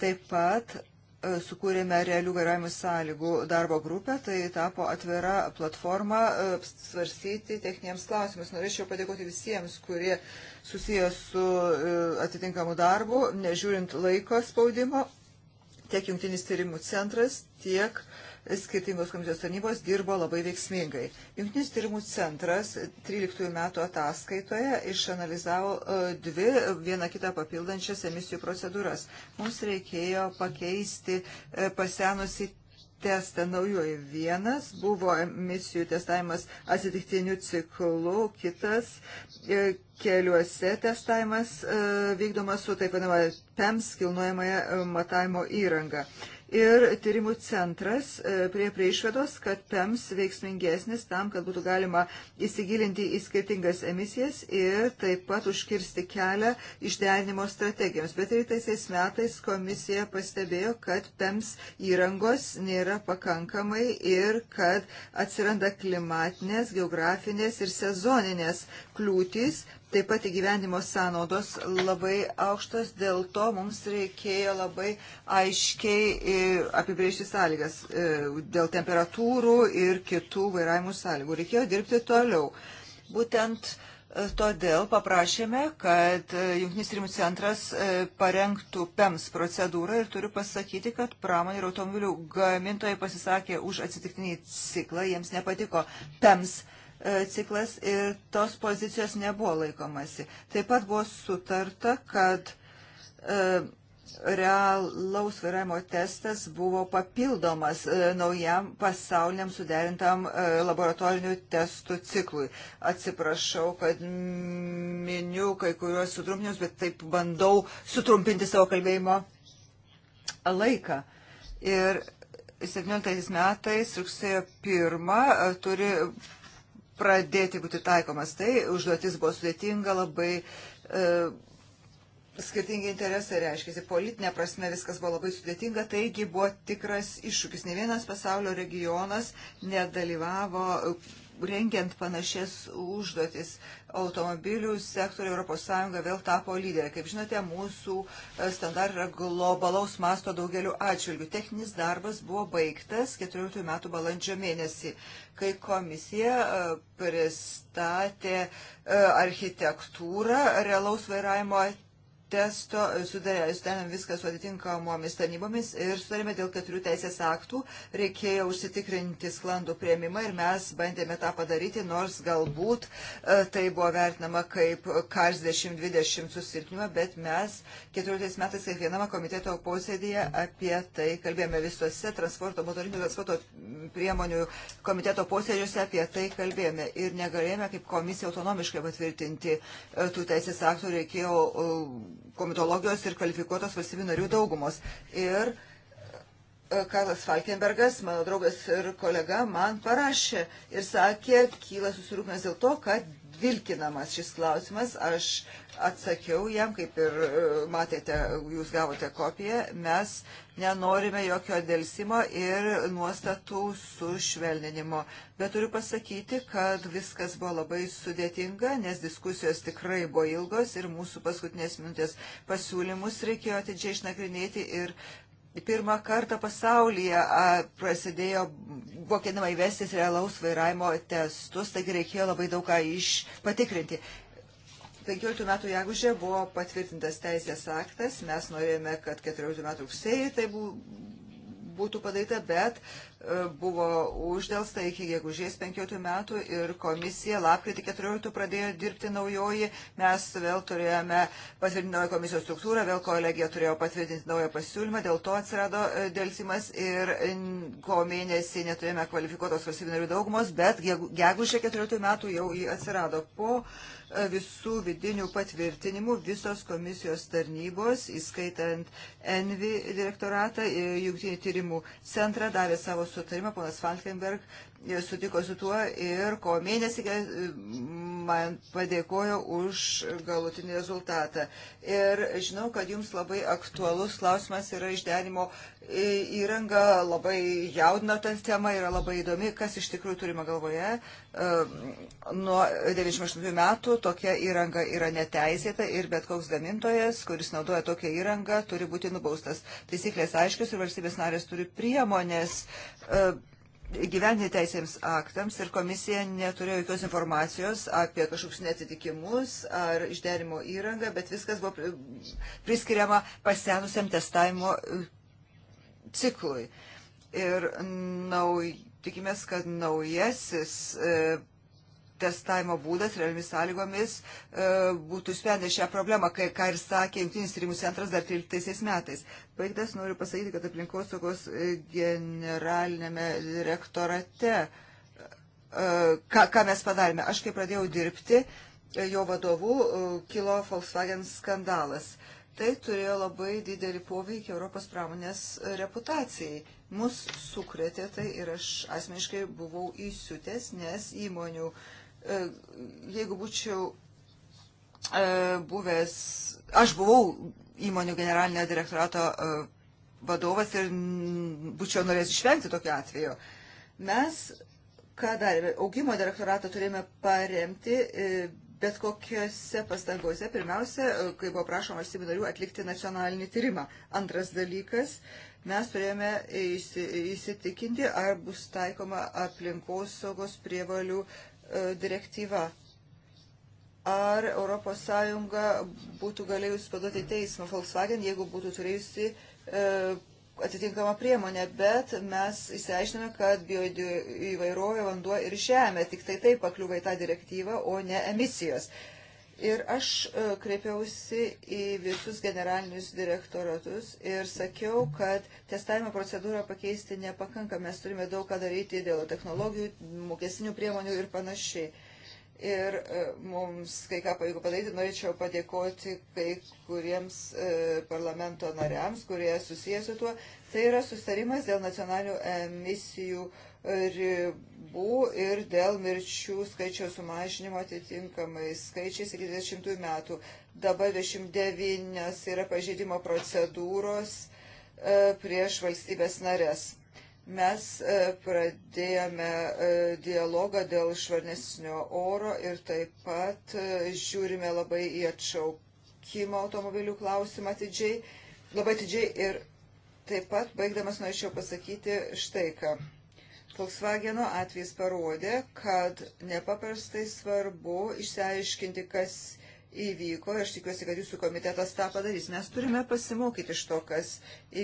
Taip pat e, sukūrėme realių vairavimo sąlygų darbo grupę, tai tapo atvira platforma e, svarstyti techniniams klausimus. Norėčiau padėkoti visiems, kurie susijęs su e, atitinkamu darbu, nežiūrint laiko spaudimo, tiek Jungtinis tyrimų centras, tiek uh, skirtingos komisijos tarnybos dirbo labai veiksmingai. Junktinis tyrimų centras 13 metų ataskaitoje išanalizavo e, dvi vieną kitą papildančias emisijų procedūras. Mums reikėjo pakeisti e, pasenusi testą naujoji vienas, buvo emisijų testavimas atsitiktiniu ciklu, kitas e, keliuose testavimas vykdomas su taip vadinama PEMS kilnojamąją matavimo įrangą ir tyrimų centras e, prie prie išvedos, kad PEMS veiksmingesnis tam, kad būtų galima įsigilinti į skirtingas emisijas ir taip pat užkirsti kelią išderinimo strategijoms. Bet ir taisiais metais komisija pastebėjo, kad PEMS įrangos nėra pakankamai ir kad atsiranda klimatinės, geografinės ir sezoninės kliūtys Taip pat įgyvendimo sąnaudos labai aukštos, dėl to mums reikėjo labai aiškiai e, apibriežti sąlygas e, dėl temperatūrų ir kitų vairavimų sąlygų. Reikėjo dirbti toliau. Būtent e, todėl paprašėme, kad Junktinis tyrimų centras parengtų PEMS procedūrą ir turiu pasakyti, kad pramonė ir automobilių gamintojai pasisakė už atsitiktinį ciklą, jiems nepatiko PEMS procedūrą ciklas ir tos pozicijos nebuvo laikomasi. Taip pat buvo sutarta, kad e, realaus vairavimo testas buvo papildomas e, naujam pasauliniam suderintam e, laboratorinių testų ciklui. Atsiprašau, kad miniu kai kuriuos sutrumpinius, bet taip bandau sutrumpinti savo kalbėjimo laiką. Ir 17 metais rugsėjo 1 turi pradėti būti taikomas. Tai užduotis buvo sudėtinga, labai e, skirtingi interesai reiškėsi. Politinė prasme viskas buvo labai sudėtinga, taigi buvo tikras iššūkis. Ne vienas pasaulio regionas nedalyvavo rengiant panašias užduotis. Automobilių sektorių ES vėl tapo lyderė. Kaip žinote, mūsų e, standartai yra globalaus masto daugeliu atžvilgių. Techninis darbas buvo baigtas 14 metų balandžio mėnesį, kai komisija e, pristatė e, architektūrą realaus vairavimo testo sudarėm viską su atitinkamomis tarnybomis ir sudarėme dėl keturių teisės aktų. Reikėjo užsitikrinti sklandų prieimimą ir mes bandėme tą padaryti, nors galbūt e, tai buvo vertinama kaip KARS 2020 susilpnimą, bet mes 14 metais kiekviename komiteto posėdėje apie tai kalbėjome visose transporto, motorinių transporto priemonių komiteto posėdžiuose apie tai kalbėjome ir negalėjome kaip komisija autonomiškai patvirtinti e, tų teisės aktų, reikėjo e, komitologijos ir kvalifikuotos valstybių narių daugumos. Ir e, Karlas Falkenbergas, mano draugas ir kolega, man parašė ir sakė, kyla susirūpinęs dėl to, kad vilkinamas šis klausimas. Aš atsakiau jam, kaip ir e, matėte, jūs gavote kopiją, mes nenorime jokio dėlsimo ir nuostatų sušvelninimo. Bet turiu pasakyti, kad viskas buvo labai sudėtinga, nes diskusijos tikrai buvo ilgos ir mūsų paskutinės minutės pasiūlymus reikėjo atidžiai išnagrinėti ir pirmą kartą pasaulyje prasidėjo vokinama įvestis realaus vairavimo testus, taigi reikėjo labai daug ką išpatikrinti. 15 metų jagužė buvo patvirtintas teisės aktas, mes norėjome, kad 14 metų rugsėjai tai būtų būtų padaryta, bet e, buvo uždelsta iki gegužės 15 metų ir komisija lapkritį 14 pradėjo dirbti naujoji. Mes vėl turėjome patvirtinti naują komisijos struktūrą, vėl kolegija turėjo patvirtinti naują pasiūlymą, dėl to atsirado e, dėlsimas ir ko mėnesį neturėjome kvalifikuotos valstybinarių daugumos, bet gegužė 14 metų jau jį atsirado. Po visų vidinių patvirtinimų visos komisijos tarnybos, įskaitant ENVI direktoratą ir jungtinį tyrimų centrą, davė savo sutarimą, ponas Falkenberg sutiko su tuo ir ko mėnesį mm, man padėkojo už galutinį rezultatą. Ir žinau, kad jums labai aktualus klausimas yra išdenimo įranga, labai jaudina ta tema, yra labai įdomi, kas iš tikrųjų turime galvoje. Ehm, nuo 98 metų tokia įranga yra neteisėta ir bet koks gamintojas, kuris naudoja tokią įrangą, turi būti nubaustas. Taisyklės aiškius ir valstybės narės turi priemonės ehm, gyventi teisėms aktams ir komisija neturėjo jokios informacijos apie kažkokius netitikimus ar išderimo įrangą, bet viskas buvo priskiriama pasenusiam testavimo e, ciklui. Ir nau, tikimės, kad naujasis e, testavimo būdas realiomis sąlygomis e, būtų sprendęs šią problemą, kai, ką ir sakė Jungtinis tyrimų centras dar 13 metais. Baigtas noriu pasakyti, kad aplinkosaugos e, generalinėme direktorate, e, ką, ką mes padarėme. Aš kai pradėjau dirbti, jo vadovu kilo Volkswagen skandalas. Tai turėjo labai didelį poveikį Europos pramonės reputacijai mus sukrėtė tai ir aš asmeniškai buvau įsiutęs, nes įmonių uh, E, jeigu būčiau e, buvęs, aš buvau įmonių generalinio direktorato e, vadovas ir būčiau norėjęs išvengti tokio atvejo. Mes, ką darėme, augimo direktoratą turėjome paremti bet kokiuose pastangose. Pirmiausia, kai buvo prašoma valstybių narių atlikti nacionalinį tyrimą. Antras dalykas, mes turėjome įsitikinti, ar bus taikoma aplinkosaugos prievalių E, direktyva. Ar ES būtų galėjusi paduoti teismą Volkswagen, jeigu būtų turėjusi e, atitinkamą priemonę, bet mes įsiaiškiname, kad bioįvairovė vanduo ir žemė tik tai taip pakliūva į tą direktyvą, o ne emisijos. Ir aš e, kreipiausi į visus generalinius direktoratus ir sakiau, kad testavimo procedūrą pakeisti nepakanka, mes turime daug ką daryti dėl technologijų, mokesinių priemonių ir panašiai. Ir e, mums kai ką pavyko padaryti, norėčiau padėkoti kai kuriems e, parlamento nariams, kurie susijęs su tuo. Tai yra sustarimas dėl nacionalinių emisijų ribų ir dėl mirčių skaičiaus sumažinimo atitinkamai skaičiais iki 20 metų. Dabar 29 yra pažeidimo procedūros e, prieš valstybės narės. Mes e, pradėjome e, dialogą dėl švarnesnio oro ir taip pat žiūrime labai į atšaukimo automobilių klausimą atidžiai, labai atidžiai ir taip pat baigdamas norėčiau pasakyti štai ką. Volkswageno atvejs parodė, kad nepaprastai svarbu išsiaiškinti, kas įvyko ir aš tikiuosi, kad jūsų komitetas tą padarys. Mes turime pasimokyti iš to, kas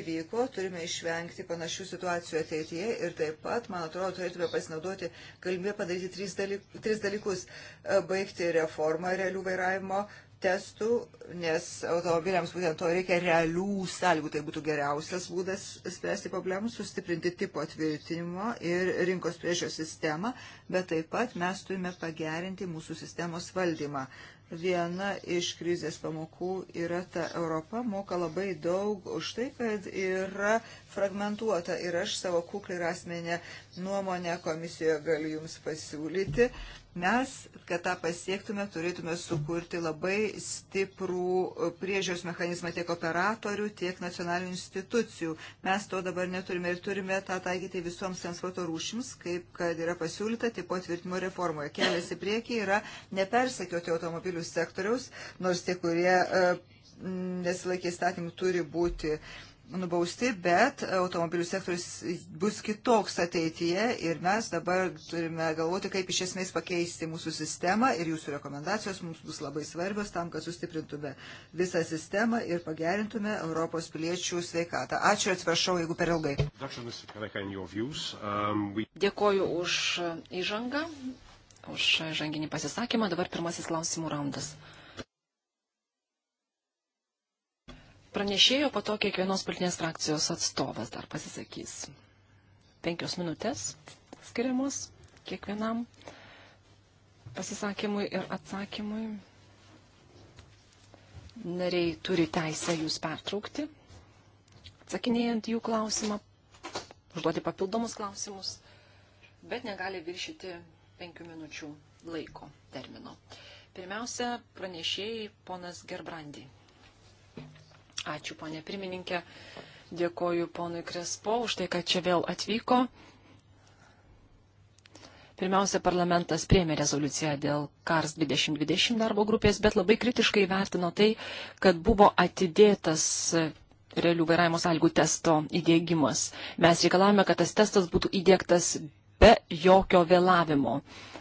įvyko, turime išvengti panašių situacijų ateityje ir taip pat, man atrodo, turėtume pasinaudoti galimybę padaryti tris, dalyk, tris dalykus - baigti reformą realių vairavimo testų, nes automobiliams būtent to reikia realių sąlygų. Tai būtų geriausias būdas spręsti problemų, sustiprinti tipo tvirtinimo ir rinkos priežio sistemą, bet taip pat mes turime pagerinti mūsų sistemos valdymą. Viena iš krizės pamokų yra ta Europa moka labai daug už tai, kad yra fragmentuota ir aš savo kuklį ir asmenę nuomonę komisijoje galiu jums pasiūlyti. Uh, Mes, kad tą pasiektume, turėtume sukurti labai stiprų priežiūros mechanizmą tiek operatorių, tiek nacionalinių institucijų. Mes to dabar neturime ir turime tą taikyti visoms transporto rūšims, kaip kad yra pasiūlyta tipo tvirtimo reformoje. Kelias į priekį yra nepersekioti automobilių sektoriaus, nors tie, kurie e, nesilaikė statymų, turi būti uh, nubausti, bet automobilių sektorius bus kitoks ateityje ir mes dabar turime galvoti, kaip iš esmės pakeisti mūsų sistemą ir jūsų rekomendacijos mums bus labai svarbios tam, kad sustiprintume visą sistemą ir pagerintume Europos piliečių sveikatą. Ačiū ir atsiprašau, jeigu per ilgai. Dėkoju už įžangą, už žanginį pasisakymą. Dabar pirmasis klausimų raundas. pranešėjo, po to kiekvienos politinės frakcijos atstovas dar pasisakys. Penkios minutės skiriamos kiekvienam pasisakymui ir atsakymui. Nariai turi teisę jūs pertraukti, atsakinėjant jų klausimą, užduoti papildomus klausimus, bet negali viršyti penkių minučių laiko termino. Pirmiausia, pranešėjai ponas Gerbrandi. Ačiū, ponė pirmininkė. Dėkoju ponui Krespo už tai, kad čia vėl atvyko. Pirmiausia, parlamentas priemė rezoliuciją dėl KARS 2020 darbo grupės, bet labai kritiškai vertino tai, kad buvo atidėtas realių vairavimo sąlygų testo įdėgymas. Mes reikalavome, kad tas testas būtų įdėktas be jokio vėlavimo. Uh,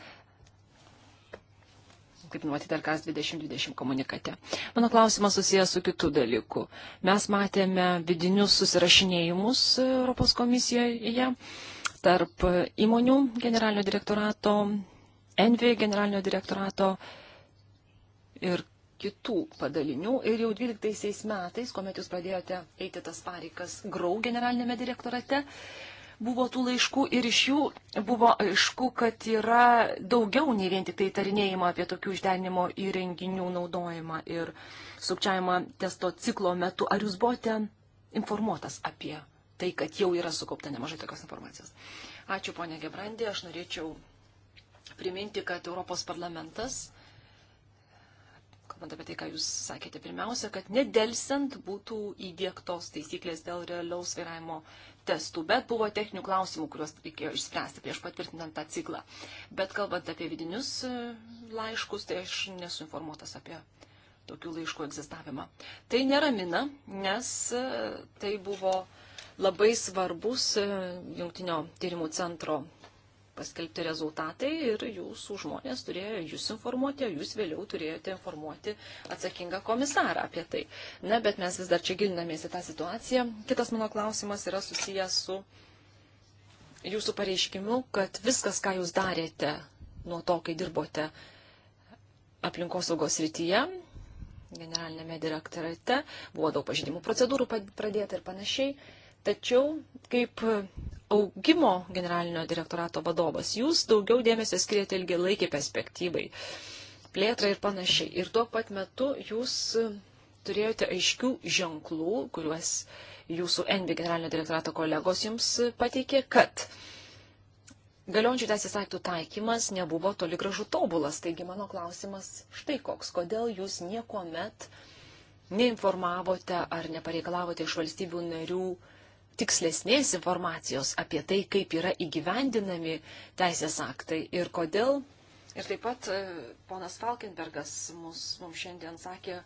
kaip numatyta Elkas 2020 komunikate. Mano klausimas susijęs su kitu dalyku. Mes matėme vidinius susirašinėjimus Europos komisijoje tarp įmonių generalinio direktorato, Envi generalinio direktorato ir kitų padalinių. Ir jau 12 metais, kuomet jūs pradėjote eiti tas pareikas Grau generalinėme direktorate, buvo tų laiškų ir iš jų buvo aišku, kad yra daugiau nei vien tik tai tarinėjimą apie tokių išdenimo įrenginių naudojimą ir sukčiavimą testo ciklo metu. Ar jūs buvote informuotas apie tai, kad jau yra sukaupta nemažai tokios informacijos? Ačiū, ponė Gebrandė. Aš norėčiau priminti, kad Europos parlamentas kalbant apie tai, ką Jūs sakėte pirmiausia, kad nedelsiant būtų įdėktos taisyklės dėl realiaus vairavimo testų, bet buvo techninių klausimų, kuriuos reikėjo išspręsti prieš patvirtinant tą ciklą. Bet kalbant apie vidinius e, laiškus, tai aš nesu informuotas apie tokių laiškų egzistavimą. Tai neramina, nes e, tai buvo labai svarbus e, jungtinio tyrimų centro paskelbti rezultatai ir jūsų žmonės turėjo jūs informuoti, o jūs vėliau turėjote informuoti atsakingą komisarą apie tai. Na, bet mes vis dar čia gilinamės į tą situaciją. Kitas mano klausimas yra susijęs su jūsų pareiškimu, kad viskas, ką jūs darėte nuo to, kai dirbote aplinkosaugos rytyje, generalinėme direktorate, buvo daug pažydimų procedūrų pradėta ir panašiai. Tačiau, kaip augimo generalinio direktorato vadovas. Jūs daugiau dėmesio skiriate ilgialaikiai perspektyvai, plėtrai ir panašiai. Ir tuo pat metu jūs turėjote aiškių ženklų, kuriuos jūsų NB generalinio direktorato kolegos jums pateikė, kad galiojančių teisės aktų taikymas nebuvo toli gražu tobulas. Taigi mano klausimas štai koks. Kodėl jūs niekuomet neinformavote ar nepareikalavote iš valstybių narių tikslesnės informacijos apie tai, kaip yra įgyvendinami teisės aktai ir kodėl. Ir taip pat e, ponas Falkenbergas mus, mums šiandien sakė,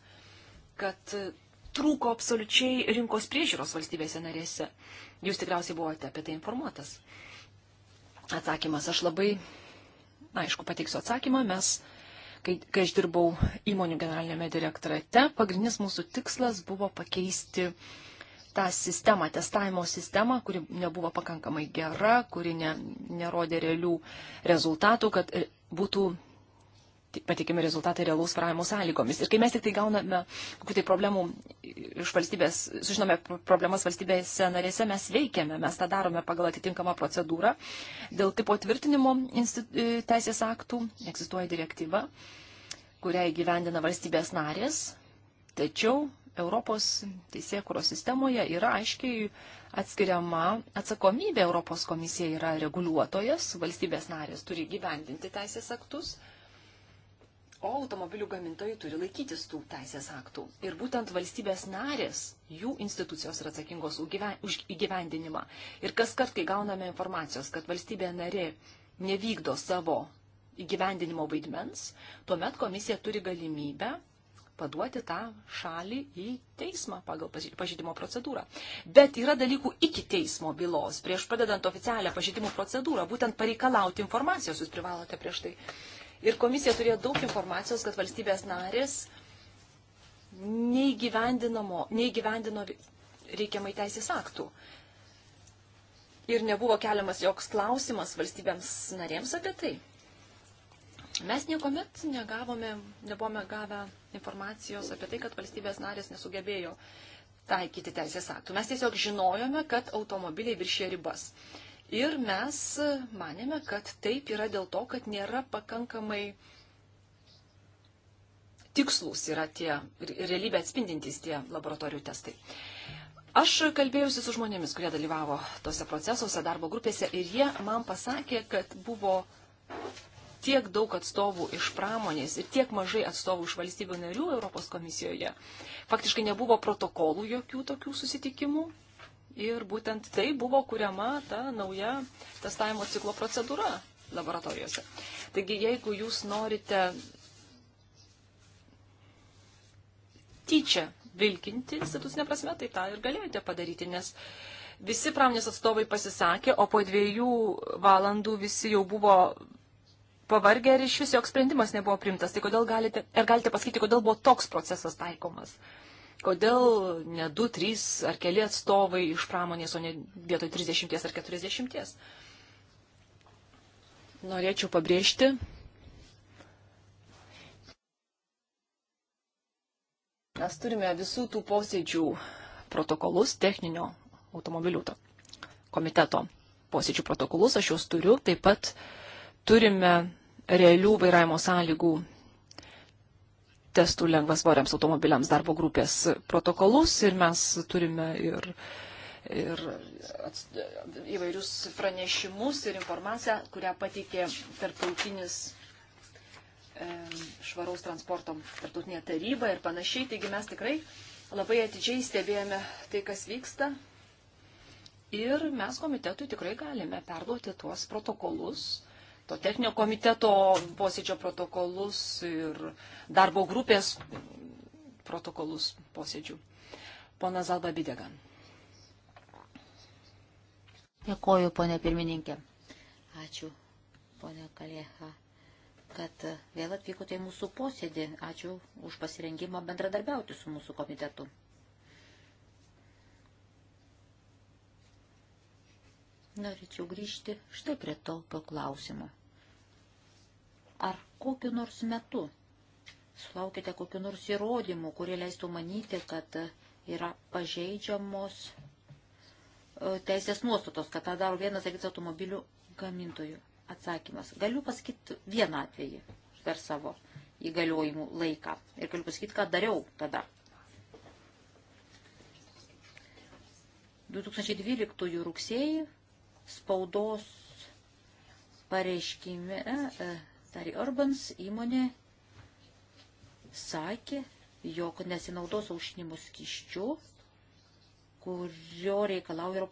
kad e, trūko absoliučiai rinkos priežiūros valstybėse narėse. Jūs tikriausiai buvote apie tai informuotas. Atsakymas aš labai, na, aišku, pateiksiu atsakymą. Mes, kai, kai aš dirbau įmonių generalinėme direktorate, pagrindinis mūsų tikslas buvo pakeisti uh, tą sistemą, testavimo sistemą, kuri nebuvo pakankamai gera, kuri ne, nerodė realių rezultatų, kad e, būtų patikimi rezultatai realaus varavimo sąlygomis. Ir kai mes tik tai gauname kokių tai problemų iš valstybės, sužinome problemas valstybėse narėse, mes veikiame, mes tą darome pagal atitinkamą procedūrą. Dėl tipo tvirtinimo e, teisės aktų egzistuoja direktyva, kurią įgyvendina valstybės narės, tačiau Europos teisėkuros sistemoje yra aiškiai atskiriama atsakomybė. Europos komisija yra reguliuotojas, valstybės narės turi gyvendinti teisės aktus, o automobilių gamintojai turi laikytis tų teisės aktų. Ir būtent valstybės narės, jų institucijos yra atsakingos už įgyvendinimą. Ir kas kart, kai gauname informacijos, kad valstybė narė nevykdo savo įgyvendinimo vaidmens, tuomet komisija turi galimybę paduoti tą šalį į teismą pagal pažydimo procedūrą. Bet yra dalykų iki teismo bylos, prieš pradedant oficialią pažydimo procedūrą, būtent pareikalauti informacijos, jūs privalote prieš tai. Ir komisija turėjo daug informacijos, kad valstybės narės neįgyvendino reikiamai teisės aktų. Ir nebuvo keliamas joks klausimas valstybėms narėms apie tai. Mes niekuomet negavome, nebuvome gavę informacijos apie tai, kad valstybės narės nesugebėjo taikyti teisės aktų. Mes tiesiog žinojome, kad automobiliai viršė ribas. Ir mes manėme, kad taip yra dėl to, kad nėra pakankamai tikslus yra tie realybę atspindintys tie laboratorijų testai. Aš kalbėjusi su žmonėmis, kurie dalyvavo tose procesuose, darbo grupėse ir jie man pasakė, kad buvo tiek daug atstovų iš pramonės ir tiek mažai atstovų iš valstybių narių Europos komisijoje. Faktiškai nebuvo protokolų jokių tokių susitikimų. Ir būtent tai buvo kuriama ta nauja testavimo ciklo procedūra laboratorijose. Taigi, jeigu jūs norite tyčia vilkinti institucinė prasme, tai tą ir galėjote padaryti, nes visi pramonės atstovai pasisakė, o po dviejų valandų visi jau buvo pavargę ir iš vis joks sprendimas nebuvo primtas. Tai kodėl galite, ar galite pasakyti, kodėl buvo toks procesas taikomas? Kodėl ne 2, 3 ar keli atstovai iš pramonės, o ne vietoj 30 ar 40? Norėčiau pabrėžti, Mes turime visų tų posėdžių protokolus techninio automobilių komiteto posėdžių protokolus, aš juos turiu, taip pat turime realių vairavimo sąlygų testų lengvasvoriams automobiliams darbo grupės protokolus ir mes turime ir, ir įvairius pranešimus ir informaciją, kurią pateikė tarptautinis e, švaraus transporto tarptautinė taryba ir panašiai. Taigi mes tikrai labai atidžiai stebėjome tai, kas vyksta. Ir mes komitetui tikrai galime perduoti tuos protokolus to techninio komiteto posėdžio protokolus ir darbo grupės protokolus posėdžių. Ponas Alba Bidegan. Dėkoju, ponė pirmininkė. Ačiū, ponė Kalėha, kad vėl atvykote į mūsų posėdį. Ačiū už pasirengimą bendradarbiauti su mūsų komitetu. norėčiau grįžti štai prie tokio klausimo. Ar kokiu nors metu sulaukite kokiu nors įrodymu, kurie leistų manyti, kad yra pažeidžiamos e, teisės nuostatos, kad tą daro vienas ar kitas automobilių gamintojų? Atsakymas. Galiu pasakyti vieną atvejį per savo įgaliojimų laiką. Ir galiu pasakyti, ką dariau tada. 2012 rugsėjį spaudos pareiškime e, e, Tari Orbans įmonė sakė, jog nesinaudos aušinimu skiščiu, kurio reikalauja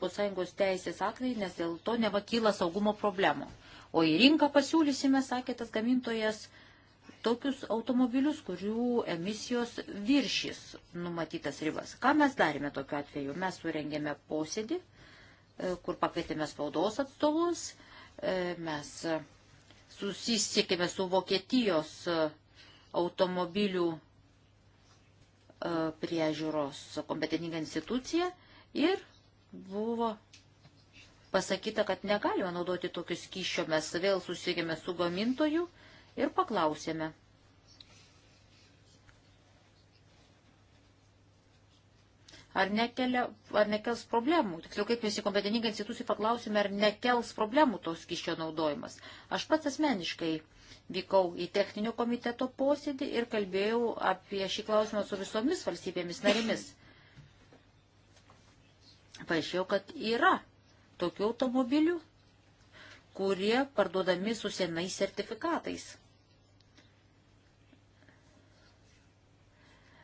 ES teisės aktai, nes dėl to nevakyla saugumo problemų. O į rinką pasiūlysime, sakė tas gamintojas, tokius automobilius, kurių emisijos viršys numatytas ribas. Ką mes darėme tokiu atveju? Mes surengėme posėdį E, kur pakvietėme spaudos atstovus. E, mes susisiekėme su Vokietijos e, automobilių priežiūros kompetentinga institucija ir buvo pasakyta, kad negalima naudoti tokius skyšio. Mes vėl susisiekėme su gamintoju ir paklausėme, ar, nekelia, ar nekels problemų. Tiksliau, kaip visi kompetentingai institucijai paklausime, ar nekels problemų tos kiščio naudojimas. Aš pats asmeniškai vykau į techninio komiteto posėdį ir kalbėjau apie šį klausimą su visomis valstybėmis narimis. Paaiškėjau, kad yra tokių automobilių, kurie parduodami su senais sertifikatais.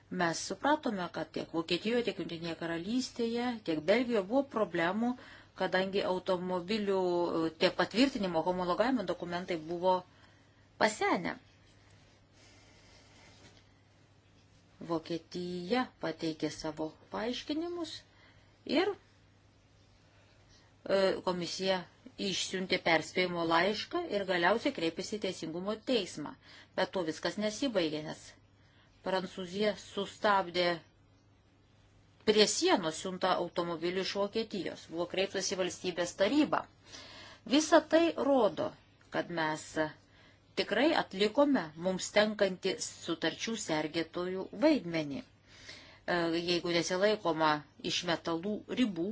Mes supratome, kad tiek Vokietijoje, tiek Junktinėje karalystėje, tiek Belgijoje buvo problemų, kadangi automobilių tie patvirtinimo homologavimo dokumentai buvo pasenę. Vokietija pateikė savo paaiškinimus ir e, komisija išsiuntė perspėjimo laišką ir galiausiai kreipėsi į Teisingumo teismą. Bet to viskas nesibaigė, nes Prancūzija sustabdė prie sienos siuntą automobilių iš Vokietijos. Buvo kreiptas į valstybės tarybą. Visa tai rodo, kad mes tikrai atlikome mums tenkantį sutarčių sergėtojų vaidmenį. E, jeigu nesilaikoma iš metalų ribų,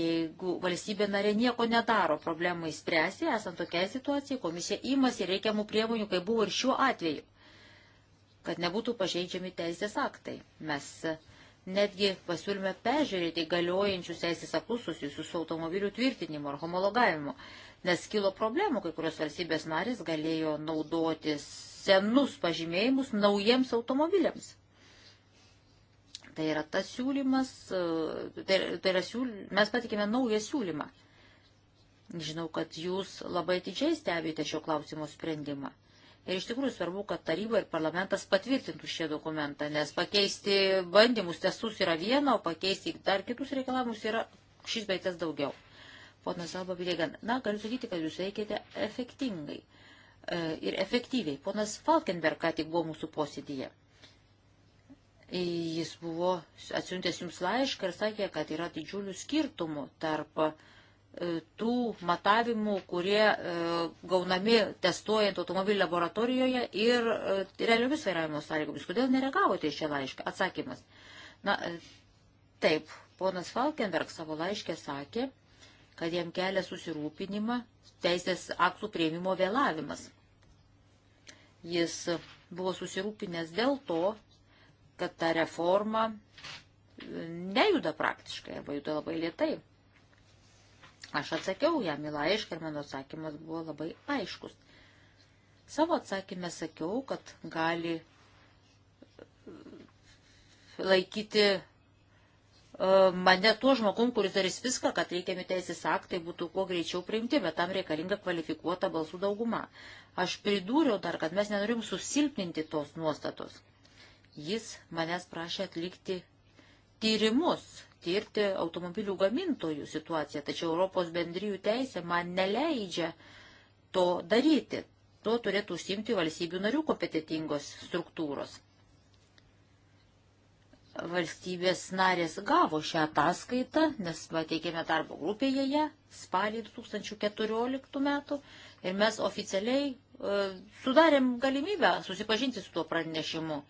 jeigu valstybė narė nieko nedaro problemai spręsti, esant tokiai situacijai, komisija įmasi reikiamų priemonių, kai buvo ir šiuo atveju kad nebūtų pažeidžiami teisės aktai. Mes netgi pasiūlyme peržiūrėti galiojančius teisės aktus susijusius su automobilių tvirtinimu ar homologavimu, nes kilo problemų, kai kurios valstybės narės galėjo naudoti senus pažymėjimus naujiems automobiliams. Tai yra tas siūlymas, tai, tai yra siūl... mes patikėme naują siūlymą. Žinau, kad jūs labai didžiai stebite šio klausimo sprendimą. Ir iš tikrųjų svarbu, kad taryba ir parlamentas patvirtintų šią dokumentą, nes pakeisti bandymus testus yra viena, o pakeisti dar kitus reikalavimus yra šis beitas daugiau. Ponas Alba Bilegan, na, galiu sakyti, kad jūs veikėte efektingai e, ir efektyviai. Ponas Falkenberg ką tik buvo mūsų posėdyje. Jis buvo atsiuntęs jums laišką ir sakė, kad yra didžiulių skirtumų tarp uh, E, tų matavimų, kurie e, gaunami testuojant automobilį laboratorijoje ir e, realiomis vairavimo sąlygomis. Kodėl nereagavote į šią laišką? Atsakymas. Na, taip, ponas Falkenberg savo laiškę sakė, kad jam kelia susirūpinimą teisės aktų prieimimo vėlavimas. Jis buvo susirūpinęs dėl to, kad ta reforma nejuda praktiškai arba juda labai lietai. Aš atsakiau jam į laišką ir mano atsakymas buvo labai aiškus. Savo atsakymę sakiau, kad gali e, laikyti e, mane tuo žmogum, kuris darys viską, kad reikiami teisės aktai būtų kuo greičiau priimti, bet tam reikalinga kvalifikuota balsų dauguma. Aš pridūriau dar, kad mes nenorim susilpninti tos nuostatos. Jis manęs prašė atlikti tyrimus, tirti automobilių gamintojų situaciją, tačiau Europos bendrijų teisė man neleidžia to daryti. Tuo turėtų užsimti valstybių narių kompetitingos struktūros. Valstybės narės gavo šią ataskaitą, nes pateikėme darbo grupėje ją spalį 2014 metų ir mes oficialiai e, sudarėm galimybę susipažinti su tuo pranešimu.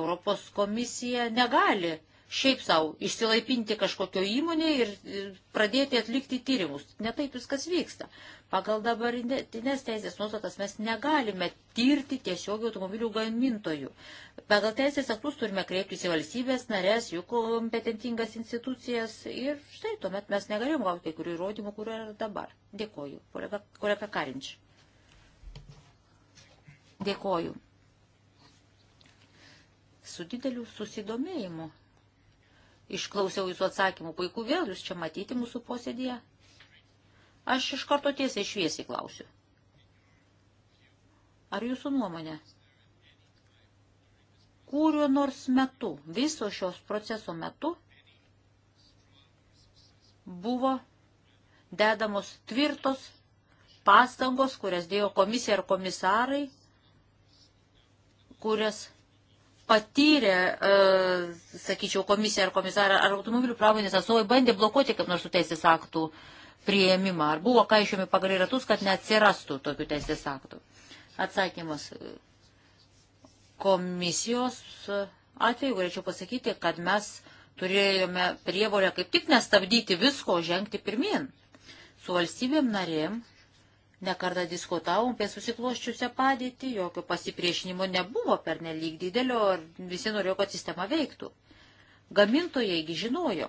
Europos komisija negali e, šiaip savo išsilaipinti kažkokio įmonėje ir pradėti atlikti tyrimus. Netaip viskas vyksta. Pagal dabartinės teisės nuostatas mes negalime tirti tiesiog automobilių gamintojų. Pagal teisės aktus turime kreiptis į valstybės narės, jų kompetentingas institucijas ir štai tuomet mes negalim gauti kai kurių įrodymų, kurio yra dabar. Dėkoju, kolega, kolega Karinč. Dėkoju. Su dideliu susidomėjimu Išklausiau jūsų atsakymų. Puiku vėl jūs čia matyti mūsų posėdėje. Aš iš karto tiesiai šviesiai klausiu. Ar jūsų nuomonė? Kūrio nors metu, viso šios proceso metu, buvo dedamos tvirtos pastangos, kurias dėjo komisija ir komisarai, kurias patyrė, e, sakyčiau, komisija ar komisarą, ar automobilių pramonės atstovai bandė blokuoti kaip nors teisės aktų prieimimą, ar buvo kaišiomi pagal ratus, kad neatsirastų tokių teisės aktų. Atsakymas komisijos atveju galėčiau pasakyti, kad mes turėjome prievolę kaip tik nestabdyti visko, žengti pirmin. Su valstybėm narėm Nekartą diskutavom apie susikloščiusią padėtį, jokio pasipriešinimo nebuvo per nelik didelio ir visi norėjo, kad sistema veiktų. Gamintojaigi žinojo,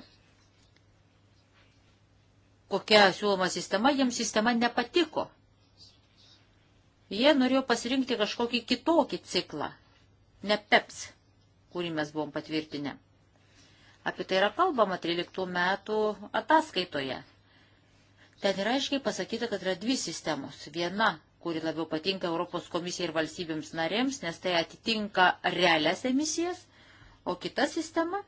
kokia siūloma sistema, jiems sistema nepatiko. Jie norėjo pasirinkti kažkokį kitokį ciklą, ne PEPS, kurį mes buvom patvirtinę. Apie tai yra kalbama 13 metų ataskaitoje. Ten yra aiškiai pasakyta, kad yra dvi sistemos. Viena, kuri labiau patinka Europos komisijai ir valstybėms narėms, nes tai atitinka realias emisijas, o kita sistema,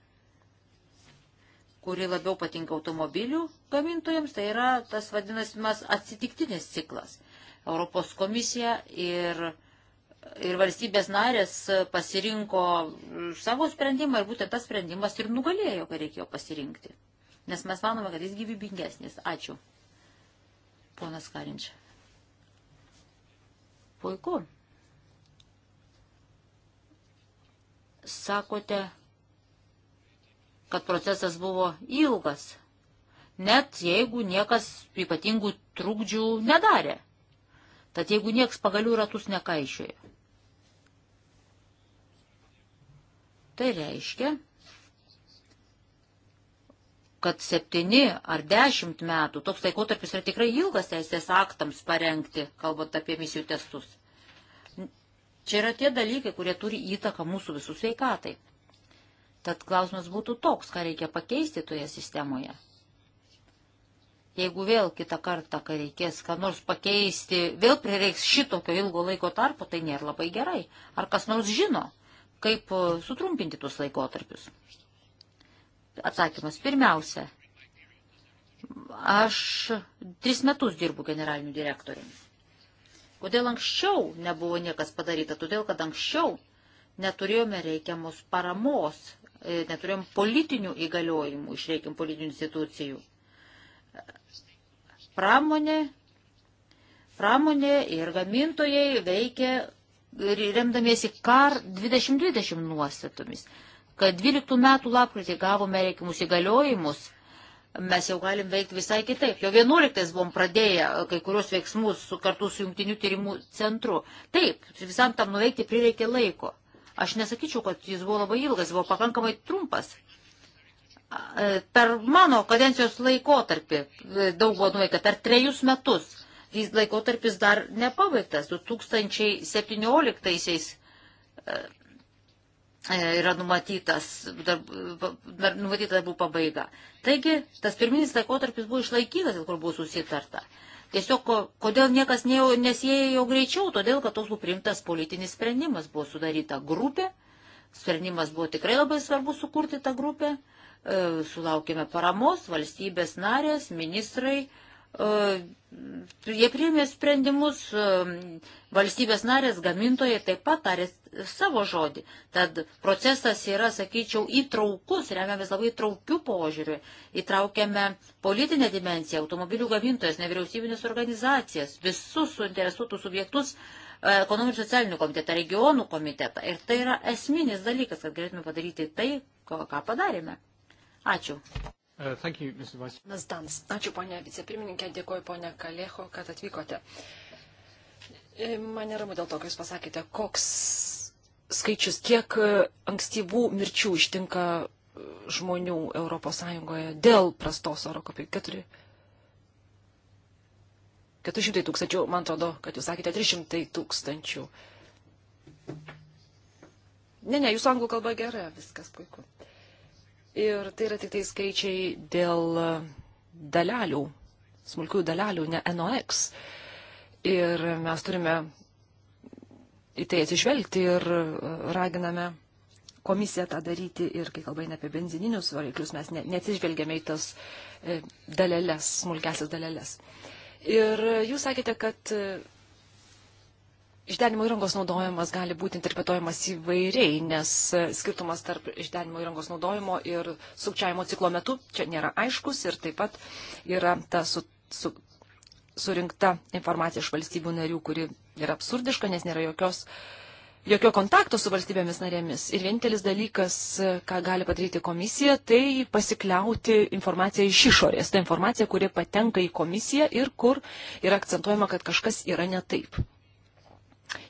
kuri labiau patinka automobilių gamintojams, tai yra tas vadinasimas atsitiktinis ciklas. Europos komisija ir, ir valstybės narės pasirinko savo sprendimą ir būtent tas sprendimas ir nugalėjo, kai reikėjo pasirinkti. Nes mes manome, kad jis gyvybingesnis. Ačiū. Ponas Karinč. Puiku. Sakote, kad procesas buvo ilgas, net jeigu niekas ypatingų trukdžių nedarė. Tad jeigu nieks pagalių ratus nekaišioja. Tai reiškia, kad septyni ar dešimt metų toks laikotarpis yra tikrai ilgas teisės aktams parengti, kalbant apie misijų testus. Čia yra tie dalykai, kurie turi įtaką mūsų visų sveikatai. Tad klausimas būtų toks, ką reikia pakeisti toje sistemoje. Jeigu vėl kitą kartą, kai reikės ką nors pakeisti, vėl prireiks šitokio ilgo laiko tarpo, tai nėra labai gerai. Ar kas nors žino, kaip sutrumpinti tuos laikotarpius? Atsakymas. Pirmiausia, aš tris metus dirbu generaliniu direktoriumi. Kodėl anksčiau nebuvo niekas padaryta? Todėl, kad anksčiau neturėjome reikiamos paramos, e, neturėjom politinių įgaliojimų iš reikiam politinių institucijų. Pramonė, pramonė ir gamintojai veikia remdamiesi KAR 2020 nuostatomis kad 12 metų lapkritį gavome reikimus įgaliojimus, mes jau galim veikti visai kitaip. Jau 11 buvom pradėję kai kurios veiksmus su, kartu su jungtiniu tyrimų centru. Taip, visam tam nuveikti prireikė laiko. Aš nesakyčiau, kad jis buvo labai ilgas, buvo pakankamai trumpas. E, per mano kadencijos laikotarpį e, daug buvo nuveikta, per trejus metus. Jis laikotarpis dar nepabaigtas, 2017 E, yra numatytas, dar, dar numatyta darbų pabaiga. Taigi, tas pirminis laikotarpis buvo išlaikytas, kur buvo susitarta. Tiesiog, kodėl niekas nesijėjo greičiau, todėl, kad toks buvo priimtas politinis sprendimas, buvo sudaryta grupė, sprendimas buvo tikrai labai svarbu sukurti tą grupę, e, sulaukėme paramos, valstybės narės, ministrai, e, E, jie priėmė sprendimus, e, valstybės narės gamintojai taip pat tarė savo žodį. Tad procesas yra, sakyčiau, įtraukus, remiamės labai įtraukių požiūrių, įtraukiame politinę dimenciją, automobilių gamintojas, nevyriausybinės organizacijas, visus suinteresuotus subjektus, e, ekonominių socialinių komitetą, regionų komitetą. Ir tai yra esminis dalykas, kad galėtume padaryti tai, ką padarėme. Ačiū. Uh, you, Mes Dans. Ačiū, ponė vicepirmininkė, dėkoju, ponė Kalėcho, kad atvykote. E, Mane ramu dėl to, kai jūs pasakėte, koks skaičius, kiek e, ankstyvų mirčių ištinka e, žmonių ES dėl prastos oro kokybės. Keturi. 400 tūkstančių, man atrodo, kad jūs sakėte 300 tūkstančių. Ne, ne, jūsų anglų kalba gera, viskas puiku. Uh, Ir tai yra tik tai skaičiai dėl dalelių, smulkių dalelių, ne NOX. Ir mes turime į tai atsižvelgti ir raginame komisija tą daryti ir kai kalbame apie benzininius variklius, mes ne, neatsižvelgiame į tas e, dalelės, smulkesias dalelės. Ir jūs sakėte, kad Išdenimo įrangos naudojimas gali būti interpretuojamas įvairiai, nes skirtumas tarp išdenimo įrangos naudojimo ir sukčiavimo ciklo metu čia nėra aiškus ir taip pat yra ta su, su, surinkta informacija iš valstybių narių, kuri yra absurdiška, nes nėra jokios, jokio kontakto su valstybėmis narėmis. Ir vienintelis dalykas, ką gali padaryti komisija, tai pasikliauti informaciją iš išorės. Ta informacija, kuri patenka į komisiją ir kur yra akcentuojama, kad kažkas yra ne taip.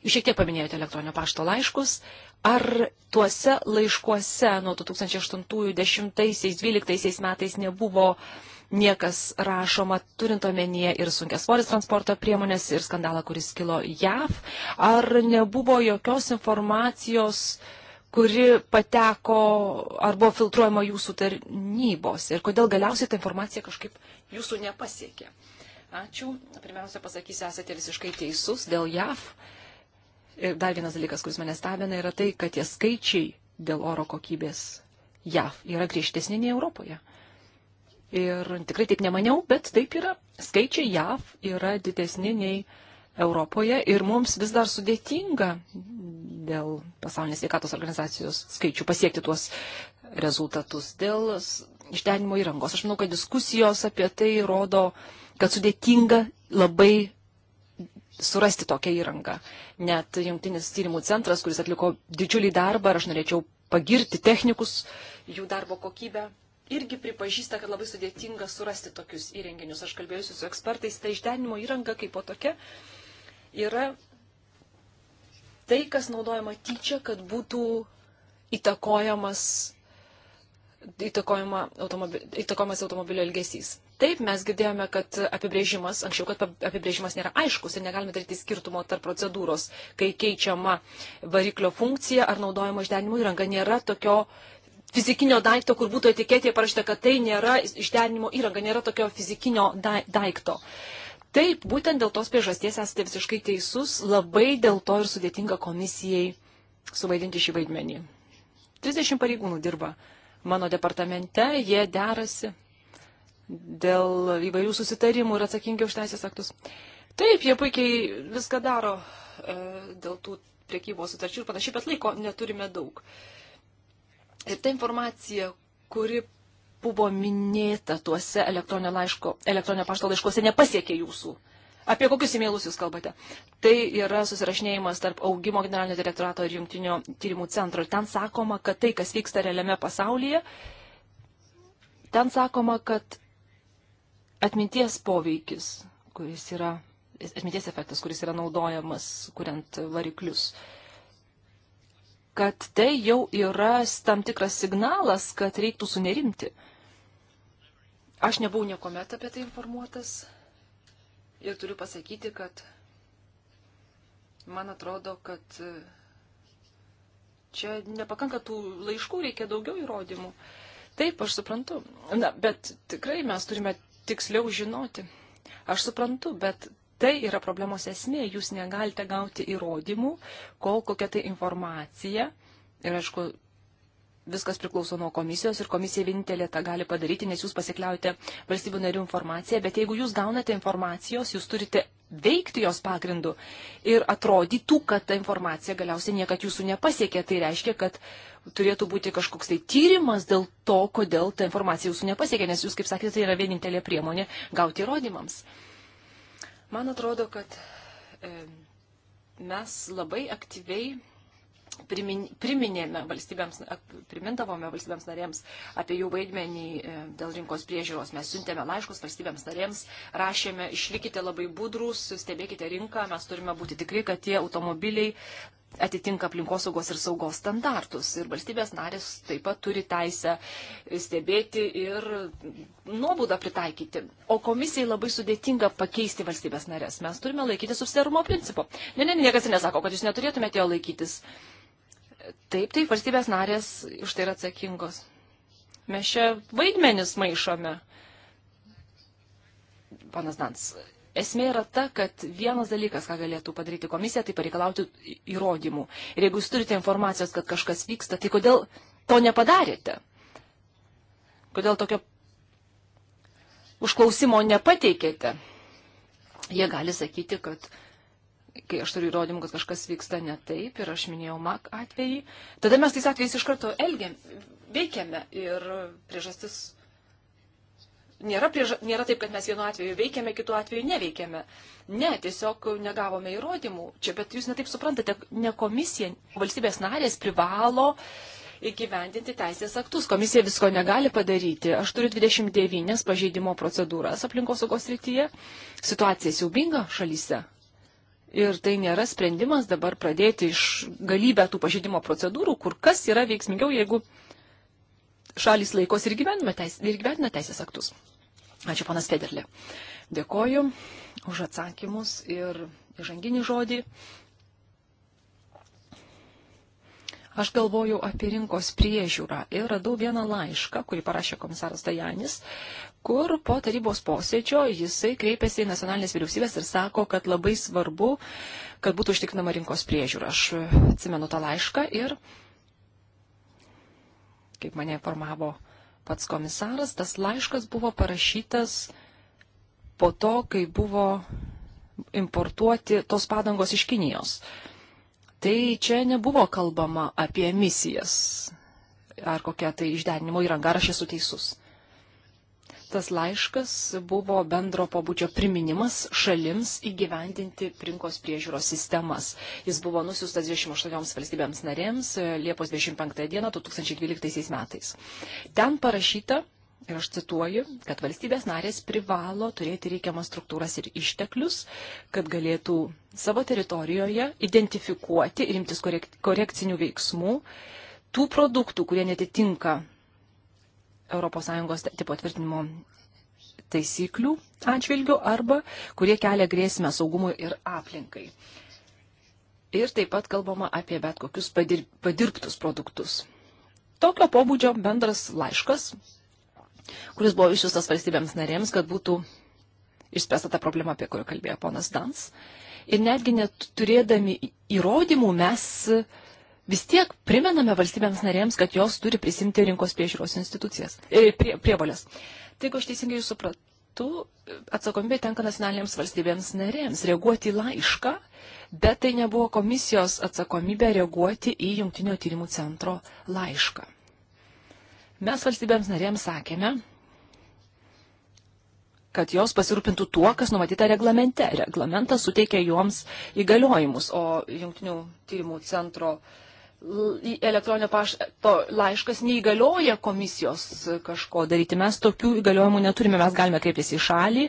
Jūs šiek tiek paminėjote elektroninio pašto laiškus. Ar tuose laiškuose nuo 2008-2010-2012 metais nebuvo niekas rašoma, turint omenyje ir sunkias svoris transporto priemonės, ir skandalą, kuris kilo JAV? Ar nebuvo jokios informacijos, kuri pateko ar buvo filtruojama jūsų tarnybos? Ir kodėl galiausiai ta informacija kažkaip jūsų nepasiekė? Ačiū. Pirmiausia, pasakysiu, esate visiškai teisus dėl JAV. Uh, Ir dar vienas dalykas, kuris mane stebina, yra tai, kad tie skaičiai dėl oro kokybės JAV yra griežtesni nei Europoje. Ir tikrai taip nemaniau, bet taip yra. Skaičiai JAV yra didesni nei Europoje ir mums vis dar sudėtinga dėl pasaulinės sveikatos organizacijos skaičių pasiekti tuos rezultatus. Dėl išdenimo įrangos. Aš manau, kad diskusijos apie tai rodo, kad sudėtinga labai surasti tokią įrangą. Net jungtinis tyrimų centras, kuris atliko didžiulį darbą, ir aš norėčiau pagirti technikus, jų darbo kokybę, irgi pripažįsta, kad labai sudėtinga surasti tokius įrenginius. Aš kalbėjusiu su ekspertais, tai išdenimo įranga kaip po tokia yra tai, kas naudojama tyčia, kad būtų įtakojamas, įtakojama automobil, įtakojamas automobilio elgesys. Taip, mes girdėjome, kad apibrėžimas, anksčiau, kad apibrėžimas nėra aiškus ir negalime daryti skirtumo tarp procedūros, kai keičiama variklio funkcija ar naudojama išdenimo įranga. Nėra tokio fizikinio daikto, kur būtų etiketėje parašyta, kad tai nėra išdenimo įranga, nėra tokio fizikinio daikto. Taip, būtent dėl tos priežasties esate visiškai teisus, labai dėl to ir sudėtinga komisijai suvaidinti šį vaidmenį. 30 pareigūnų dirba mano departamente, jie derasi dėl įvairių susitarimų ir atsakingi už teisės aktus. Taip, jie puikiai viską daro e, dėl tų priekybos sutarčių ir panašiai, bet laiko neturime daug. Ir ta informacija, kuri buvo minėta tuose elektroninio, laiško, elektroninio pašto laiškuose, nepasiekė jūsų. Apie kokius įmėlus jūs kalbate? Tai yra susirašinėjimas tarp augimo generalinio direktorato ir jungtinio tyrimų centro. Ir ten sakoma, kad tai, kas vyksta realiame pasaulyje, ten sakoma, kad atminties poveikis, kuris yra, atminties efektas, kuris yra naudojamas, kuriant variklius kad tai jau yra tam tikras signalas, kad reiktų sunerimti. Aš nebuvau niekuomet apie tai informuotas ir turiu pasakyti, kad man atrodo, kad čia nepakanka tų laiškų, reikia daugiau įrodymų. Taip, aš suprantu. Na, bet tikrai mes turime tiksliau žinoti. Aš suprantu, bet tai yra problemos esmė. Jūs negalite gauti įrodymų, kol kokia tai informacija. Ir aišku, viskas priklauso nuo komisijos ir komisija vienintelė tą gali padaryti, nes jūs pasikliaujate valstybių narių informaciją, bet jeigu jūs gaunate informacijos, jūs turite veikti jos pagrindu ir atrodytų, kad ta informacija galiausiai niekad jūsų nepasiekė, tai reiškia, kad turėtų būti kažkoks tai tyrimas dėl to, kodėl ta informacija jūsų nepasiekė, nes jūs, kaip sakėte, tai yra vienintelė priemonė gauti įrodymams. Man atrodo, kad e, mes labai aktyviai primin, priminėme valstybėms, primindavome valstybėms narėms apie jų vaidmenį e, dėl rinkos priežiūros. Mes siuntėme laiškus valstybėms narėms, rašėme, išlikite labai budrus, stebėkite rinką, mes turime būti tikri, kad tie automobiliai atitinka aplinkosaugos ir saugos standartus. Ir valstybės narės taip pat turi teisę stebėti ir nuobaudą pritaikyti. O komisijai labai sudėtinga pakeisti valstybės narės. Mes turime laikytis subsidarumo principo. Ne, ne, niekas nesako, kad jūs neturėtumėte jo laikytis. Uh, Taip, taip, valstybės narės už tai yra atsakingos. Mes čia vaidmenis maišome. Panas Dans, esmė yra ta, kad vienas dalykas, ką galėtų padaryti komisija, tai pareikalauti įrodymų. Ir jeigu jūs turite informacijos, kad kažkas vyksta, tai kodėl to nepadarėte? Kodėl tokio užklausimo nepateikėte? Jie gali sakyti, kad kai aš turiu įrodymų, kad kažkas vyksta ne taip ir aš minėjau MAK atvejį, tada mes tais atvejais iš karto elgiam, veikiame ir priežastis nėra, prieža, nėra taip, kad mes vienu atveju veikiame, kitu atveju neveikiame. Ne, tiesiog negavome įrodymų. Čia, bet jūs netaip suprantate, ne komisija, valstybės narės privalo įgyvendinti teisės aktus. Komisija visko negali padaryti. Aš turiu 29 pažeidimo procedūras aplinkosaugos rytyje. Situacija siaubinga šalyse. Ir tai nėra sprendimas dabar pradėti iš galybę tų pažydimo procedūrų, kur kas yra veiksmingiau, jeigu šalis laikos ir gyvenime teis, ir gyvenime teisės aktus. Ačiū, panas Federlė. Dėkoju už atsakymus ir įžanginį žodį. Aš galvojau apie rinkos priežiūrą ir radau vieną laišką, kurį parašė komisaras Dajanis, kur po tarybos posėdžio jisai kreipėsi į nacionalinės vyriausybės ir sako, kad labai svarbu, kad būtų užtikrinama rinkos priežiūra. Aš atsimenu tą laišką ir, kaip mane informavo pats komisaras, tas laiškas buvo parašytas po to, kai buvo importuoti tos padangos iš Kinijos. Tai čia nebuvo kalbama apie emisijas ar kokią tai išdenimo įrangą, ar aš esu teisus tas laiškas buvo bendro pobūdžio priminimas šalims įgyvendinti rinkos priežiūros sistemas. Jis buvo nusiustas 28 valstybėms narėms e, Liepos 25 dieną 2012 metais. Ten parašyta, ir aš cituoju, kad valstybės narės privalo turėti reikiamas struktūras ir išteklius, kad galėtų savo teritorijoje identifikuoti ir imtis korek korekcinių veiksmų tų produktų, kurie netitinka ES tipo tvirtinimo taisyklių atžvilgių arba kurie kelia grėsmę saugumui ir aplinkai. Ir taip pat kalbama apie bet kokius padir padirbtus produktus. Tokio pobūdžio bendras laiškas, kuris buvo išsiustas valstybėms narėms, kad būtų išspręsta ta problema, apie kurią kalbėjo ponas Dans. Ir netgi neturėdami įrodymų mes uh, vis tiek primename valstybėms narėms, kad jos turi prisimti rinkos priežiūros institucijas, e, prie, prievolės. Taigi aš teisingai jūs supratau, atsakomybė tenka nacionalinėms valstybėms narėms reaguoti į laišką, bet tai nebuvo komisijos atsakomybė reaguoti į jungtinio tyrimų centro laišką. Mes valstybėms narėms sakėme, kad jos pasirūpintų tuo, kas numatyta reglamente. Reglamentas suteikia joms įgaliojimus, o jungtinių tyrimų centro uh, elektroninio pašto laiškas neįgalioja komisijos kažko daryti. Mes tokių įgaliojimų neturime, mes galime kreiptis į šalį,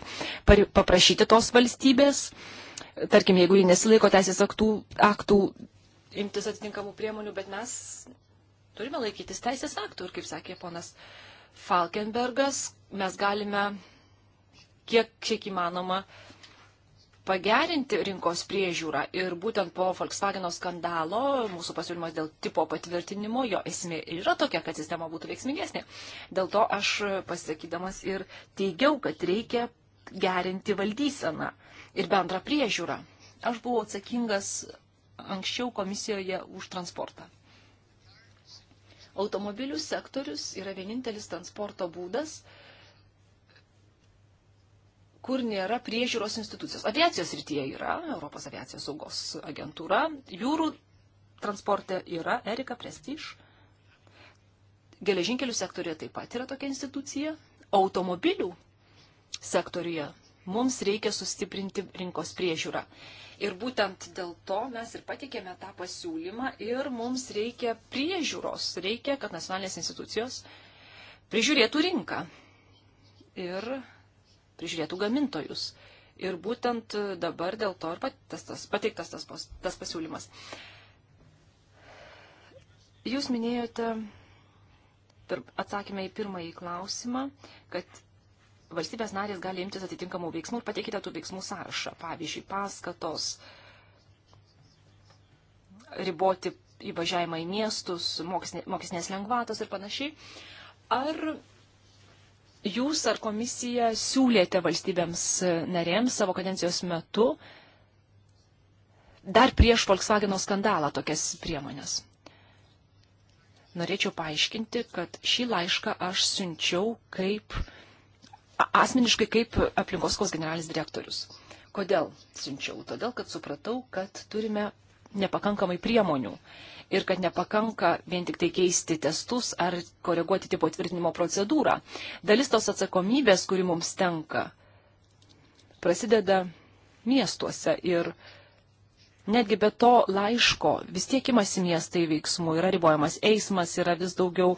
paprašyti tos valstybės, tarkim, jeigu jie nesilaiko teisės aktų, aktų imtis atitinkamų priemonių, bet mes turime laikytis teisės aktų ir, kaip sakė ponas Falkenbergas, mes galime kiek, kiek įmanoma uh, pagerinti rinkos priežiūrą. Ir būtent po Volkswagen skandalo mūsų pasiūlymas dėl tipo patvirtinimo, jo esmė yra tokia, kad sistema būtų veiksmingesnė. Dėl to aš pasakydamas ir teigiau, kad reikia gerinti valdyseną ir bendrą priežiūrą. Aš buvau atsakingas anksčiau komisijoje už transportą. Automobilių sektorius yra vienintelis transporto būdas, kur nėra priežiūros institucijos. Aviacijos rytyje yra Europos aviacijos saugos agentūra, jūrų transporte yra Erika Prestiž, geležinkelių sektorija taip pat yra tokia institucija, automobilių sektorija mums reikia sustiprinti rinkos priežiūrą. Ir būtent dėl to mes ir patikėme tą pasiūlymą ir mums reikia priežiūros, reikia, kad nacionalinės institucijos prižiūrėtų rinką. Ir prižiūrėtų gamintojus. Ir būtent dabar dėl to ir pateiktas tas, pateiktas tas, tas pasiūlymas. Jūs minėjote atsakymę į pirmąjį klausimą, kad valstybės narės gali imtis atitinkamų veiksmų ir pateikite tų veiksmų sąrašą. Pavyzdžiui, paskatos, riboti įvažiavimą į miestus, mokesnės lengvatos ir panašiai. Ar jūs ar komisija siūlėte valstybėms narėms savo kadencijos metu dar prieš Volkswageno skandalą tokias priemonės. Norėčiau paaiškinti, kad šį laišką aš siunčiau kaip asmeniškai kaip aplinkoskos generalinis direktorius. Kodėl siunčiau? Todėl, kad supratau, kad turime nepakankamai priemonių ir kad nepakanka vien tik tai keisti testus ar koreguoti tipo tvirtinimo procedūrą. Dalis tos atsakomybės, kuri mums tenka, prasideda miestuose ir miestuose netgi be to laiško vis tiek imasi miestai veiksmų, yra ribojamas eismas, yra vis daugiau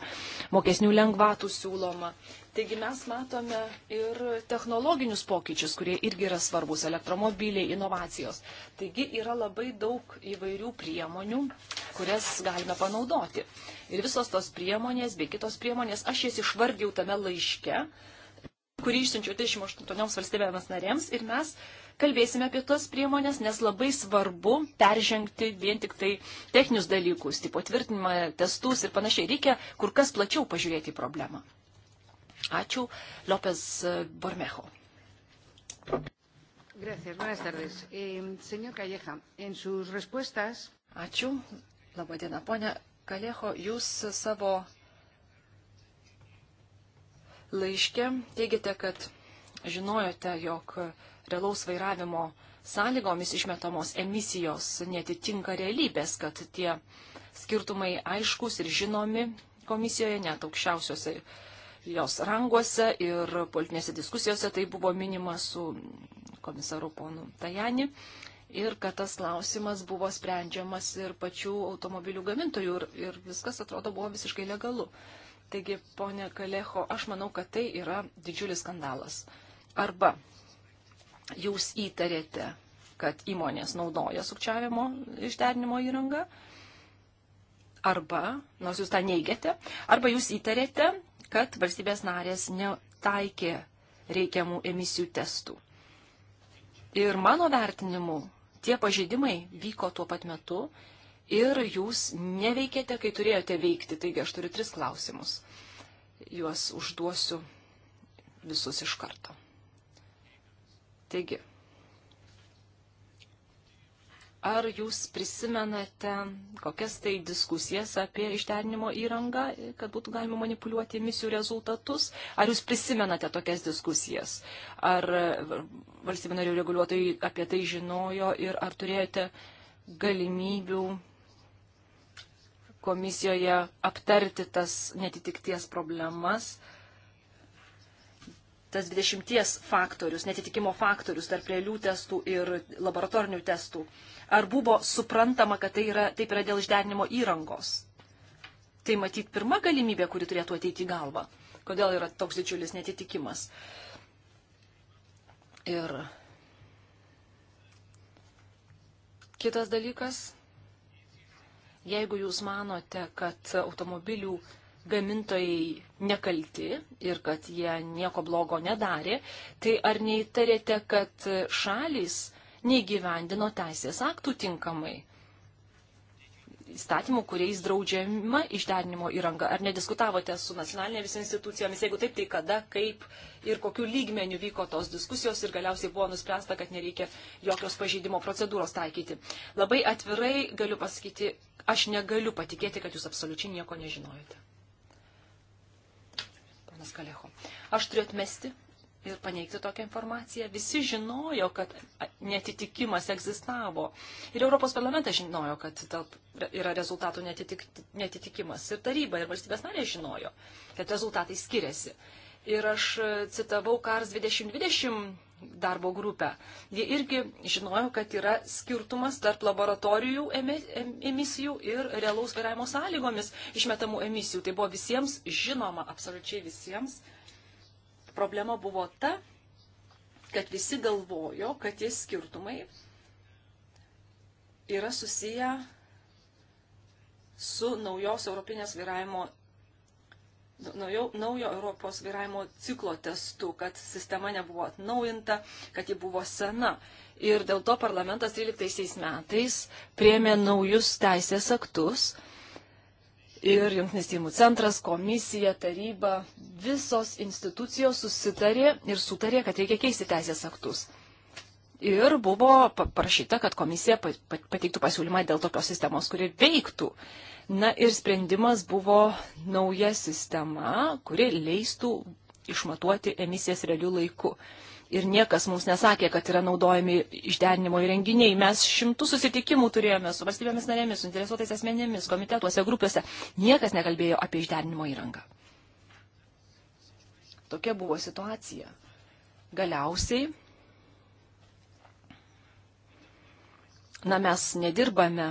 mokesnių lengvatų siūloma. Taigi mes matome ir technologinius pokyčius, kurie irgi yra svarbus - elektromobiliai, inovacijos. Taigi yra labai daug įvairių priemonių, kurias galime panaudoti. Ir visos tos priemonės, bei kitos priemonės, aš jas išvardžiau tame laiške, kurį išsiunčiau 38 valstybėms narėms ir mes kalbėsime apie tos priemonės, nes labai svarbu peržengti vien tik tai techninius dalykus, tipo tvirtinimą, testus ir panašiai. Reikia kur kas plačiau pažiūrėti į problemą. Ačiū. Lopez Bormejo. Gracias, buenas tardes. Eh, señor Calleja, en sus respuestas. Ačiū. Labadiena, ponia Kaleho, jūs savo laiške teigiate, kad žinojote, jog realaus vairavimo sąlygomis išmetamos emisijos netitinka realybės, kad tie skirtumai aiškus ir žinomi komisijoje, net aukščiausiose jos ranguose ir politinėse diskusijose tai buvo minima su komisaru ponu Tajani. Ir kad tas klausimas buvo sprendžiamas ir pačių automobilių gamintojų ir, ir viskas atrodo buvo visiškai legalu. Taigi, ponė Kalecho, aš manau, kad tai yra didžiulis skandalas. Uh, Arba jūs įtarėte, kad įmonės naudoja sukčiavimo išderinimo įrangą, arba, nors jūs tą neigiate, arba jūs įtarėte, kad valstybės narės netaikė reikiamų emisijų testų. Ir mano vertinimu, tie pažeidimai vyko tuo pat metu ir jūs neveikėte, kai turėjote veikti. Taigi aš turiu tris klausimus. Juos užduosiu visus iš karto. Taigi, ar jūs prisimenate kokias tai diskusijas apie išternimo įrangą, kad būtų galima manipuliuoti misijų rezultatus? Ar jūs prisimenate tokias diskusijas? Ar valstybė narių reguliuotojai apie tai žinojo ir ar turėjote galimybių komisijoje aptarti tas netitikties problemas? tas 20 faktorius, netitikimo faktorius tarp realių testų ir laboratorinių testų. Ar buvo suprantama, kad tai yra, taip yra dėl išderinimo įrangos? Tai matyt pirma galimybė, kuri turėtų ateiti į galvą. Kodėl yra toks didžiulis netitikimas? Ir kitas dalykas, jeigu jūs manote, kad automobilių gamintojai nekalti ir kad jie nieko blogo nedarė, tai ar neįtarėte, kad šalis neįgyvendino teisės aktų tinkamai? Įstatymų, kuriais draudžiama išderinimo įranga. Ar nediskutavote su nacionalinėmis institucijomis? Jeigu taip, tai kada, kaip ir kokiu lygmeniu vyko tos diskusijos ir galiausiai buvo nuspręsta, kad nereikia jokios pažeidimo procedūros taikyti. Labai atvirai galiu pasakyti, aš negaliu patikėti, kad jūs absoliučiai nieko nežinojote ponas Kalecho. Aš turiu atmesti ir paneigti tokią informaciją. Visi žinojo, kad netitikimas egzistavo. Ir Europos parlamentas žinojo, kad yra rezultatų netitik, netitikimas. Ir taryba, ir valstybės narė žinojo, kad rezultatai skiriasi. Ir aš citavau Kars 2020 darbo grupę. Jie irgi žinojo, kad yra skirtumas tarp laboratorijų emisijų ir realaus vairavimo sąlygomis išmetamų emisijų. Tai buvo visiems žinoma, absoliučiai visiems. Problema buvo ta, kad visi galvojo, kad tie skirtumai yra susiję su naujos Europinės vairavimo naujo, naujo Europos vairavimo ciklo testu, kad sistema nebuvo atnaujinta, kad ji buvo sena. Ir dėl to parlamentas 13 metais priemė naujus teisės aktus. Ir Junktinis tyrimų centras, komisija, taryba, visos institucijos susitarė ir sutarė, kad reikia keisti teisės aktus ir buvo parašyta, kad komisija pateiktų pasiūlymą dėl tokios sistemos, kuri veiktų. Na ir sprendimas buvo nauja sistema, kuri leistų išmatuoti emisijas realių laikų. Ir niekas mums nesakė, kad yra naudojami išderinimo įrenginiai. Mes šimtų susitikimų turėjome su valstybėmis narėmis, su interesuotais asmenėmis, komitetuose, grupėse. Niekas nekalbėjo apie išderinimo įrangą. Tokia buvo situacija. Galiausiai na, mes nedirbame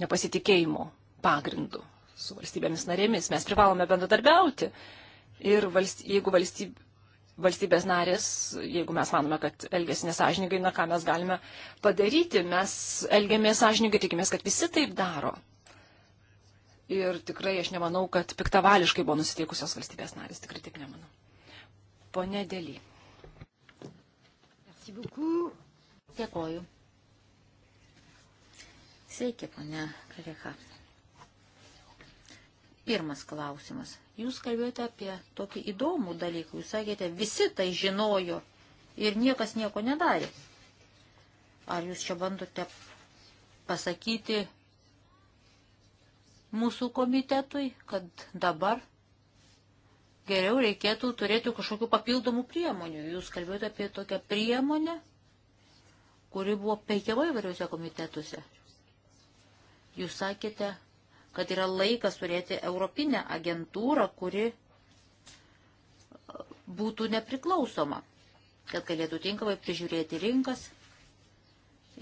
nepasitikėjimo pagrindu su valstybėmis narėmis. Mes privalome bendradarbiauti. Ir valst, jeigu valstyb, valstybės narės, jeigu mes manome, kad elgesi nesažininkai, na ką mes galime padaryti, mes elgiamės sąžininkai, tikimės, kad visi taip daro. Ir tikrai aš nemanau, kad piktavališkai buvo nusiteikusios valstybės narės, tikrai taip nemanau. Pone Dėly. Merci beaucoup. Dėkoju. Sveiki, ponia Kareha. Pirmas klausimas. Jūs kalbėjote apie tokį įdomų dalyką. Jūs sakėte, visi tai žinojo ir niekas nieko nedarė. Ar jūs čia bandote pasakyti mūsų komitetui, kad dabar geriau reikėtų turėti kažkokių papildomų priemonių. Jūs kalbėjote apie tokią priemonę, kuri buvo peikiama įvairiuose komitetuose. Jūs sakėte, kad yra laikas turėti Europinę agentūrą, kuri e, būtų nepriklausoma, kad galėtų tinkamai prižiūrėti rinkas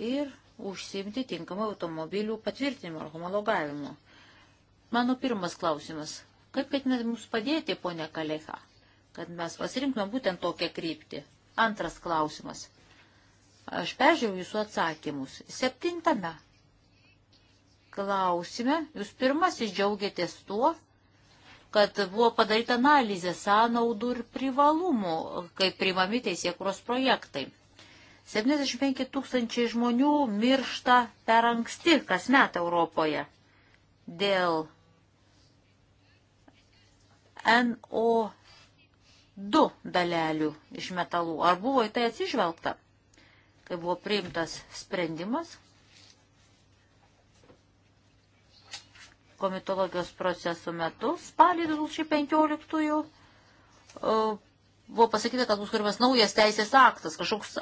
ir užsimti tinkamą automobilių patvirtinimą ar homologavimu. Mano pirmas klausimas. Kaip ketinat mums padėti, ponia Kalecha, kad mes pasirinktume būtent tokią kryptį? Antras klausimas. Aš peržiūrėjau jūsų atsakymus. Septintame klausime, jūs pirmasis džiaugiatės tuo, kad buvo padaryta analizė sąnaudų ir privalumų, kai primami teisėkuros projektai. 75 tūkstančiai žmonių miršta per anksti kasmet Europoje dėl NO2 dalelių iš metalų. Ar buvo į tai atsižvelgta? kai buvo priimtas sprendimas komitologijos procesų metu, spalį 2015-ųjų, e, buvo pasakyta, kad bus kuriamas naujas teisės aktas, kažkoks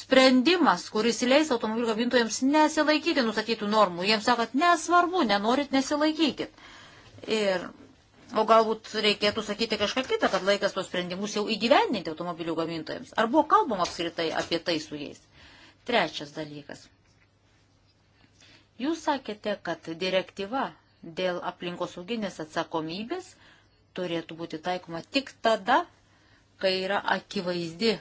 sprendimas, kuris leis automobilių gamintojams nesilaikyti nustatytų normų. Jiems sakot, nesvarbu, nenorit nesilaikykit. Ir O galbūt reikėtų sakyti kažką kitą, kad laikas tos sprendimus jau įgyvendinti automobilių gamintojams. Ar buvo kalbama apskritai apie tai su jais? Trečias dalykas. Jūs sakėte, kad direktyva dėl aplinkosauginės atsakomybės turėtų būti taikoma tik tada, kai yra akivaizdi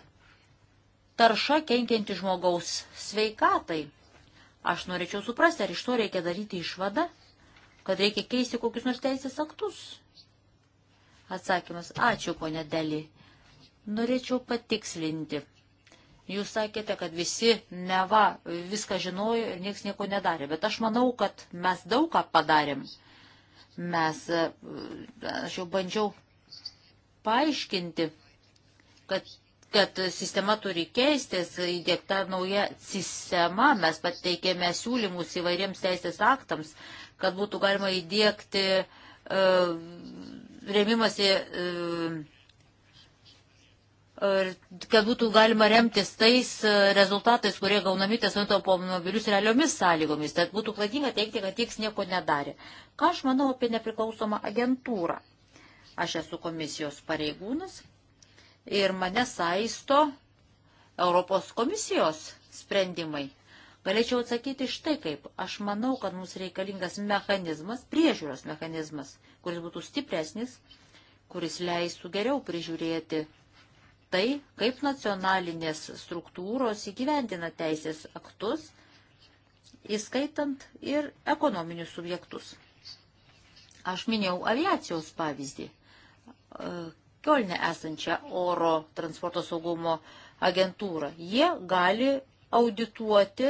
tarša kenkianti žmogaus sveikatai. Aš norėčiau suprasti, ar iš to reikia daryti išvadą, kad reikia keisti kokius nors teisės aktus Atsakymas. Ačiū, ponė Deli. Norėčiau patikslinti. Jūs sakėte, kad visi neva viską žinojo ir niekas nieko nedarė, bet aš manau, kad mes daug ką padarėm. Mes, e, aš jau bandžiau paaiškinti, kad, kad sistema turi keistis, įdėkta nauja sistema, mes pateikėme siūlymus įvairiems teisės aktams, kad būtų galima įdėkti uh, remimasi, e, kad būtų galima remtis tais e, rezultatais, kurie gaunami tiesiog automobilius realiomis sąlygomis. Tad būtų klaidinga teikti, kad tieks nieko nedarė. Ką aš manau apie nepriklausomą agentūrą? Aš esu komisijos pareigūnas ir mane saisto Europos komisijos sprendimai. Galėčiau atsakyti štai kaip. Aš manau, kad mums reikalingas mechanizmas, priežiūros mechanizmas kuris būtų stipresnis, kuris leistų geriau prižiūrėti tai, kaip nacionalinės struktūros įgyvendina teisės aktus, įskaitant ir ekonominius subjektus. Aš minėjau aviacijos pavyzdį. E, Kiolne esančią oro transporto saugumo agentūrą. Jie gali audituoti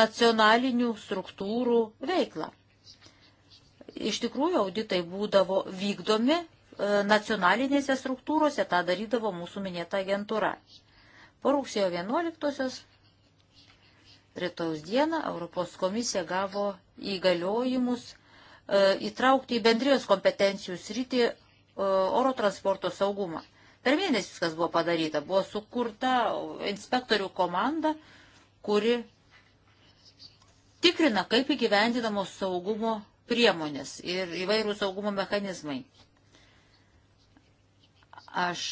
nacionalinių struktūrų veiklą iš tikrųjų auditai būdavo vykdomi e, nacionalinėse struktūrose, tą darydavo mūsų minėta agentūra. Po rugsėjo 11-osios rytojus dieną Europos komisija gavo įgaliojimus e, įtraukti į bendrijos kompetencijų sritį e, oro transporto saugumą. Per mėnesį viskas buvo padaryta. Buvo sukurta inspektorių komanda, kuri tikrina, kaip įgyvendinamos saugumo priemonės ir įvairūs saugumo mechanizmai. Aš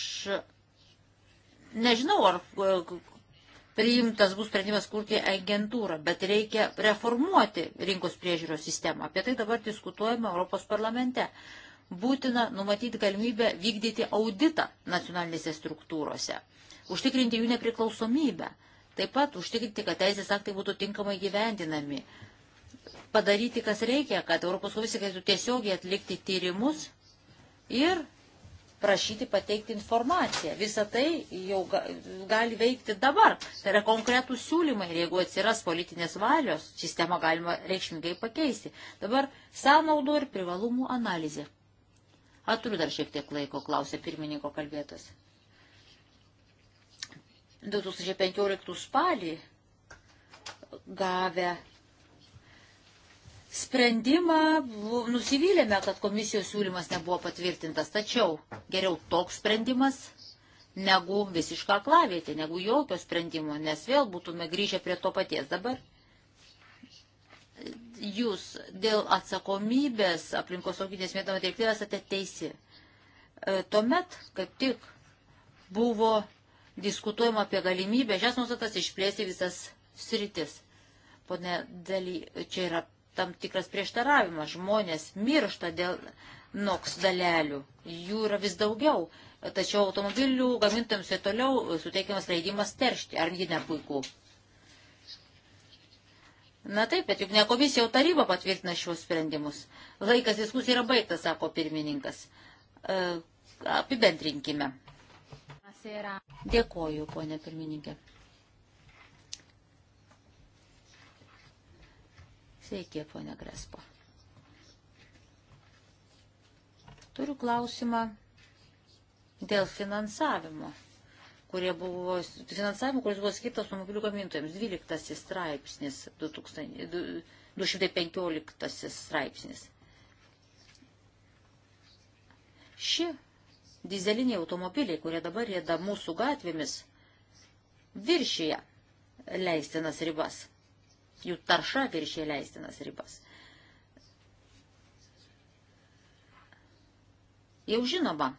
nežinau, ar e, priimtas bus sprendimas kurti agentūrą, bet reikia reformuoti rinkos priežiūros sistemą. Apie tai dabar diskutuojama Europos parlamente. Būtina numatyti galimybę vykdyti auditą nacionalinėse struktūrose, užtikrinti jų nepriklausomybę, taip pat užtikrinti, kad teisės aktai būtų tinkamai gyvendinami, padaryti, kas reikia, kad Europos komisija galėtų tiesiogiai atlikti tyrimus ir prašyti pateikti informaciją. Visą tai jau gali veikti dabar. Tai yra konkretų siūlymai ir jeigu atsiras politinės valios, sistemą galima reikšmingai pakeisti. Dabar sąnaudų ir privalumų analizė. A, turiu dar šiek tiek laiko, klausė pirmininko kalbėtas. 2015 spalį gavę sprendimą, nusivylėme, kad komisijos siūlymas nebuvo patvirtintas, tačiau geriau toks sprendimas negu visišką klavietę, negu jokio sprendimo, nes vėl būtume grįžę prie to paties dabar. Jūs dėl atsakomybės aplinkos sauginės mėtamo direktyvės esate teisi. E, tuomet, kaip tik, buvo diskutuojama apie galimybę šias nuostatas išplėsti visas sritis. Pone Dali, čia yra tam tikras prieštaravimas. Žmonės miršta dėl NOX dalelių. Jų yra vis daugiau. Tačiau automobilių gamintams ir toliau suteikiamas leidimas teršti. Ar ji nepuiku? Na taip, bet juk ne komisija, o taryba patvirtina šios sprendimus. Laikas diskusija yra baigtas, sako pirmininkas. E, apibendrinkime. Dėkoju, ponė pirmininkė. Sveiki, ponė Grespo. Turiu klausimą dėl finansavimo, kurie buvo, finansavimo, kuris buvo skirtas automobilių gamintojams. 12 straipsnis, 2000, 215 straipsnis. Ši dizeliniai automobiliai, kurie dabar rėda mūsų gatvėmis, viršyje leistinas ribas jų tarša viršė leistinas ribas. Jau žinoma,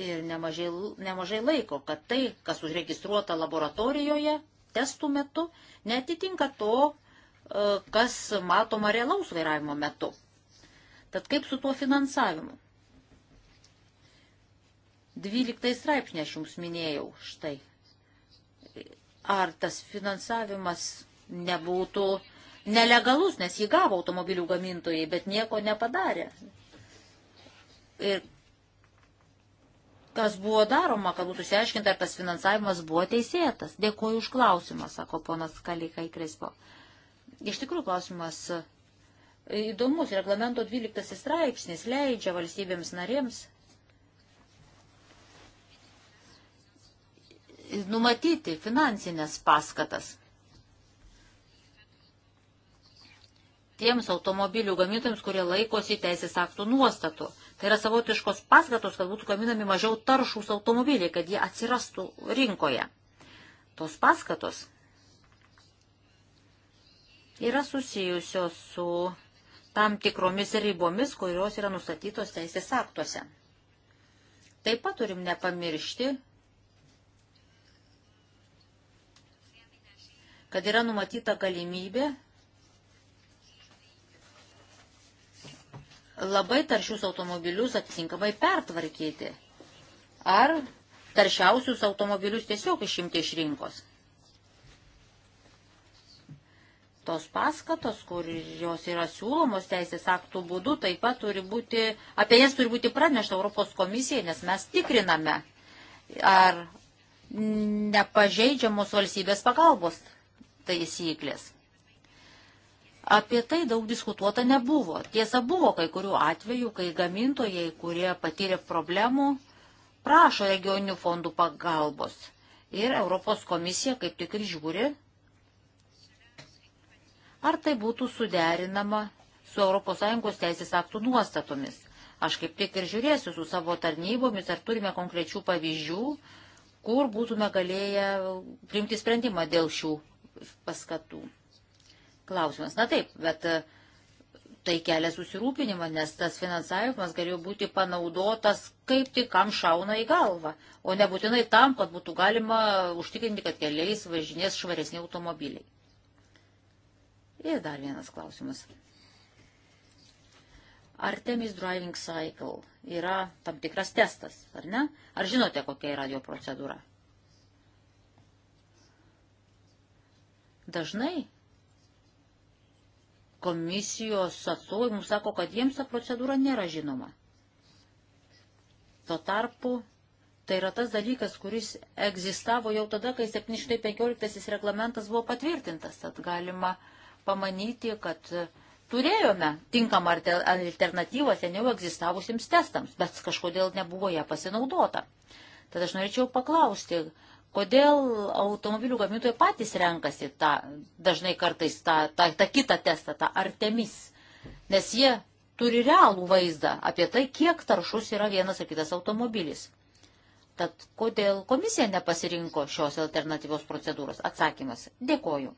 ir nemažai, nemažai laiko, kad tai, kas užregistruota laboratorijoje testų metu, netitinka to, e, kas matoma realaus vairavimo metu. Tad kaip su tuo finansavimu? 12 straipsnė aš jums minėjau štai. Ar tas finansavimas nebūtų nelegalus, nes jį gavo automobilių gamintojai, bet nieko nepadarė. Ir kas buvo daroma, kad būtų išsiaiškinta, ar tas finansavimas buvo teisėtas. Dėkuoju už klausimą, sako ponas Kalikai Krispo. Iš tikrųjų, klausimas įdomus. Reglamento 12 straipsnis leidžia valstybėms narėms numatyti finansinės paskatas tiems automobilių gamintojams, kurie laikosi teisės aktų nuostatų. Tai yra savotiškos paskatos, kad būtų gaminami mažiau taršus automobiliai, kad jie atsirastų rinkoje. Tos paskatos yra susijusios su tam tikromis ribomis, kurios yra nustatytos teisės aktuose. Taip pat turim nepamiršti, kad yra numatyta galimybė labai taršius automobilius atitinkamai pertvarkyti. Ar taršiausius automobilius tiesiog išimti iš rinkos. Tos paskatos, kurios yra siūlomos teisės aktų būdu, taip pat turi būti, apie jas turi būti pranešta Europos komisijai, nes mes tikriname, ar nepažeidžiamos valstybės pagalbos taisyklės. Apie tai daug diskutuota nebuvo. Tiesa, buvo kai kurių atvejų, kai gamintojai, kurie patyrė problemų, prašo regioninių fondų pagalbos. Ir Europos komisija kaip tik ir žiūri, ar tai būtų suderinama su ES teisės aktų nuostatomis. Aš kaip tik ir žiūrėsiu su savo tarnybomis, ar turime konkrečių pavyzdžių, kur būtume galėję priimti sprendimą dėl šių paskatų klausimas. Na taip, bet e, tai kelia susirūpinimą, nes tas finansavimas galėjo būti panaudotas kaip tik kam šauna į galvą, o nebūtinai tam, kad būtų galima užtikrinti, kad keliais važinės švaresni automobiliai. Ir dar vienas klausimas. Artemis Driving Cycle yra tam tikras testas, ar ne? Ar žinote, kokia yra jo procedūra? Dažnai komisijos atstovai mums sako, kad jiems ta procedūra nėra žinoma. Tuo tarpu tai yra tas dalykas, kuris egzistavo jau tada, kai 715 reglamentas buvo patvirtintas. Tad galima pamanyti, kad turėjome tinkamą alternatyvą seniau egzistavusiems testams, bet kažkodėl nebuvo ją pasinaudota. Tad aš norėčiau paklausti, Kodėl automobilių gamintojai patys renkasi tą, dažnai kartais tą, tą, tą kitą testą, tą Artemis? Nes jie turi realų vaizdą apie tai, kiek taršus yra vienas ar kitas automobilis. Tad kodėl komisija nepasirinko šios alternatyvos procedūros? Atsakymas. Dėkoju.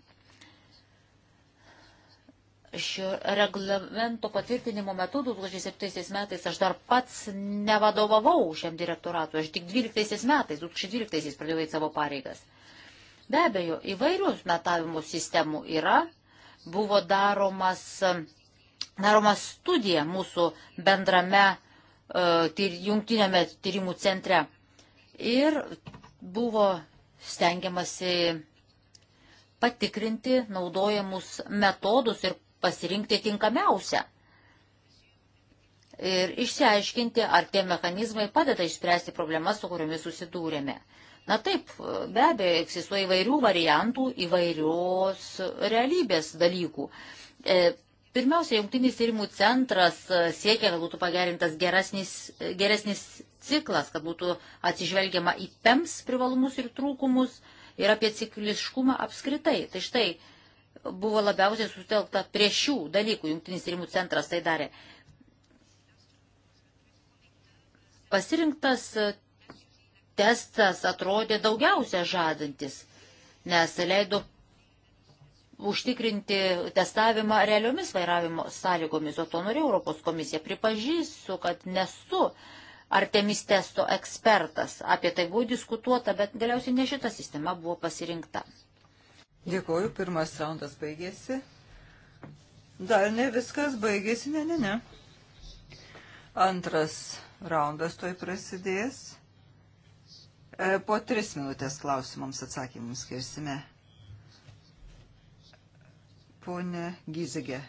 Šio reglamento patvirtinimo metu 2007 metais aš dar pats nevadovavau šiam direktoratui, aš tik 12 metais, 2012 pradėjau eiti savo pareigas. Be abejo, įvairių metavimo sistemų yra, buvo daromas, daromas studija mūsų bendrame uh, tyr, jungtinėme tyrimų centre ir buvo stengiamasi patikrinti naudojamus metodus ir pasirinkti tinkamiausią ir išsiaiškinti, ar tie mechanizmai padeda išspręsti problemas, su kuriomis susidūrėme. Na taip, be abejo, egzistuoja įvairių variantų, įvairios realybės dalykų. E, pirmiausia, Jungtinis tyrimų centras e, siekia, kad būtų pagerintas geresnis, e, geresnis ciklas, kad būtų atsižvelgiama į PEMS privalumus ir trūkumus ir apie cikliškumą apskritai. Tai štai, buvo labiausiai sutelkta prie šių dalykų. Jungtinis tyrimų centras tai darė. Pasirinktas testas atrodė daugiausia žadantis, nes leido užtikrinti testavimą realiomis vairavimo sąlygomis, o to norėjo Europos komisija. Pripažįstu, kad nesu Artemis testo ekspertas. Apie tai buvo diskutuota, bet galiausiai ne šita sistema buvo pasirinkta. Dėkuoju, pirmas raundas baigėsi. Dar ne viskas baigėsi, ne, ne, ne. Antras raundas toj prasidės. E, po tris minutės klausimams atsakymams skirsime. Pone Gizigė,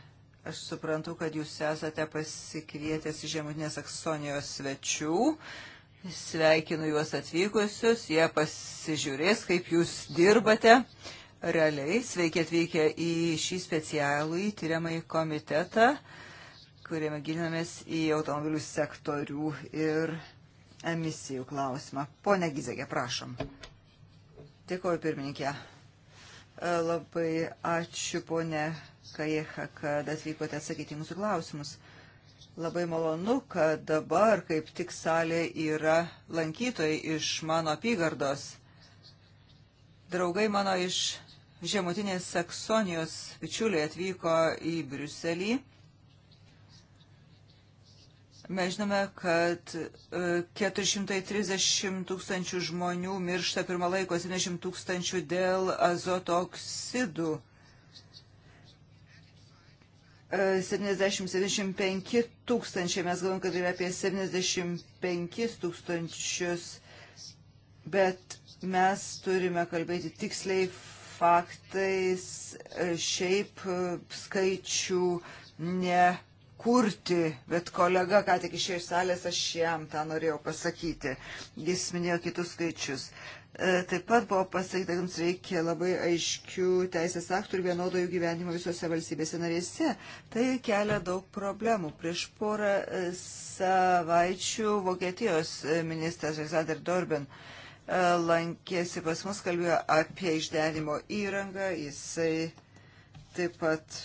aš suprantu, kad jūs esate pasikvietęs iš Žemutinės Aksonijos svečių. Sveikinu juos atvykusius, jie pasižiūrės, kaip jūs dirbate. E, realiai. Sveiki atvykę į šį specialų įtyriamąjį komitetą, kuriame gilinamės į automobilių sektorių ir emisijų klausimą. Pone Gizegė, prašom. Dėkuoju, pirmininkė. E, labai ačiū, ponė Kajeha, kad atvykote atsakyti mūsų klausimus. Labai malonu, kad dabar kaip tik salė yra lankytojai iš mano apygardos. Draugai mano iš žemutinės Saksonijos bičiuliai atvyko į Briuselį. Mes žinome, kad 430 e, tūkstančių žmonių miršta pirmą laiko 70 tūkstančių dėl azoto oksidų. 70-75 tūkstančiai, mes galvom, kad yra apie 75 tūkstančius, bet mes turime kalbėti tiksliai faktais e, šiaip e, skaičių nekurti, bet kolega, ką tik išėjo iš salės, aš jam tą norėjau pasakyti. Jis minėjo kitus skaičius. E, taip pat buvo pasakyta, kad mums reikia labai aiškių teisės aktų ir vienodo jų gyvenimo visose valstybėse narėse. Tai kelia daug problemų. Prieš porą savaičių Vokietijos ministras Alexander Dorben uh, E, lankėsi pas mus, kalbėjo apie išdenimo įrangą, jisai taip pat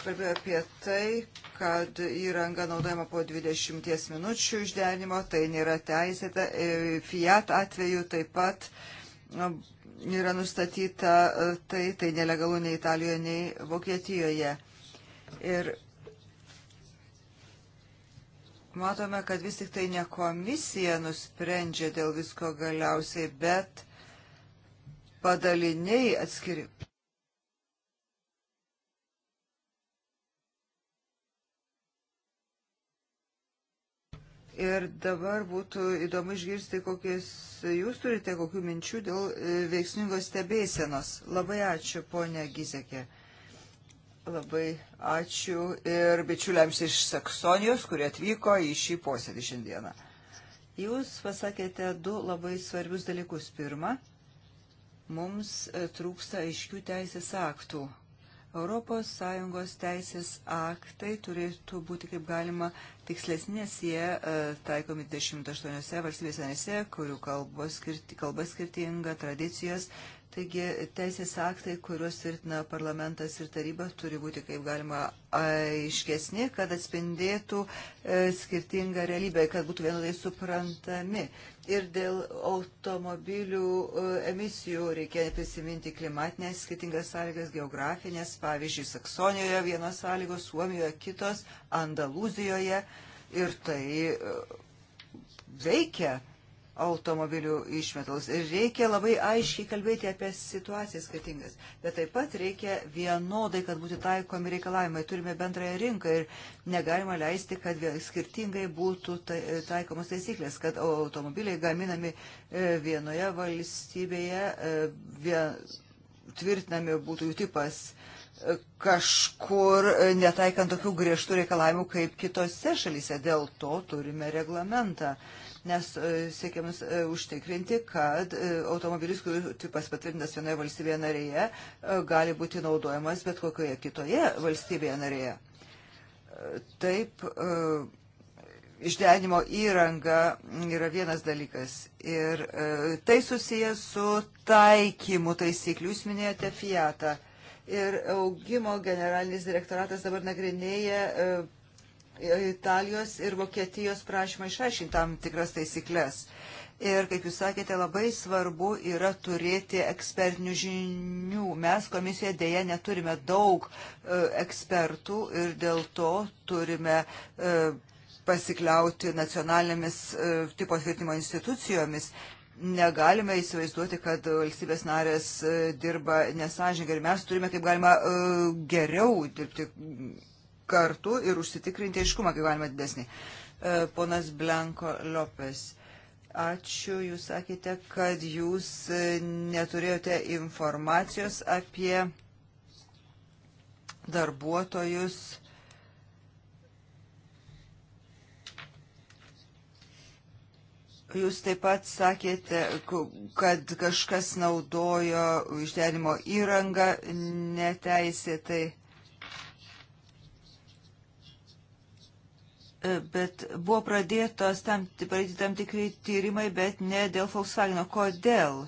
kalbėjo apie tai, kad įranga naudojama po 20 minučių išdenimo, tai nėra teisėta. E, Fiat atveju taip pat e, yra nustatyta tai, tai nelegalu nei Italijoje, nei Vokietijoje. Ir matome, kad vis tik tai ne komisija nusprendžia dėl visko galiausiai, bet padaliniai atskiri. Ir dabar būtų įdomu išgirsti, kokias jūs turite kokių minčių dėl e, veiksmingos stebėsenos. Labai ačiū, ponia Gizekė. Labai ačiū ir bičiuliams iš Saksonijos, kurie atvyko į šį posėdį šiandieną. Jūs pasakėte du labai svarbius dalykus. Pirma, mums e, trūksta aiškių teisės aktų. ES teisės aktai turėtų būti kaip galima tikslesnės, jie e, taikomi 28 valstybėse, kurių kalba skirtinga, tradicijos Taigi teisės aktai, kuriuos tvirtina parlamentas ir taryba, turi būti kaip galima aiškesni, kad atspindėtų e, skirtingą realybę, kad būtų vienodai suprantami. Ir dėl automobilių e, emisijų reikia prisiminti klimatinės skirtingas sąlygas, geografinės, pavyzdžiui, Saksonijoje vienos sąlygos, Suomijoje kitos, Andalūzijoje. Ir tai e, veikia automobilių išmetalus. Ir reikia labai aiškiai kalbėti apie situacijas skirtingas. Bet taip pat reikia vienodai, kad būtų taikomi reikalavimai. Turime bendrąją rinką ir negalima leisti, kad skirtingai būtų taikomos taisyklės, kad automobiliai gaminami e, vienoje valstybėje, e, tvirtinami būtų jų tipas e, kažkur netaikant tokių griežtų reikalavimų kaip kitose šalyse. Dėl to turime reglamentą. Uh, nes e, siekiamas e, užtikrinti, kad e, automobilis, kurių tipas patvirtintas vienoje valstybėje narėje, gali būti naudojamas bet kokioje kitoje valstybėje narėje. Taip, išdenimo įranga yra vienas dalykas. Ir tai susijęs su taikymu taisyklių. Jūs minėjote Fiatą. Ir augimo generalinis direktoratas dabar nagrinėja Italijos ir Vokietijos prašymą išaiškinti tam tikras taisyklės. Ir, kaip jūs sakėte, labai svarbu yra turėti ekspertinių žinių. Mes komisijoje dėja neturime daug e, ekspertų ir dėl to turime e, pasikliauti nacionalinėmis e, tipo tvirtimo institucijomis. Negalime įsivaizduoti, kad valstybės narės dirba nesažininkai ir mes turime kaip galima geriau dirbti kartų ir užsitikrinti aiškumą, kaip galima didesnį. E, ponas Blanko Lopes. Ačiū, jūs sakėte, kad jūs e, neturėjote informacijos apie darbuotojus. Jūs taip pat sakėte, kad kažkas naudojo išdenimo įrangą neteisėtai. E, bet buvo pradėtos tam, pradėti tam tikri tyrimai, bet ne dėl Volkswageno. Kodėl?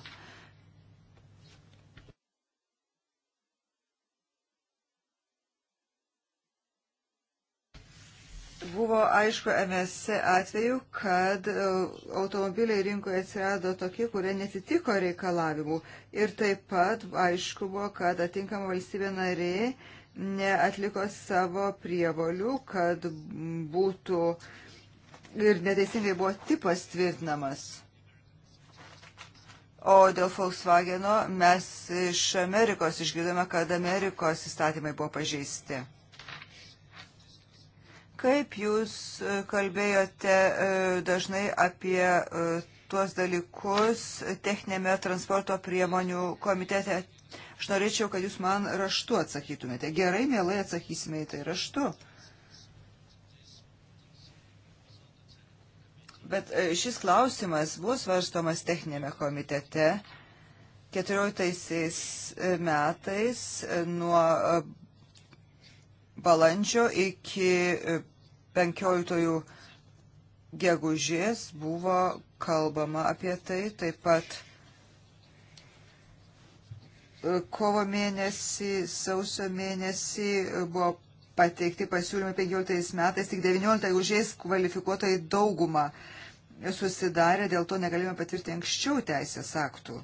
Buvo aišku MSC atveju, kad e, automobiliai rinkoje atsirado tokie, kurie netitiko reikalavimų. Ir taip pat aišku buvo, kad atinkama valstybė narė neatliko savo prievolių, kad būtų ir neteisingai buvo tipas tvirtinamas. O dėl Volkswageno mes iš Amerikos išgirdome, kad Amerikos įstatymai buvo pažeisti. Kaip jūs e, kalbėjote e, dažnai apie e, tuos dalykus techninėme transporto priemonių komitete Aš norėčiau, kad jūs man raštu atsakytumėte. Gerai, mielai atsakysime į tai raštu. Bet e, šis klausimas buvo svarstomas techninėme komitete 14 e, metais e, nuo balandžio iki 15 gegužės buvo kalbama apie tai, taip pat Kovo mėnesį, sausio mėnesį buvo pateikti pasiūlymai 15 metais, tik 19 užės kvalifikuotai daugumą susidarė, dėl to negalime patvirti anksčiau teisės aktų.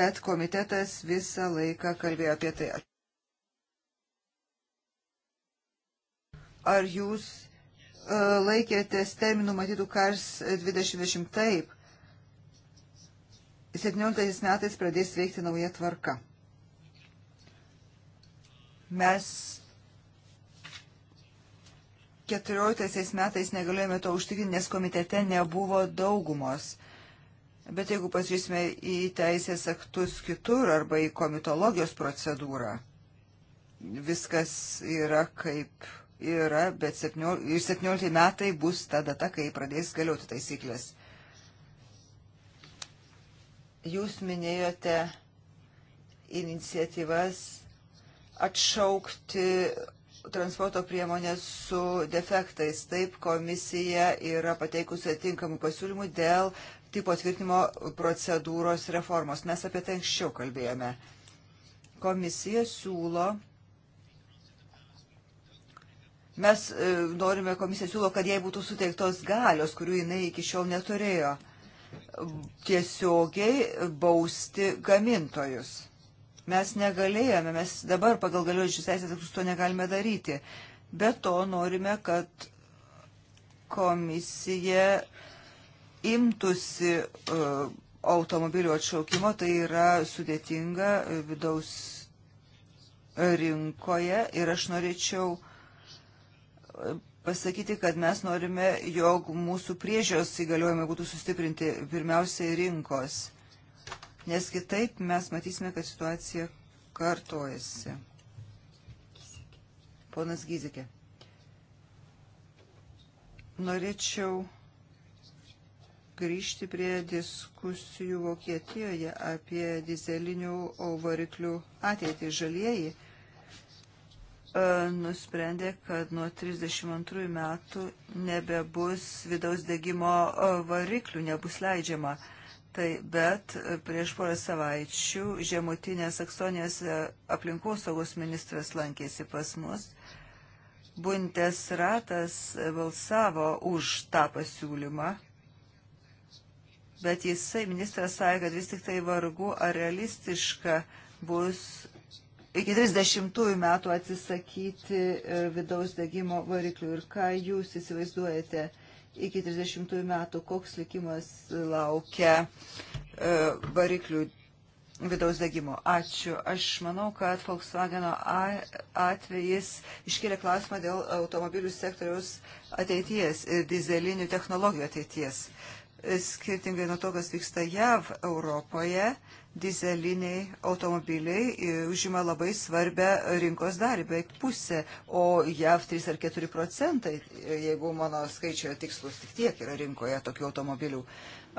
Bet komitetas visą laiką kalbėjo apie tai. Ar jūs e, laikėtės terminų matytų KARS 2020 taip? 17 metais pradės veikti nauja tvarka. Mes 14 metais negalėjome to užtikrinti, nes komitete nebuvo daugumos. Bet jeigu pasižiūrėsime į teisės aktus kitur arba į komitologijos procedūrą, viskas yra kaip yra, bet 17, 17 metai bus ta data, kai pradės galioti taisyklės. Jūs minėjote iniciatyvas atšaukti transporto priemonės su defektais. Taip, komisija yra pateikusi atinkamų pasiūlymų dėl tipo tvirtinimo procedūros reformos. Mes apie tai anksčiau kalbėjome. Komisija siūlo. Mes e, norime, komisija siūlo, kad jai būtų suteiktos galios, kurių jinai iki šiol neturėjo tiesiogiai bausti gamintojus. Mes negalėjome, mes dabar pagal galiojančius teisės aktus to negalime daryti. Be to norime, kad komisija imtųsi uh, automobilių atšaukimo, tai yra sudėtinga e, vidaus rinkoje ir aš norėčiau e, pasakyti, kad mes norime, jog mūsų priežios įgaliojimai būtų sustiprinti pirmiausiai rinkos, nes kitaip mes matysime, kad situacija kartojasi. Ponas Gizikė. Norėčiau grįžti prie diskusijų Vokietijoje apie dizelinių variklių ateitį žalieji E, nusprendė, kad nuo 32 metų nebebus vidaus degimo e, variklių, nebus leidžiama. Tai bet e, prieš porą savaičių žemutinės Saksonijos aplinkosaugos ministras lankėsi pas mus. Bundesratas balsavo už tą pasiūlymą, bet jisai ministras sąja, kad vis tik tai vargu ar realistiška bus iki 30 metų atsisakyti e, vidaus degimo variklių ir ką jūs įsivaizduojate iki 30 metų, koks likimas laukia e, variklių vidaus degimo. Ačiū. Aš manau, kad Volkswageno atvejis iškėlė klausimą dėl automobilių sektoriaus ateities ir dizelinių technologijų ateities. E, skirtingai nuo to, kas vyksta JAV Europoje, dizeliniai automobiliai e, užima labai svarbę rinkos dalį, beveik pusę, o JAV 3 ar 4 procentai, e, jeigu mano skaičiai yra tikslus, tik tiek yra rinkoje tokių automobilių.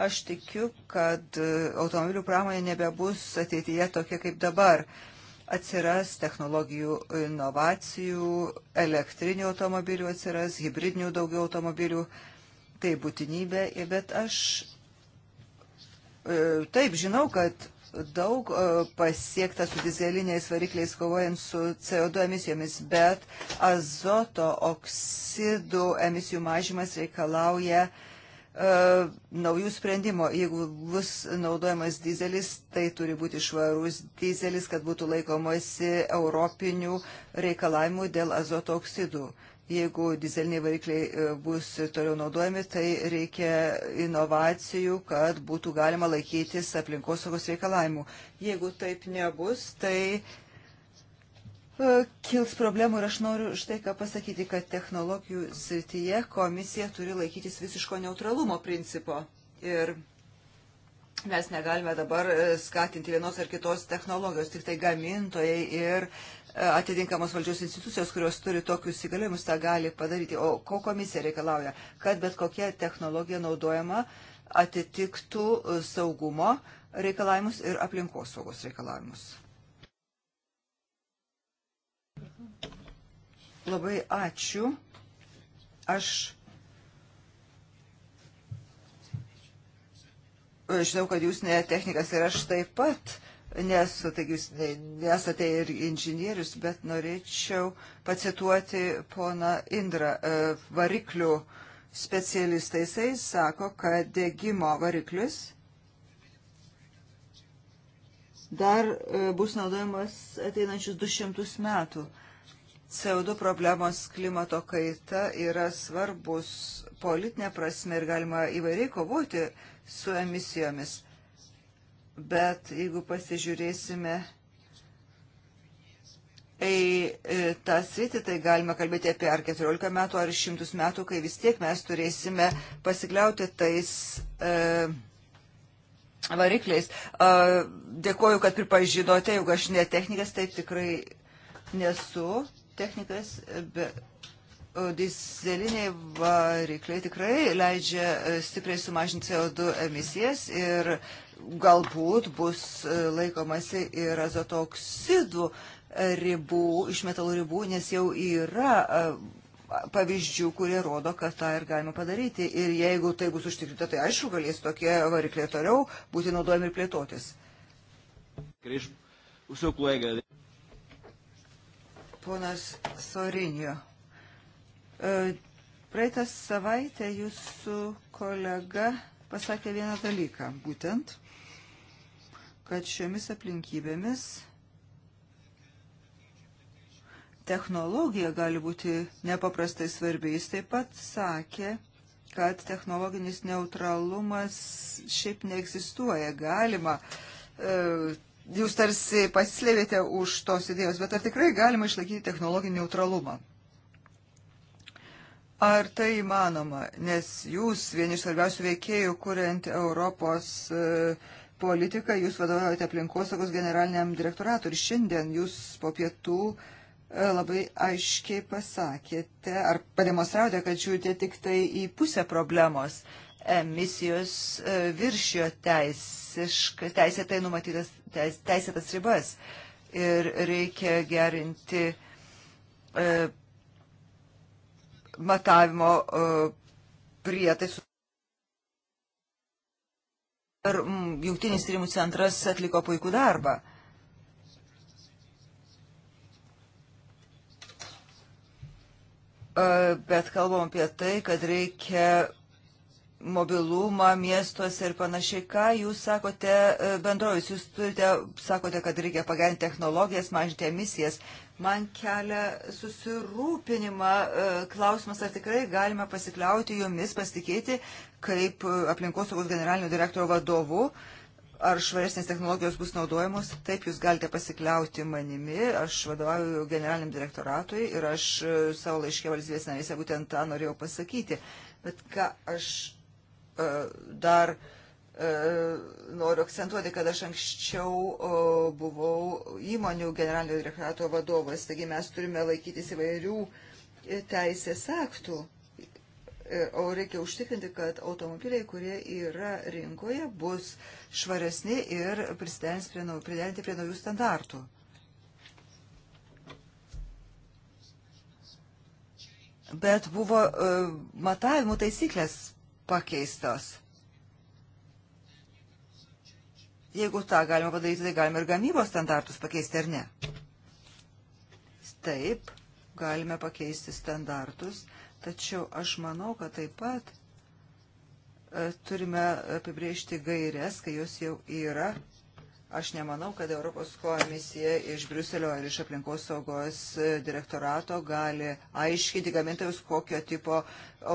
Aš tikiu, kad e, automobilių pramonė nebebus ateityje tokia kaip dabar. Atsiras technologijų inovacijų, elektrinių automobilių atsiras, hybridinių daugiau automobilių. Tai būtinybė, bet aš Taip, žinau, kad daug e, pasiekta su dizeliniais varikliais kovojant su CO2 emisijomis, bet azoto oksidų emisijų mažymas reikalauja uh, naujų sprendimų. Jeigu bus naudojamas dizelis, tai turi būti švarus dizelis, kad būtų laikomasi europinių reikalavimų dėl azoto oksidų. Uh, Jeigu dizeliniai varikliai e, bus ir toliau naudojami, tai reikia inovacijų, kad būtų galima laikytis aplinkosaugos reikalavimų. Jeigu taip nebus, tai e, kils problemų ir aš noriu štai ką pasakyti, kad technologijų srityje komisija turi laikytis visiško neutralumo principo. Ir mes negalime dabar e, skatinti vienos ar kitos technologijos, tik tai gamintojai ir atitinkamos valdžios institucijos, kurios turi tokius įgaliojimus, tą gali padaryti. O ko komisija reikalauja? Kad bet kokia technologija naudojama atitiktų saugumo reikalavimus ir aplinkos saugos reikalavimus. Labai ačiū. Aš žinau, kad jūs ne technikas ir aš taip pat nesu, taigi jūs nesate ir inžinierius, bet norėčiau pacituoti pona Indra e, variklių specialistą. Jisai sako, kad degimo variklis dar e, bus naudojamas ateinančius 200 metų. CO2 problemos klimato kaita yra svarbus politinė prasme ir galima įvairiai kovoti su emisijomis bet jeigu pasižiūrėsime į tą sritį, tai galime kalbėti apie ar 14 metų, ar 100 metų, kai vis tiek mes turėsime pasikliauti tais e, varikliais. E, dėkoju, kad pripažinote, jeigu aš ne technikas, taip tikrai nesu technikas, bet dizeliniai varikliai tikrai leidžia e, stipriai sumažinti CO2 emisijas ir e, galbūt bus e, laikomasi ir azotoksidų ribų, išmetalų ribų, nes jau yra e, pavyzdžių, kurie rodo, kad tą ir galima padaryti. Ir jeigu tai bus užtikrinta, tai aišku, galės tokie varikliai toliau būti naudojami ir plėtotis. Ponas Sorinio, e, praeitą savaitę jūsų kolega pasakė vieną dalyką, būtent – kad šiomis aplinkybėmis technologija gali būti nepaprastai svarbi. Jis taip pat sakė, kad technologinis neutralumas šiaip neegzistuoja. Galima, e, jūs tarsi pasislėvėte už tos idėjos, bet ar tikrai galima išlaikyti technologinį neutralumą? Ar tai įmanoma? Nes jūs vieni iš svarbiausių veikėjų, kuriant Europos uh, politiką, jūs vadovaujate aplinkosaugos generaliniam direktoratui ir šiandien jūs po pietų e, labai aiškiai pasakėte ar pademonstravote, kad žiūrite tik tai į pusę problemos emisijos e, viršijo teisėtai numatytas teis, teisėtas ribas ir reikia gerinti e, matavimo e, prietaisų ar jungtinis tyrimų centras atliko puikų darbą. Bet kalbam apie tai, kad reikia mobilumą miestuose ir panašiai. Ką jūs sakote e, bendrovės? Jūs turite, sakote, kad reikia pagerinti technologijas, mažinti emisijas, Man kelia susirūpinimą e, klausimas, ar tikrai galime pasikliauti jomis, pasitikėti kaip e, aplinkosaugos generalinio direktorio vadovu, ar švaresnės technologijos bus naudojamos. Taip, jūs galite pasikliauti manimi, aš vadovauju generaliniam direktoratui ir aš e, savo laiškė valstybės narėse būtent tą norėjau pasakyti. Bet ką aš dar E, noriu akcentuoti, kad aš anksčiau buvau įmonių generalinio direktorato vadovas, taigi mes turime laikytis įvairių e, teisės aktų. E, o reikia užtikrinti, kad automobiliai, kurie yra rinkoje, bus švaresni ir prisidengti prie, nau, prie naujų standartų. Bet buvo uh, matavimų taisyklės pakeistos Jeigu tą galima padaryti, tai galime ir gamybos standartus pakeisti, ar ne? Taip, galime pakeisti standartus, tačiau aš manau, kad taip pat e, turime apibriežti gairias, kai jos jau yra. Aš nemanau, kad Europos komisija iš Briuselio ar iš aplinkos saugos e, direktorato gali aiškinti gamintojus, kokio tipo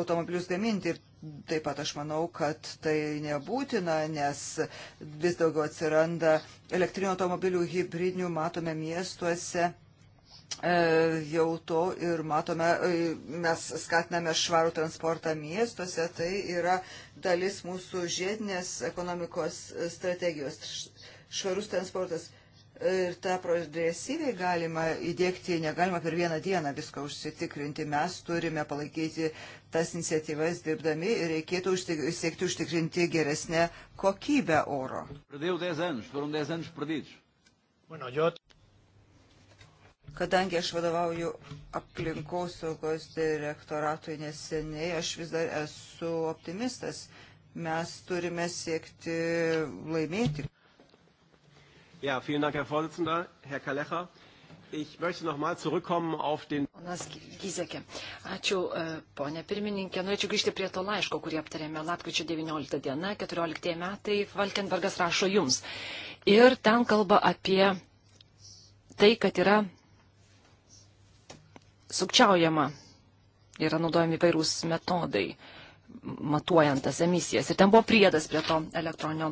automobilius gaminti. Ir Taip pat aš manau, kad tai nebūtina, nes vis daugiau atsiranda elektrinio automobilių hybridinių, matome miestuose e, jau to ir matome, e, mes skatiname švarų transportą miestuose, tai yra dalis mūsų žiedinės ekonomikos strategijos. Švarus transportas Ir tą progresyviai galima įdėkti, negalima per vieną dieną viską užsitikrinti. Mes turime palaikyti tas iniciatyvas dirbdami ir reikėtų užtik, siekti užtikrinti geresnę kokybę oro. Kadangi aš vadovauju aplinkosaugos direktoratui neseniai, aš vis dar esu optimistas. Mes turime siekti laimėti. Ja, vielen Dank, Herr Vorsitzender, Herr Kalecha. Ich möchte nochmal zurückkommen auf den. Ponas Gizekė, ačiū, e, ponė pirmininkė. Norėčiau grįžti prie to laiško, kurį aptarėme lapkričio 19 dieną, 14 metai. Valkenbergas rašo jums. Ir ten kalba apie tai, kad yra sukčiaujama, yra naudojami vairūs metodai matuojant tas emisijas. Ir ten buvo priedas prie to elektroninio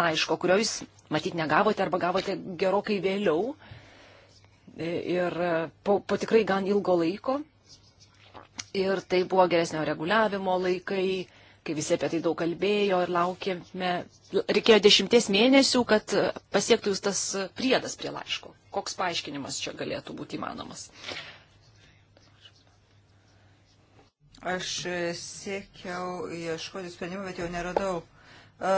laiško, kurio jūs matyt negavote arba gavote gerokai vėliau e, ir e, po, po tikrai gan ilgo laiko. Ir tai buvo geresnio reguliavimo laikai, kai visi apie tai daug kalbėjo ir laukėme. Reikėjo dešimties mėnesių, kad e, pasiektų jūs tas priedas prie laiško. Koks paaiškinimas čia galėtų būti įmanomas? Aš siekiau ieškoti sprendimą, bet jau neradau. E,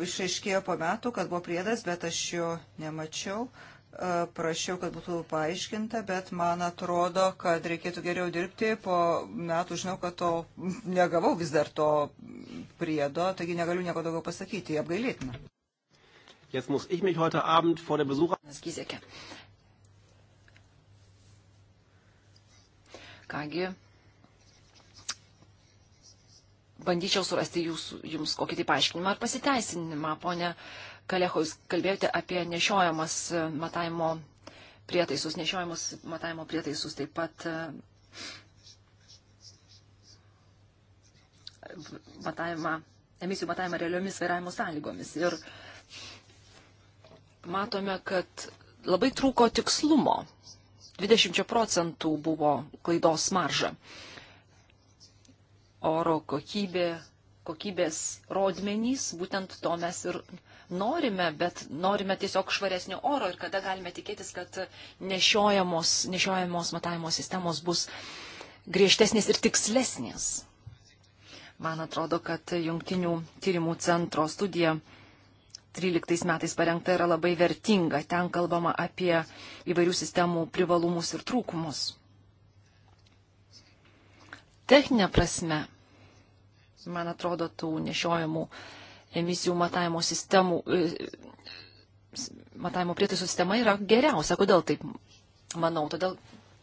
išaiškėjo po metų, kad buvo priedas, bet aš jo nemačiau. E, prašiau, kad būtų paaiškinta, bet man atrodo, kad reikėtų geriau dirbti. Po metų žinau, kad to negavau vis dar to priedo, taigi negaliu nieko daugiau pasakyti. Apgailėtina. Jetzt muss ich mich heute Abend vor der Besucher. Kągi, bandyčiau surasti jūsų, jums kokį tai paaiškinimą ar pasiteisinimą. Pone Kalecho, jūs kalbėjote apie nešiojamas e, matavimo prietaisus, nešiojamus matavimo prietaisus taip pat e, matavimą, emisijų matavimą realiomis vairavimo sąlygomis. Ir matome, kad labai trūko tikslumo. 20 procentų buvo klaidos marža. Uh, oro kokybė, kokybės rodmenys, būtent to mes ir norime, bet norime tiesiog švaresnio oro ir kada galime tikėtis, kad nešiojamos, nešiojamos matavimo sistemos bus griežtesnės ir tikslesnės. Man atrodo, kad jungtinių tyrimų centro studija 2013 metais parengta yra labai vertinga. Ten kalbama apie įvairių sistemų privalumus ir trūkumus techninė prasme, man atrodo, tų nešiojamų emisijų matavimo sistemų, e, matavimo prietaisų sistema yra geriausia. Kodėl taip manau? Todėl,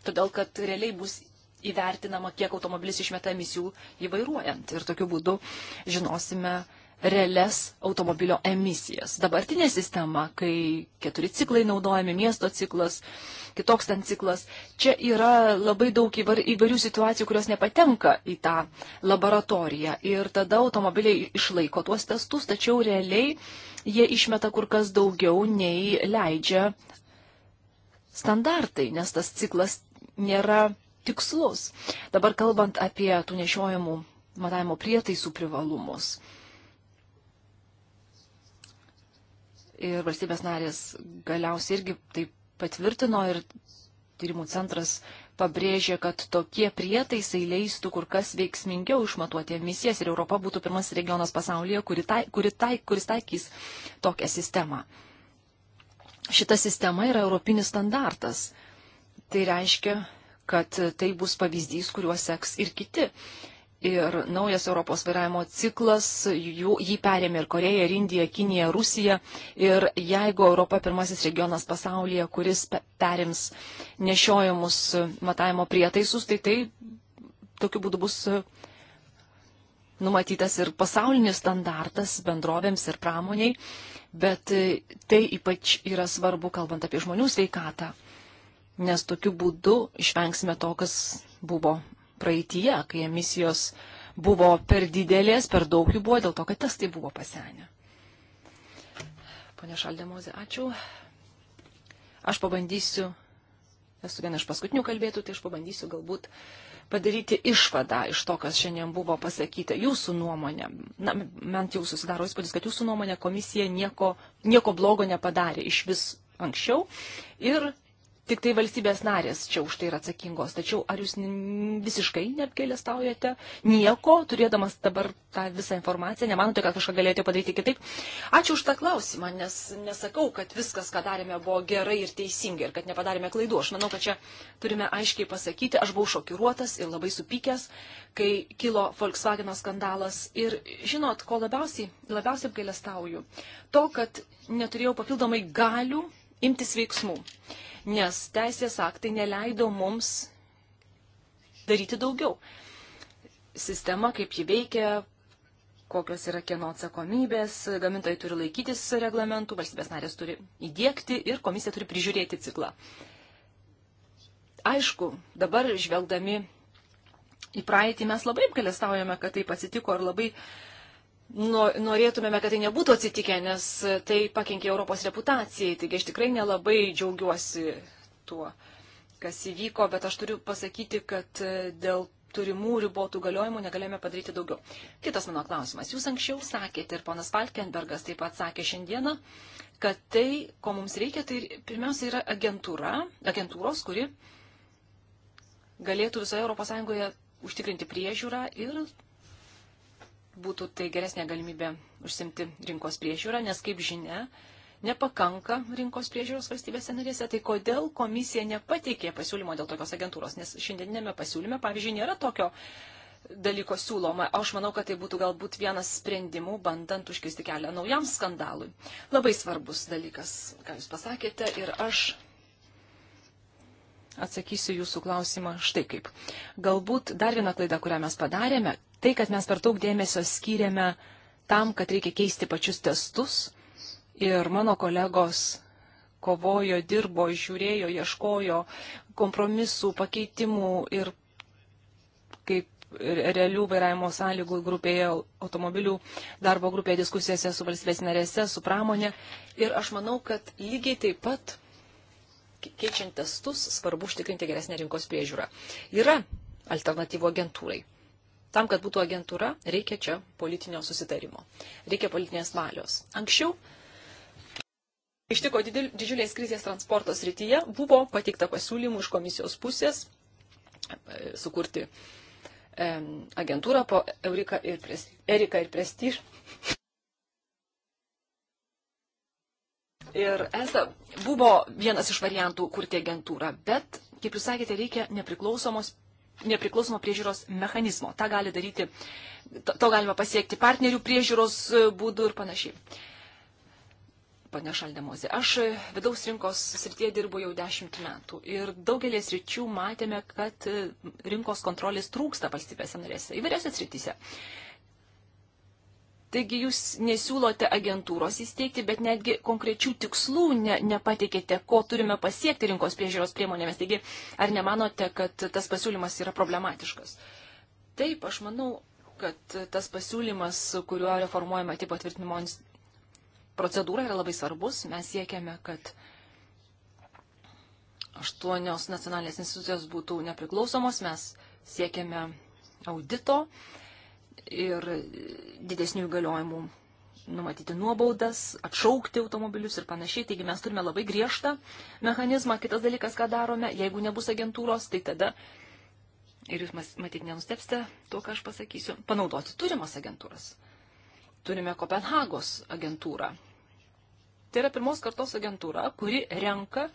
todėl kad realiai bus įvertinama, kiek automobilis išmeta emisijų įvairuojant. Ir tokiu būdu žinosime, realias automobilio emisijas. Dabartinė sistema, kai keturi ciklai naudojami, miesto ciklas, kitoks ten ciklas, čia yra labai daug įvairių situacijų, kurios nepatenka į tą laboratoriją. Ir tada automobiliai išlaiko tuos testus, tačiau realiai jie išmeta kur kas daugiau nei leidžia standartai, nes tas ciklas nėra tikslus. Dabar kalbant apie tų nešiojimų matavimo prietaisų privalumus ir valstybės narės galiausiai irgi tai patvirtino ir tyrimų centras pabrėžė, kad tokie prietaisai leistų kur kas veiksmingiau išmatuoti emisijas ir Europa būtų pirmas regionas pasaulyje, kuri tai, kuri tai, kuris taikys tokią sistemą. Šita sistema yra europinis standartas. Tai reiškia, kad tai bus pavyzdys, kuriuo seks ir kiti ir naujas Europos vairavimo ciklas, jų, jį perėmė ir Koreja, ir Indija, Kinija, Rusija. Ir jeigu Europa pirmasis regionas pasaulyje, kuris perims nešiojamus e, matavimo prietaisus, tai tai tokiu būdu bus e, numatytas ir pasaulinis standartas bendrovėms ir pramoniai, bet e, tai ypač yra svarbu, kalbant apie žmonių sveikatą, nes tokiu būdu išvengsime to, kas buvo praeitie, kai emisijos buvo per didelės, per daug jų buvo, dėl to, kad testai buvo pasenę. Pone Šaldemozė, ačiū. Aš pabandysiu, esu viena iš paskutinių kalbėtų, tai aš pabandysiu galbūt padaryti išvadą iš to, kas šiandien buvo pasakyta. Jūsų nuomonė, na, bent jau susidaro įspūdis, kad jūsų nuomonė komisija nieko, nieko blogo nepadarė iš vis anksčiau ir tik tai valstybės narės čia už tai yra atsakingos. Tačiau ar jūs visiškai neapgailestaujate nieko, turėdamas dabar tą visą informaciją, nemanote, kad kažką galėjote padaryti kitaip? Ačiū už tą klausimą, nes nesakau, kad viskas, ką darėme, buvo gerai ir teisingai ir kad nepadarėme klaidų. Aš manau, kad čia turime aiškiai pasakyti, aš buvau šokiruotas ir labai supykęs, kai kilo Volkswagen skandalas. Ir žinot, ko labiausiai, labiausiai apgailestauju? To, kad neturėjau papildomai galių imtis veiksmų. Uh, nes teisės aktai neleido mums daryti daugiau. Sistema, kaip ji veikia, kokios yra kieno atsakomybės, gamintojai turi laikytis reglamentų, valstybės narės turi įdėkti ir komisija turi prižiūrėti ciklą. Aišku, dabar žvelgdami į praeitį mes labai apgalėstaujame, kad taip atsitiko ir labai uh, norėtumėme, kad tai nebūtų atsitikę, nes tai pakenkė Europos reputacijai. Taigi aš tikrai nelabai džiaugiuosi tuo, kas įvyko, bet aš turiu pasakyti, kad e, dėl turimų ribotų galiojimų negalėjome padaryti daugiau. Kitas mano klausimas. Jūs anksčiau sakėte ir ponas Falkenbergas taip pat sakė šiandieną, kad tai, ko mums reikia, tai pirmiausia yra agentūra, agentūros, kuri galėtų visoje ES užtikrinti priežiūrą ir būtų tai geresnė galimybė užsimti rinkos priežiūrą, nes, kaip žinia, nepakanka rinkos priežiūros valstybėse narėse. Tai kodėl komisija nepateikė pasiūlymo dėl tokios agentūros? Nes šiandieninėme pasiūlyme, pavyzdžiui, nėra tokio dalyko siūloma. Aš manau, kad tai būtų galbūt vienas sprendimų, bandant užkisti kelią naujam skandalui. Labai svarbus dalykas, ką Jūs pasakėte, ir aš atsakysiu jūsų klausimą štai kaip. Galbūt dar viena klaida, kurią mes padarėme, tai, kad mes per daug dėmesio skyrėme tam, kad reikia keisti pačius testus ir mano kolegos kovojo, dirbo, žiūrėjo, ieškojo kompromisų, pakeitimų ir kaip realių vairavimo sąlygų grupėje, automobilių darbo grupėje diskusijose su valstybės narėse, su pramonė. Ir aš manau, kad lygiai taip pat, keičiant testus, svarbu užtikrinti geresnę rinkos priežiūrą. Yra alternatyvų agentūrai tam, kad būtų agentūra, reikia čia politinio susitarimo, reikia politinės valios. Anksčiau ištiko didil, didžiulės krizės transporto srityje, buvo pateikta pasiūlymų iš komisijos pusės e, sukurti e, agentūrą po Eurika ir, Pres, Erika ir Prestiž. Ir ESA buvo vienas iš variantų kurti agentūrą, bet, kaip jūs sakėte, reikia nepriklausomos nepriklausomo priežiūros mechanizmo. Ta gali daryti, to, to galima pasiekti partnerių priežiūros e, būdų ir panašiai. Pane Šaldemozė, aš e, vidaus rinkos srityje dirbu jau dešimt metų ir daugelės ryčių matėme, kad e, rinkos kontrolės trūksta valstybėse narėse, įvairiose srityse. Taigi jūs nesiūlote agentūros įsteigti, bet netgi konkrečių tikslų ne, nepateikėte, ko turime pasiekti rinkos priežiūros priemonėmis. Taigi, ar nemanote, kad tas pasiūlymas yra problematiškas? Taip, aš manau, kad tas pasiūlymas, kuriuo reformuojama tipo tvirtinimo procedūra, yra labai svarbus. Mes siekiame, kad aštuonios nacionalinės institucijos būtų nepriklausomos, mes siekiame audito. Uh, ir didesnių įgaliojimų numatyti nuobaudas, atšaukti automobilius ir panašiai. Taigi mes turime labai griežtą mechanizmą. Kitas dalykas, ką darome, jeigu nebus agentūros, tai tada, ir jūs matyt nenustepsite tuo, ką aš pasakysiu, panaudoti turimas agentūras. Turime Kopenhagos agentūrą. Tai yra pirmos kartos agentūra, kuri renka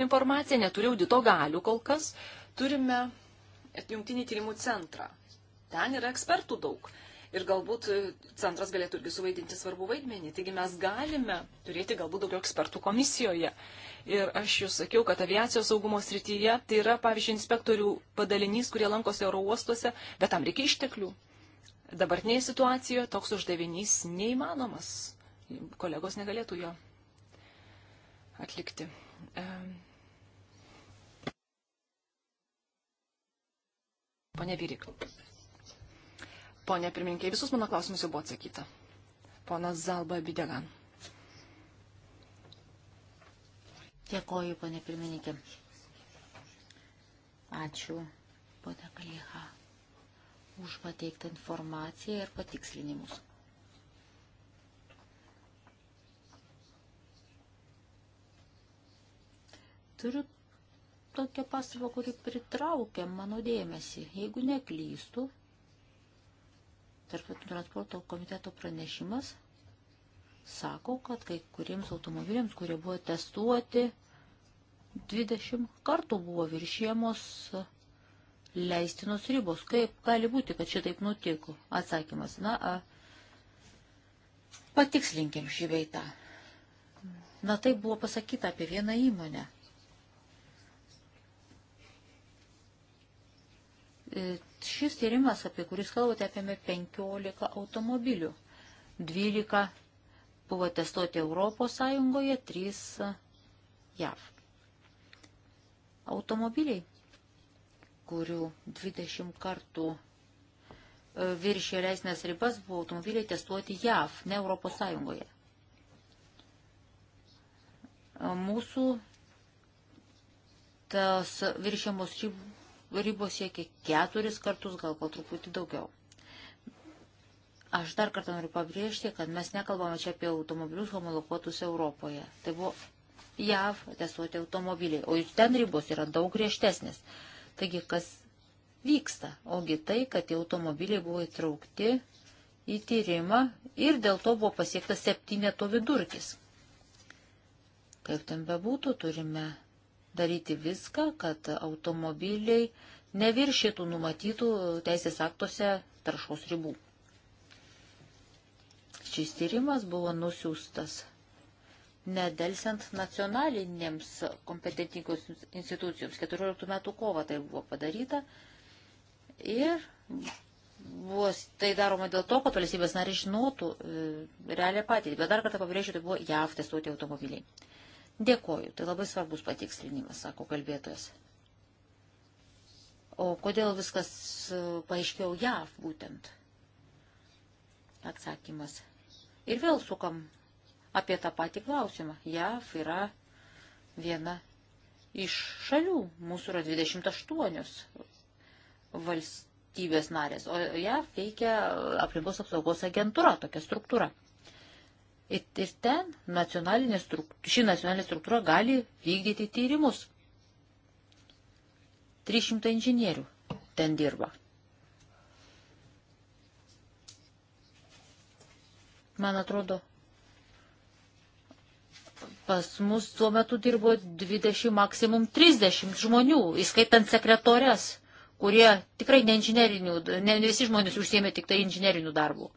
informaciją, neturi audito galių kol kas. Turime jungtinį tyrimų centrą ten yra ekspertų daug. Ir galbūt centras galėtų irgi suvaidinti svarbų vaidmenį. Taigi mes galime turėti galbūt daugiau ekspertų komisijoje. Ir aš jūs sakiau, kad aviacijos saugumo srityje tai yra, pavyzdžiui, inspektorių padalinys, kurie lankosi oro uostuose, bet tam reikia išteklių. Dabartinėje situacijoje toks uždavinys neįmanomas. Kolegos negalėtų jo atlikti. Pane Vyrik. Pone pirmininkė, visus mano klausimus jau buvo atsakyta. Ponas Zalba Bidegan. Dėkoju, ponė pirmininkė. Ačiū, ponė Kalieha, už pateiktą informaciją ir patikslinimus. Turiu tokią pastabą, kuri pritraukia mano dėmesį. Jeigu neklystu, tarptautinio transporto komiteto pranešimas sako, kad kai kuriems automobiliams, kurie buvo testuoti, 20 kartų buvo viršėmos leistinos ribos. Kaip gali būti, kad šitaip nutiko? Atsakymas, na, a, patikslinkim šį veitą. Na, tai buvo pasakyta apie vieną įmonę. E, šis tyrimas, apie kuris kalbate, apėmė 15 automobilių. 12 buvo testuoti Europos Sąjungoje, 3 e, JAV. Automobiliai, kurių 20 kartų e, viršė leisnės ribas, buvo automobiliai testuoti JAV, ne Europos Sąjungoje. E, mūsų tas viršiamos ribos ribos siekia keturis kartus, gal po truputį daugiau. Aš dar kartą noriu pabrėžti, kad mes nekalbame čia apie automobilius homologuotus Europoje. Tai buvo JAV testuoti automobiliai, o ten ribos yra daug griežtesnės. Taigi, kas vyksta? Ogi tai, kad tie automobiliai buvo įtraukti į tyrimą ir dėl to buvo pasiektas septyneto vidurkis. Kaip ten bebūtų, turime daryti viską, kad automobiliai neviršytų numatytų teisės aktuose taršos ribų. Šis tyrimas buvo nusiųstas nedelsiant nacionalinėms kompetentingos institucijoms. 14 metų kova tai buvo padaryta ir buvo tai daroma dėl to, kad valstybės nariai žinotų e, realią patirtį. Bet dar kartą pabrėžiu, tai buvo JAV testuoti automobiliai. Dėkoju, tai labai svarbus patikslinimas, sako kalbėtojas. O kodėl viskas e, paaiškėjo JAV būtent? Atsakymas. Ir vėl sukam apie tą patį klausimą. JAV yra viena iš šalių, mūsų yra 28 valstybės narės, o JAV veikia aplinkos apsaugos agentūra, tokia struktūra. Ir, ir ten nacionalinė ši nacionalinė struktūra gali vykdyti tyrimus. 300 inžinierių ten dirba. Man atrodo, pas mus tuo metu dirbo 20, maksimum 30 žmonių, įskaitant sekretorės, kurie tikrai ne inžinierinių, ne visi žmonės užsiemė tik tai inžinierinių darbų.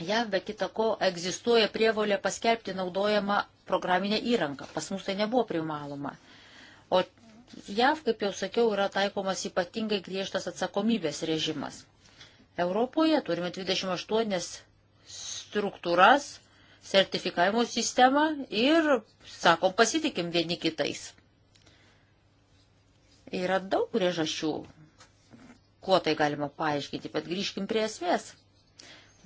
JAV be kita ko egzistuoja prievolė paskelbti naudojamą programinę įrangą. Pas mus tai nebuvo privaloma. O JAV, kaip jau sakiau, yra taikomas ypatingai griežtas atsakomybės režimas. Europoje turime 28 struktūras, sertifikavimo sistemą ir, sakom, pasitikim vieni kitais. Yra daug priežasčių, kuo tai galima paaiškinti, bet grįžkim prie esmės.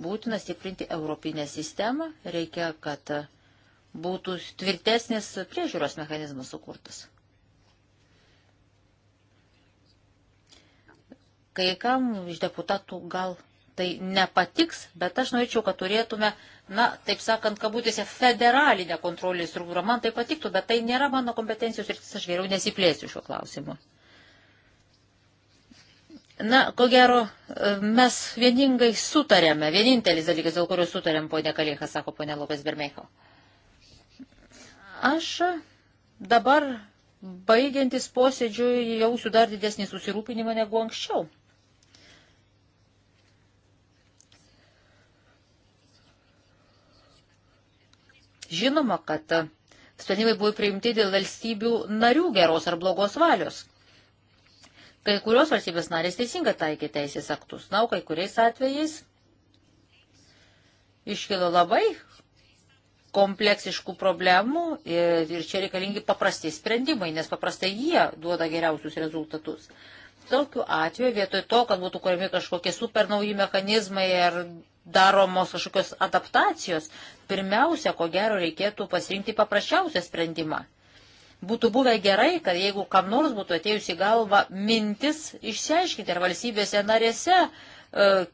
Būtina stiprinti europinę sistemą, reikia, kad būtų tvirtesnis priežiūros mechanizmas sukurtas. Kai kam iš deputatų gal tai nepatiks, bet aš norėčiau, kad turėtume, na, taip sakant, kabutėse federalinę kontrolės struktūrą. Man tai patiktų, bet tai nėra mano kompetencijos ir aš geriau nesiplėsiu šiuo klausimu. Na, ko gero, e, mes vieningai sutarėme, vienintelis dalykas, dėl kurio sutarėm, ponė Kalėcha, sako ponė Lopės Bermeiko. Aš dabar, baigiantis posėdžiui, jausiu dar didesnį susirūpinimą negu anksčiau. Žinoma, kad sprendimai buvo priimti dėl valstybių narių geros ar blogos valios. Kai kurios valstybės narės teisingai taikė teisės aktus, na, o kai kuriais atvejais iškilo labai kompleksiškų problemų ir, ir čia reikalingi paprasti sprendimai, nes paprastai jie duoda geriausius rezultatus. Tokiu atveju vietoj to, kad būtų kuriami kažkokie super nauji mechanizmai ar daromos kažkokios adaptacijos, pirmiausia, ko gero, reikėtų pasirinkti paprasčiausią sprendimą. Būtų buvę gerai, kad jeigu kam nors būtų atėjusi galva mintis išsiaiškinti, ar valstybėse narėse e,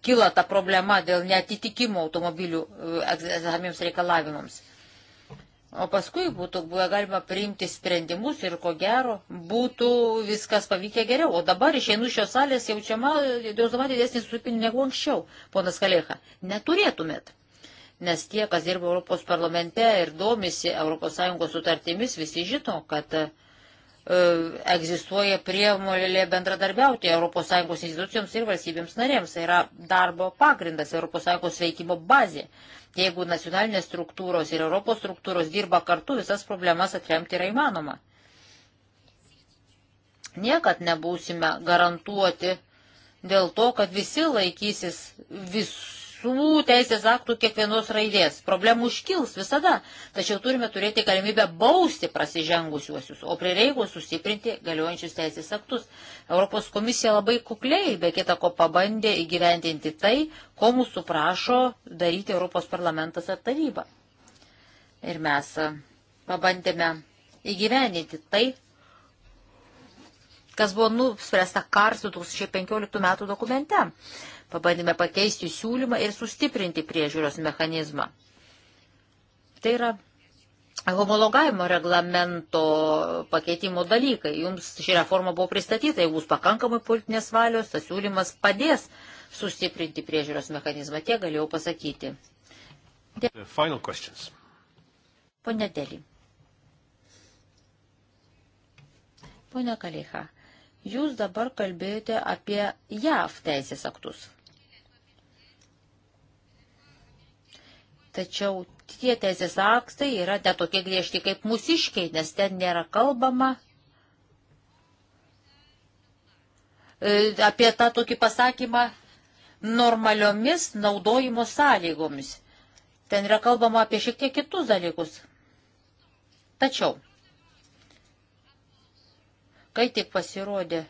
kyla ta problema dėl netitikimo automobilių e, egzaminams reikalavimams. O paskui būtų buvę galima priimti sprendimus ir ko gero būtų viskas pavykę geriau. O dabar išeinu iš šios salės jaučiama, jausdama didesnį susipinį negu anksčiau, ponas Kalėcha. Neturėtumėt nes tie, kas dirba Europos parlamente ir domisi ES sutartimis, visi žino, kad e, egzistuoja priemolė bendradarbiauti ES institucijoms ir valstybėms narėms. Tai yra darbo pagrindas, ES veikimo bazė. Jeigu nacionalinės struktūros ir Europos struktūros dirba kartu, visas problemas atremti yra įmanoma. Niekad nebūsime garantuoti dėl to, kad visi laikysis visų visų teisės aktų kiekvienos raidės. Problemų iškils visada, tačiau turime turėti galimybę bausti prasižengusiuosius, o prireikus sustiprinti galiojančius teisės aktus. Europos komisija labai kukliai, be kita ko, pabandė įgyvendinti tai, ko mūsų prašo daryti Europos parlamentas ar taryba. Ir mes pabandėme įgyvendinti tai, kas buvo nuspręsta Kars 2015 metų dokumente. Pabandėme pakeisti siūlymą ir sustiprinti priežiūros mechanizmą. Tai yra homologavimo reglamento pakeitimo dalykai. Jums ši reforma buvo pristatyta, jeigu bus pakankamai politinės valios, tas siūlymas padės sustiprinti priežiūros mechanizmą. Tie galėjau pasakyti. Final questions. Pone Deli. Pone Kalicha, jūs dabar kalbėjote apie JAV teisės aktus. Tačiau tie teisės aktai yra netokie griežti kaip mūsiškiai, nes ten nėra kalbama e, apie tą tokį pasakymą normaliomis naudojimo sąlygomis. Ten yra kalbama apie šiek tiek kitus dalykus. Tačiau, kai tik pasirodė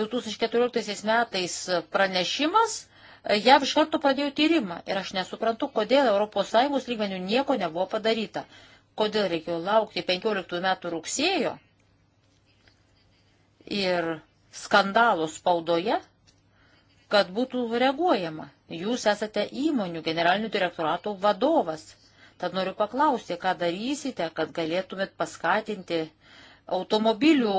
2014 metais pranešimas, jav iš karto pradėjo tyrimą ir aš nesuprantu, kodėl ES lygmenių nieko nebuvo padaryta. Kodėl reikėjo laukti 15 metų rugsėjo ir skandalų spaudoje, kad būtų reaguojama. Jūs esate įmonių generalinių direktoratų vadovas. Tad noriu paklausti, ką darysite, kad galėtumėt paskatinti automobilių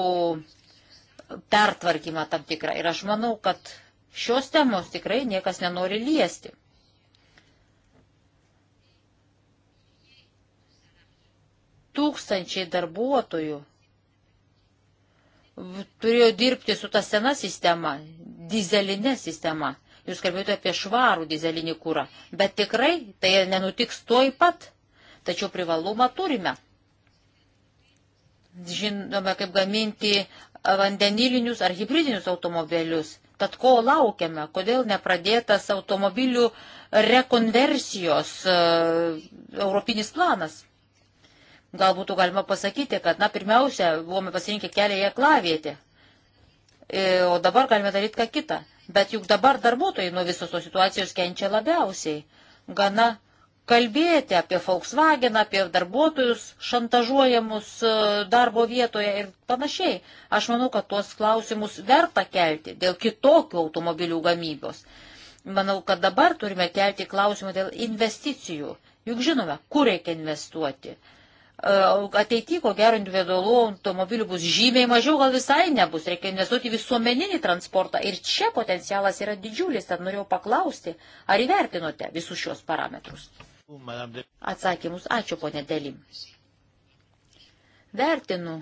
pertvarkymą tam tikrą. Ir aš manau, kad šios temos tikrai niekas nenori liesti. Tūkstančiai darbuotojų turėjo dirbti su ta sena sistema, dizelinė sistema. Jūs kalbėjote apie švarų dizelinį kūrą, bet tikrai tai nenutiks tuoj pat, tačiau privalumą turime. Žinome, kaip gaminti vandenilinius ar hybridinius automobilius. Tad ko laukiame? Kodėl nepradėtas automobilių rekonversijos e, europinis planas? Gal būtų galima pasakyti, kad, na, pirmiausia, buvome pasirinkę kelią į aklavietę, e, o dabar galime daryti ką kitą. Bet juk dabar darbuotojai nuo visos tos situacijos kenčia labiausiai. Gana kalbėti apie Volkswagen, apie darbuotojus šantažuojamus e, darbo vietoje ir panašiai. Aš manau, kad tuos klausimus verta kelti dėl kitokių automobilių gamybos. Manau, kad dabar turime kelti klausimą dėl investicijų. Juk žinome, kur reikia investuoti. E, Ateityje, ko gero, individualų automobilių bus žymiai mažiau, gal visai nebus. Reikia investuoti į visuomeninį transportą. Ir čia potencialas yra didžiulis, tad norėjau paklausti, ar įvertinote visus šios parametrus. Atsakymus ačiū, ponė Deli. Vertinu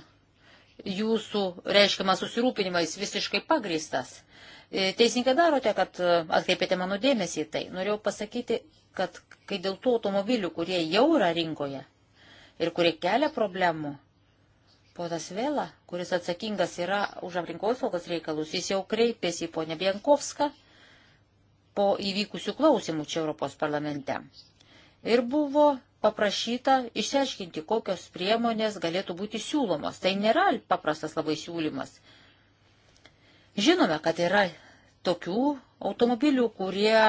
jūsų reiškiamas susirūpinimais visiškai pagristas. E, Teisingai darote, kad e, atkreipėte mano dėmesį į tai. Norėjau pasakyti, kad kai dėl tų automobilių, kurie jau yra rinkoje ir kurie kelia problemų, ponas Vėla, kuris atsakingas yra už aplinkosaugos reikalus, jis jau kreipėsi į ponę Bienkovską po įvykusių klausimų čia Europos parlamente ir buvo paprašyta išsiaiškinti, kokios priemonės galėtų būti siūlomos. Tai nėra paprastas labai siūlymas. Žinome, kad yra tokių automobilių, kurie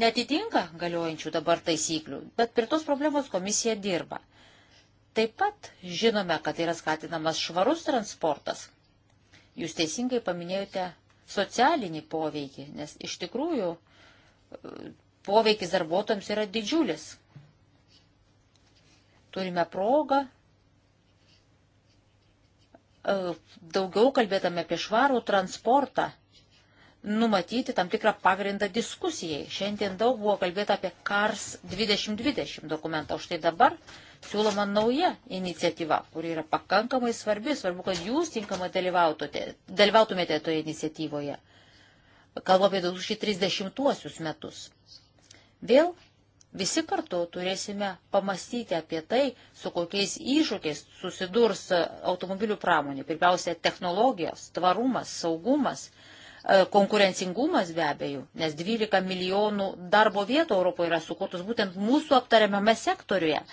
netitinka galiojančių dabar taisyklių, bet prie tos problemos komisija dirba. Taip pat žinome, kad yra skatinamas švarus transportas. Jūs teisingai paminėjote socialinį poveikį, nes iš tikrųjų poveikis darbuotojams yra didžiulis. Turime progą e, daugiau kalbėtame apie švarų transportą, numatyti tam tikrą pagrindą diskusijai. Šiandien daug buvo kalbėta apie Kars 2020 dokumentą, o štai dabar siūloma nauja iniciatyva, kuri yra pakankamai svarbi, svarbu, kad jūs tinkamai dalyvautumėte toje iniciatyvoje. Kalbu apie 2030 metus. Vėl visi kartu turėsime pamastyti apie tai, su kokiais iššūkiais susidurs automobilių pramonė. Pirmiausia, technologijos, tvarumas, saugumas, e, konkurencingumas be abejo, nes 12 milijonų darbo vietų Europoje yra sukurtos būtent mūsų aptariamame sektoriuje.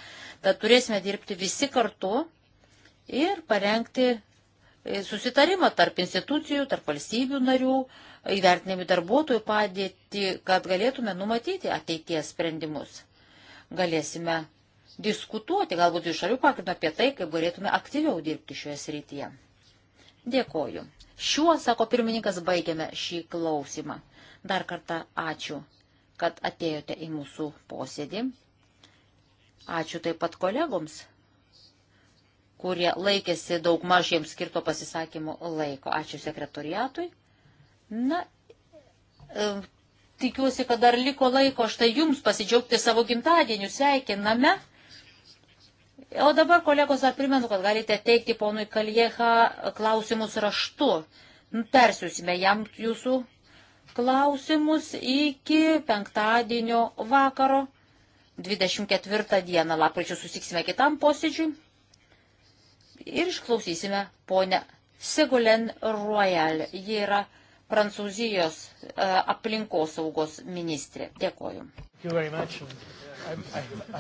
Tad turėsime dirbti visi kartu ir parengti susitarimą tarp institucijų, tarp valstybių narių, įvertinami darbuotojų padėti, kad galėtume numatyti ateities sprendimus. Galėsime diskutuoti, galbūt iš šalių pakrino apie tai, kaip galėtume aktyviau dirbti šioje srityje. Dėkoju. Šiuo, sako pirmininkas, baigiame šį klausimą. Dar kartą ačiū, kad atėjote į mūsų posėdį. Ačiū taip pat kolegoms kurie laikėsi daug maž jiems skirto pasisakymų laiko. Ačiū sekretoriatui. Na, e, tikiuosi, kad dar liko laiko štai jums pasidžiaugti savo gimtadieniu. Sveikiname. O dabar, kolegos, dar primenu, kad galite teikti ponui Kaljeha klausimus raštu. Nu, persiusime jam jūsų klausimus iki penktadienio vakaro. 24 dieną lapkričio susiksime kitam posėdžiui ir išklausysime ponę Segulen Royal. Ji yra Prancūzijos e, aplinkosaugos ministrė. Dėkoju. I, I, I, don't, I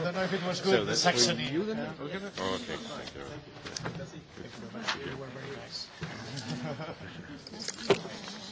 don't know if it was good, so the Saxony. You then? Yeah. Okay. Oh, okay. Thank you. Thank you very much. You were very nice.